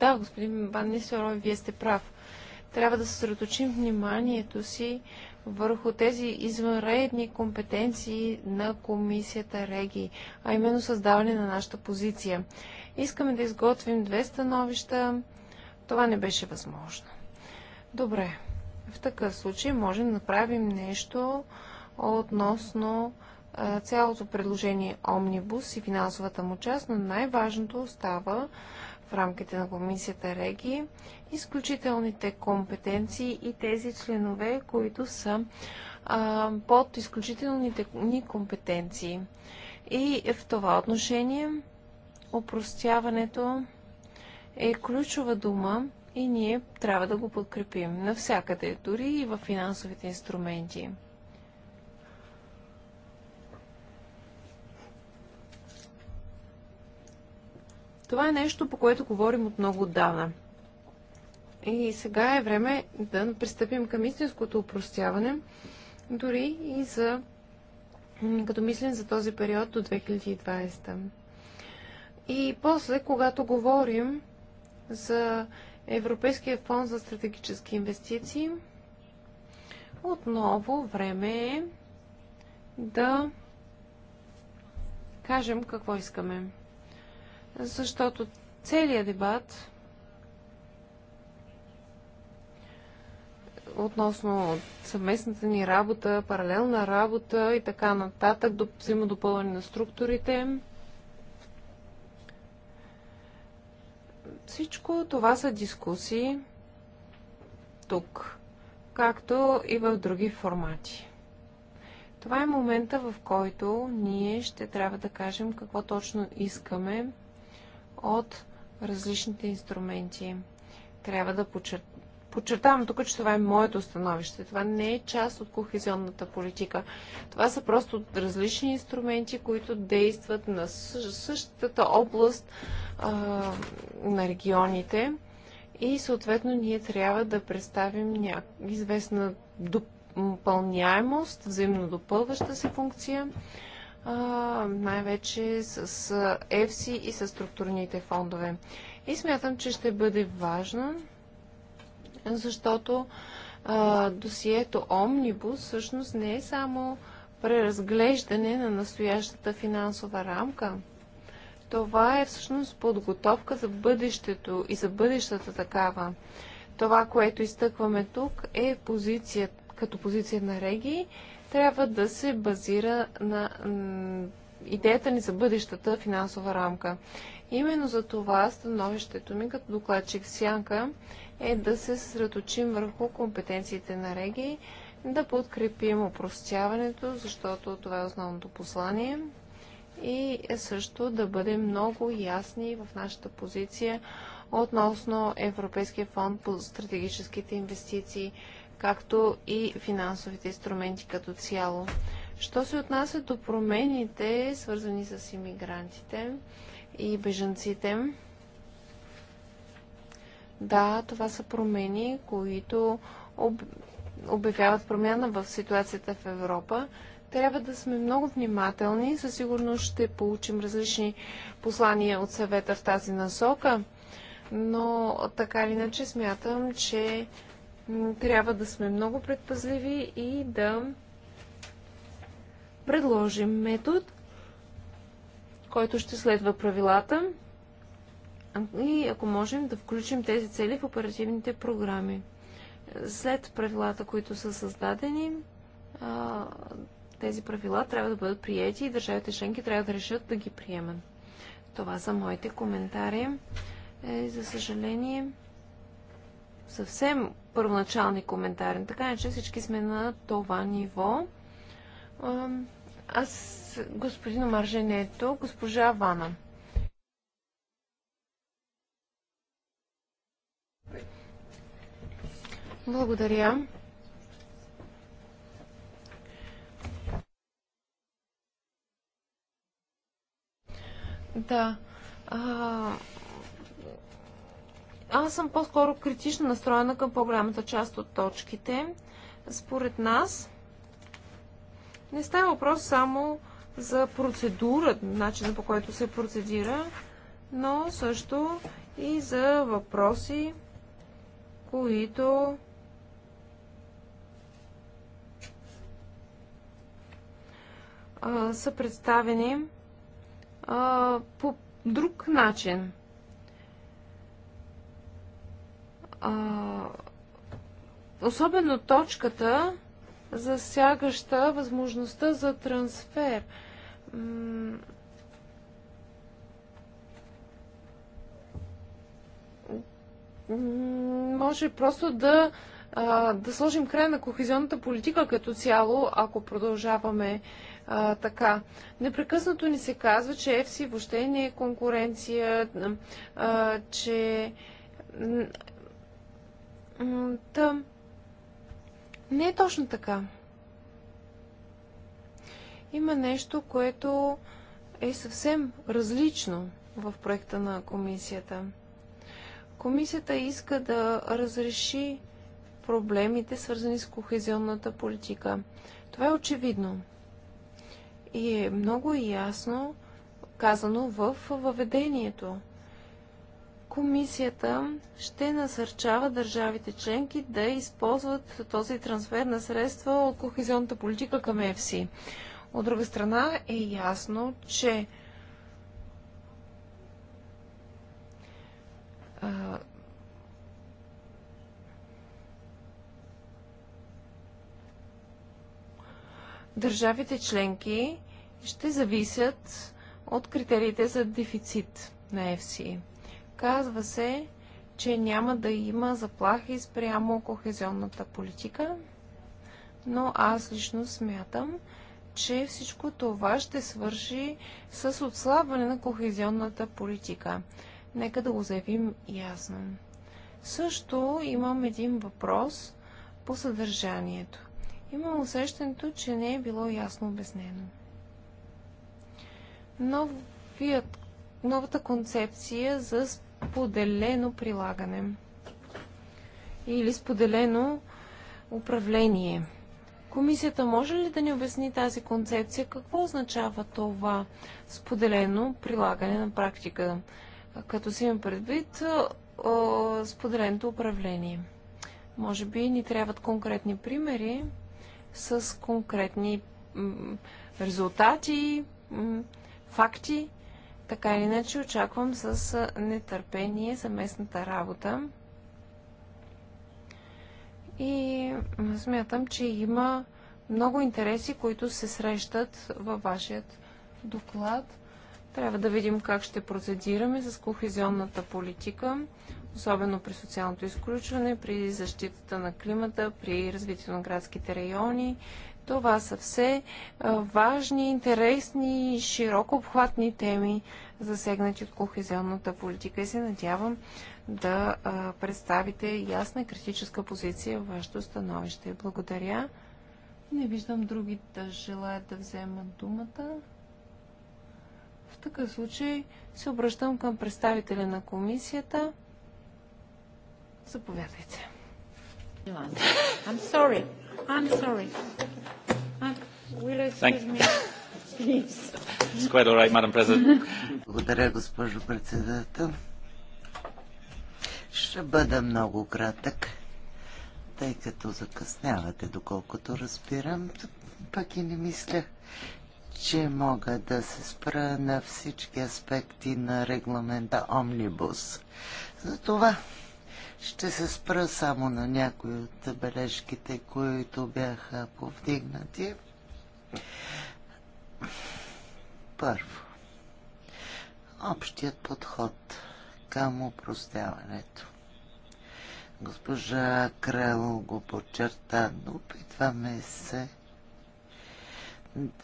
да, господин Бан Нисерой, вие сте прав. Трябва да съсредоточим вниманието си върху тези извънредни компетенции на комисията Реги, а именно създаване на нашата позиция. Искаме да изготвим две становища. Това не беше възможно. Добре. В такъв случай можем да направим нещо относно цялото предложение Омнибус и финансовата му част, но най-важното остава в рамките на комисията Реги изключителните компетенции и тези членове, които са а, под изключителните ни компетенции. И в това отношение опростяването е ключова дума и ние трябва да го подкрепим навсякъде, дори и в финансовите инструменти. Това е нещо, по което говорим от много отдавна. И сега е време да пристъпим към истинското упростяване, дори и за като мислим за този период до 2020. И после, когато говорим за Европейския фонд за стратегически инвестиции. Отново време е да кажем какво искаме. Защото целият дебат относно съвместната ни работа, паралелна работа и така нататък, до взаимодопълване на структурите, Всичко това са дискусии тук, както и в други формати. Това е момента, в който ние ще трябва да кажем какво точно искаме от различните инструменти. Трябва да, почер подчертавам тук, че това е моето становище. Това не е част от кохезионната политика. Това са просто различни инструменти, които действат на същата област а, на регионите. И съответно ние трябва да представим ня... известна допълняемост, взаимно допълваща се функция, най-вече с ЕФСИ и с структурните фондове. И смятам, че ще бъде важно защото а, досието Омнибус всъщност не е само преразглеждане на настоящата финансова рамка. Това е всъщност подготовка за бъдещето и за бъдещата такава. Това, което изтъкваме тук е позиция, като позиция на Реги, трябва да се базира на идеята ни за бъдещата финансова рамка. Именно за това становището ми като докладчик в Сянка е да се съсредоточим върху компетенциите на регии, да подкрепим опростяването, защото това е основното послание и също да бъдем много ясни в нашата позиция относно Европейския фонд по стратегическите инвестиции, както и финансовите инструменти като цяло. Що се отнася до промените, свързани с иммигрантите и бежанците, да, това са промени, които обявяват промяна в ситуацията в Европа. Трябва да сме много внимателни. Със сигурност ще получим различни послания от съвета в тази насока, но така или иначе смятам, че трябва да сме много предпазливи и да предложим метод, който ще следва правилата и ако можем да включим тези цели в оперативните програми. След правилата, които са създадени, тези правила трябва да бъдат приети и държавите членки трябва да решат да ги приемат. Това са моите коментари. Е, за съжаление, съвсем първоначални коментари. Така не, че всички сме на това ниво. Аз, господин Омарже не е тук, госпожа Вана. Благодаря. Да. А, аз съм по-скоро критично настроена към по-голямата част от точките. Според нас не става въпрос само за процедура, начина по който се процедира, но също и за въпроси, които а, са представени а, по друг начин. А, особено точката, засягаща възможността за трансфер. може просто да, да сложим край на кохезионната политика като цяло, ако продължаваме а, така. Непрекъснато ни се казва, че FC въобще не е конкуренция, а, че Та, не е точно така. Има нещо, което е съвсем различно в проекта на комисията. Комисията иска да разреши проблемите, свързани с кохезионната политика. Това е очевидно и е много ясно казано в въведението. Комисията ще насърчава държавите членки да използват този трансфер на средства от кохезионната политика към ЕФСИ. От друга страна е ясно, че държавите членки ще зависят от критериите за дефицит на ЕФСИ. Казва се, че няма да има заплахи спрямо кохезионната политика, но аз лично смятам, че всичко това ще свърши с отслабване на кохезионната политика. Нека да го заявим ясно. Също имам един въпрос по съдържанието. Имам усещането, че не е било ясно обяснено. Новият, новата концепция за споделено прилагане или споделено управление. Комисията може ли да ни обясни тази концепция? Какво означава това споделено прилагане на практика, като си има предвид споделеното управление? Може би ни трябват конкретни примери с конкретни резултати, факти. Така или иначе очаквам с нетърпение съместната работа. И смятам, че има много интереси, които се срещат във вашият доклад. Трябва да видим как ще процедираме с кохезионната политика особено при социалното изключване, при защитата на климата, при развитието на градските райони. Това са все важни, интересни и широко обхватни теми, засегнати от кохезионната политика и се надявам да представите ясна критическа позиция в вашето становище. Благодаря. Не виждам други да желаят да вземат думата. В такъв случай се обръщам към представителя на комисията. Заповядайте. I'm sorry. I'm sorry. Will uh, me? It's quite all right, Madam President. Благодаря, госпожо председател. Ще бъда много кратък, тъй като закъснявате, доколкото разбирам. Пък и не мисля, че мога да се спра на всички аспекти на регламента Омнибус. Затова ще се спра само на някои от бележките, които бяха повдигнати. Първо, общият подход към упростяването. Госпожа Крел го подчерта, но опитваме се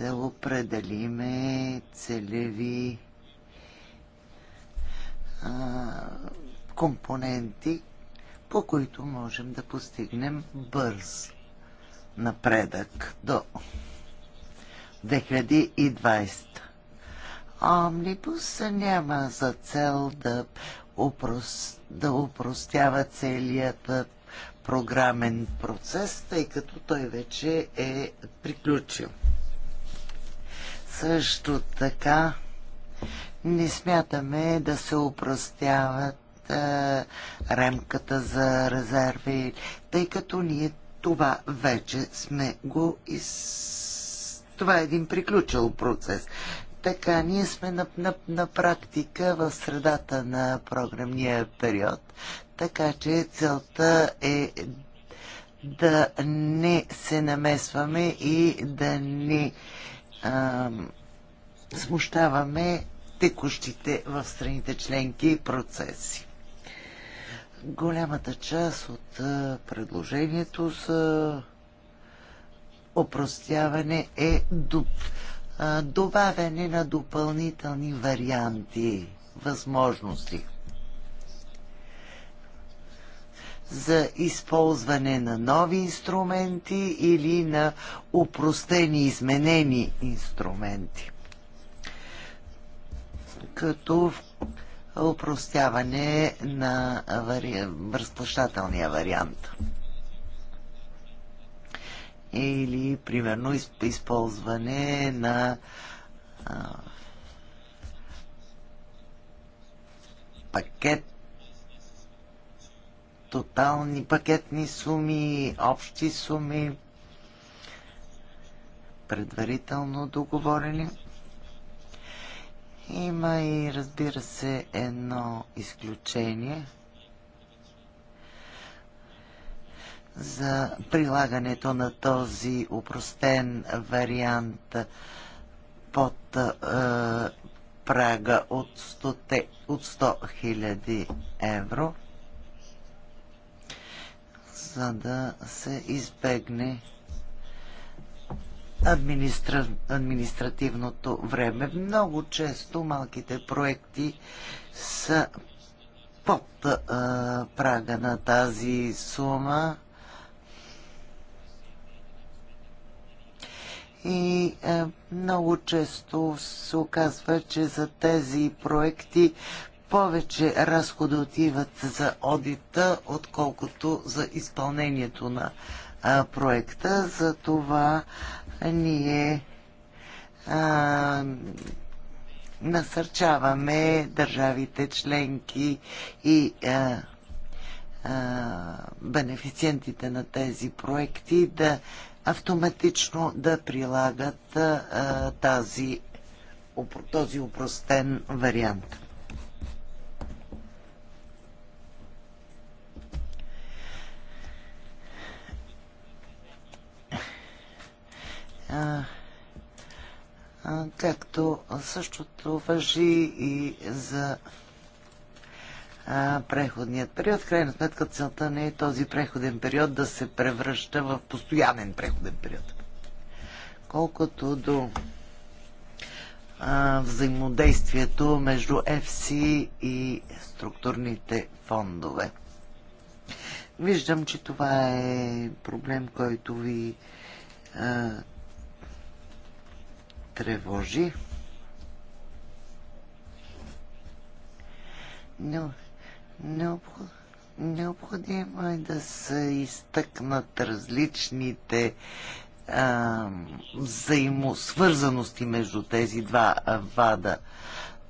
да определиме целеви а, компоненти, по които можем да постигнем бърз напредък до 2020. Омнибус няма за цел да, упрос... да упростява целият програмен процес, тъй като той вече е приключил. Също така не смятаме да се упростяват е, рамката за резерви, тъй като ние това вече сме го из... Това е един приключил процес. Така, ние сме на, на, на практика в средата на програмния период, така че целта е да не се намесваме и да не смущаваме текущите в страните членки процеси. Голямата част от предложението за опростяване е добавяне на допълнителни варианти, възможности за използване на нови инструменти или на упростени, изменени инструменти. Като упростяване на вари... разплащателния вариант. Или, примерно, използване на а, пакет тотални пакетни суми, общи суми, предварително договорени. Има и, разбира се, едно изключение за прилагането на този упростен вариант под е, прага от 100 000 евро, за да се избегне администра... административното време. Много често малките проекти са под а, прага на тази сума. И а, много често се оказва, че за тези проекти повече разходи отиват за одита, отколкото за изпълнението на а, проекта. За това ние а, насърчаваме държавите членки и а, а, бенефициентите на тези проекти да автоматично да прилагат а, тази, този упростен вариант. както същото въжи и за преходният период. В крайна сметка целта не е този преходен период да се превръща в постоянен преходен период. Колкото до взаимодействието между FC и структурните фондове. Виждам, че това е проблем, който ви тревожи. Но необходимо е да се изтъкнат различните а, взаимосвързаности между тези два а, вада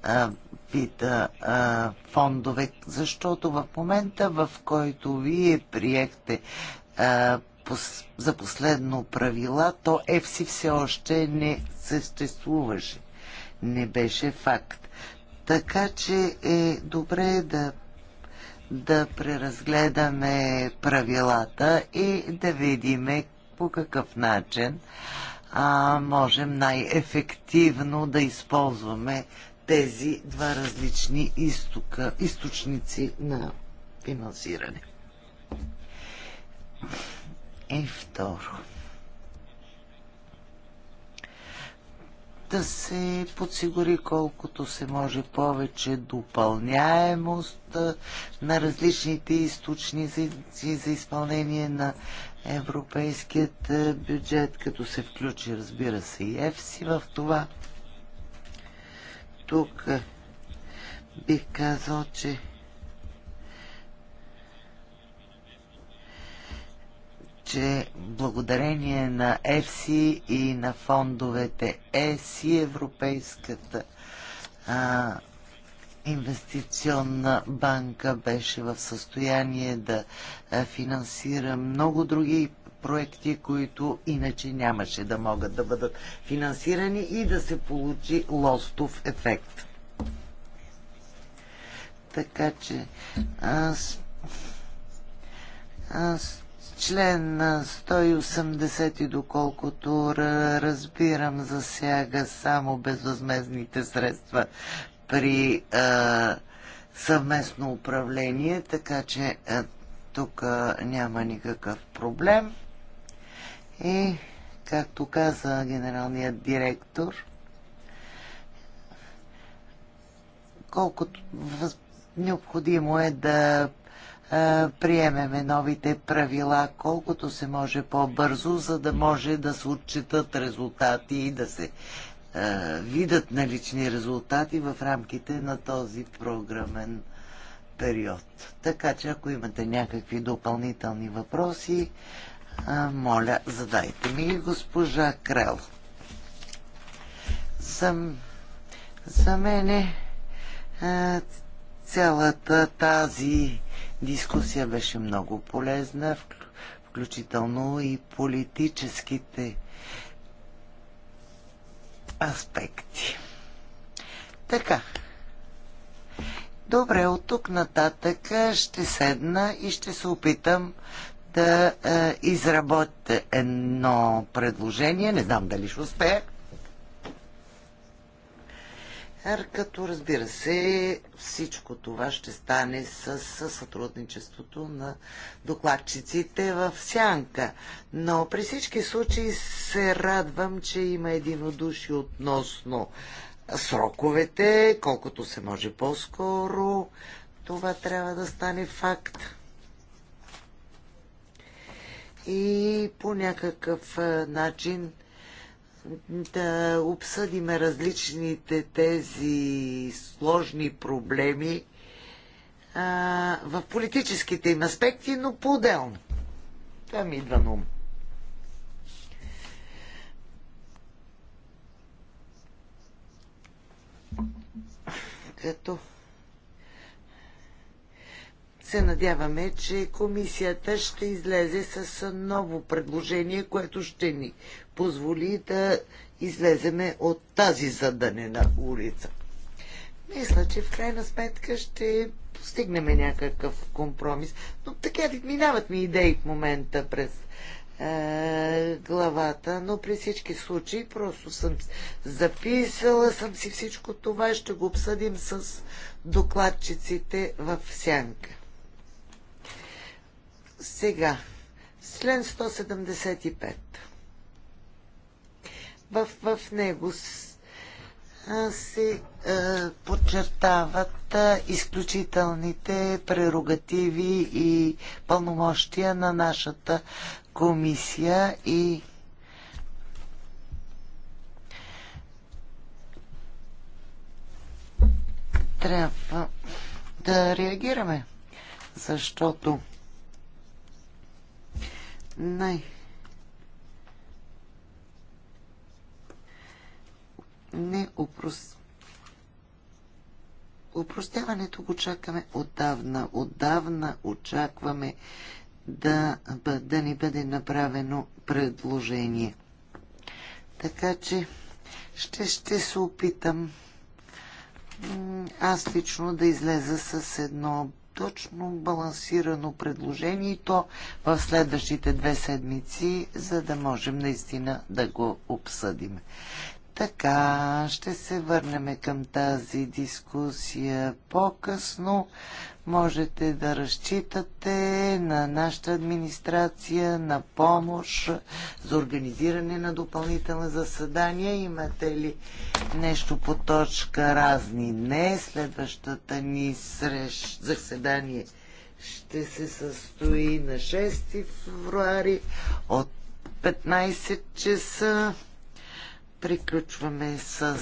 а, вида а, фондове, защото в момента, в който вие приехте а, за последно правила, то ЕФСИ все още не съществуваше. Не беше факт. Така че е добре да, да преразгледаме правилата и да видим по какъв начин а, можем най-ефективно да използваме тези два различни изтока, източници на финансиране е второ. Да се подсигури колкото се може повече допълняемост на различните източници за изпълнение на европейският бюджет, като се включи, разбира се, и ЕФСИ в това. Тук бих казал, че че благодарение на ЕФСИ и на фондовете ЕСИ, Европейската а, инвестиционна банка беше в състояние да финансира много други проекти, които иначе нямаше да могат да бъдат финансирани и да се получи лостов ефект. Така че аз, аз Член 180, доколкото разбирам, засяга само безвъзмезните средства при а, съвместно управление, така че тук няма никакъв проблем. И, както каза генералният директор, колкото въз... необходимо е да е, приемеме новите правила колкото се може по-бързо, за да може да се отчитат резултати и да се а, е, видят налични резултати в рамките на този програмен период. Така че, ако имате някакви допълнителни въпроси, а, е, моля, задайте ми госпожа Крел. За, за мен е, цялата тази дискусия беше много полезна, включително и политическите аспекти. Така. Добре, от тук нататък ще седна и ще се опитам да е, изработя едно предложение. Не знам дали ще успея като разбира се, всичко това ще стане с, с сътрудничеството на докладчиците в сянка. Но при всички случаи се радвам, че има единодуши относно сроковете, колкото се може по-скоро. Това трябва да стане факт. И по някакъв начин да обсъдиме различните тези сложни проблеми а, в политическите им аспекти, но по-отделно. Това ми идва на ум. Като се надяваме, че комисията ще излезе с ново предложение, което ще ни позволи да излеземе от тази задънена улица. Мисля, че в крайна сметка ще постигнем някакъв компромис. Но така минават ми идеи в момента през е, главата, но при всички случаи просто съм записала съм си всичко това и ще го обсъдим с докладчиците в сянка. Сега, член 175 в, в него се подчертават изключителните прерогативи и пълномощия на нашата комисия и трябва да реагираме, защото най- не упрос... Упростяването го чакаме отдавна. Отдавна очакваме да, да ни бъде направено предложение. Така че ще, ще се опитам аз лично да излеза с едно точно балансирано предложение и то в следващите две седмици, за да можем наистина да го обсъдим. Така, ще се върнем към тази дискусия по-късно. Можете да разчитате на нашата администрация, на помощ за организиране на допълнителни заседания. Имате ли нещо по точка разни? Не. Следващата ни срещ, заседание ще се състои на 6 февруари от 15 часа. Приключваме с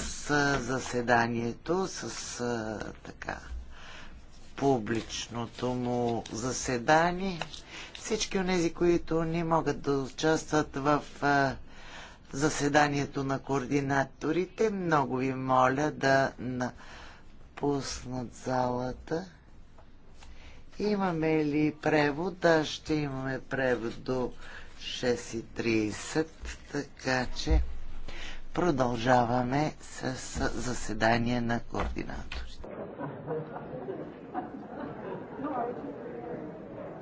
заседанието, с така публичното му заседание. Всички от тези, които не могат да участват в заседанието на координаторите, много ви моля да напуснат залата. Имаме ли превод? Да, ще имаме превод до 6.30, така че Продължаваме с заседание на координаторите.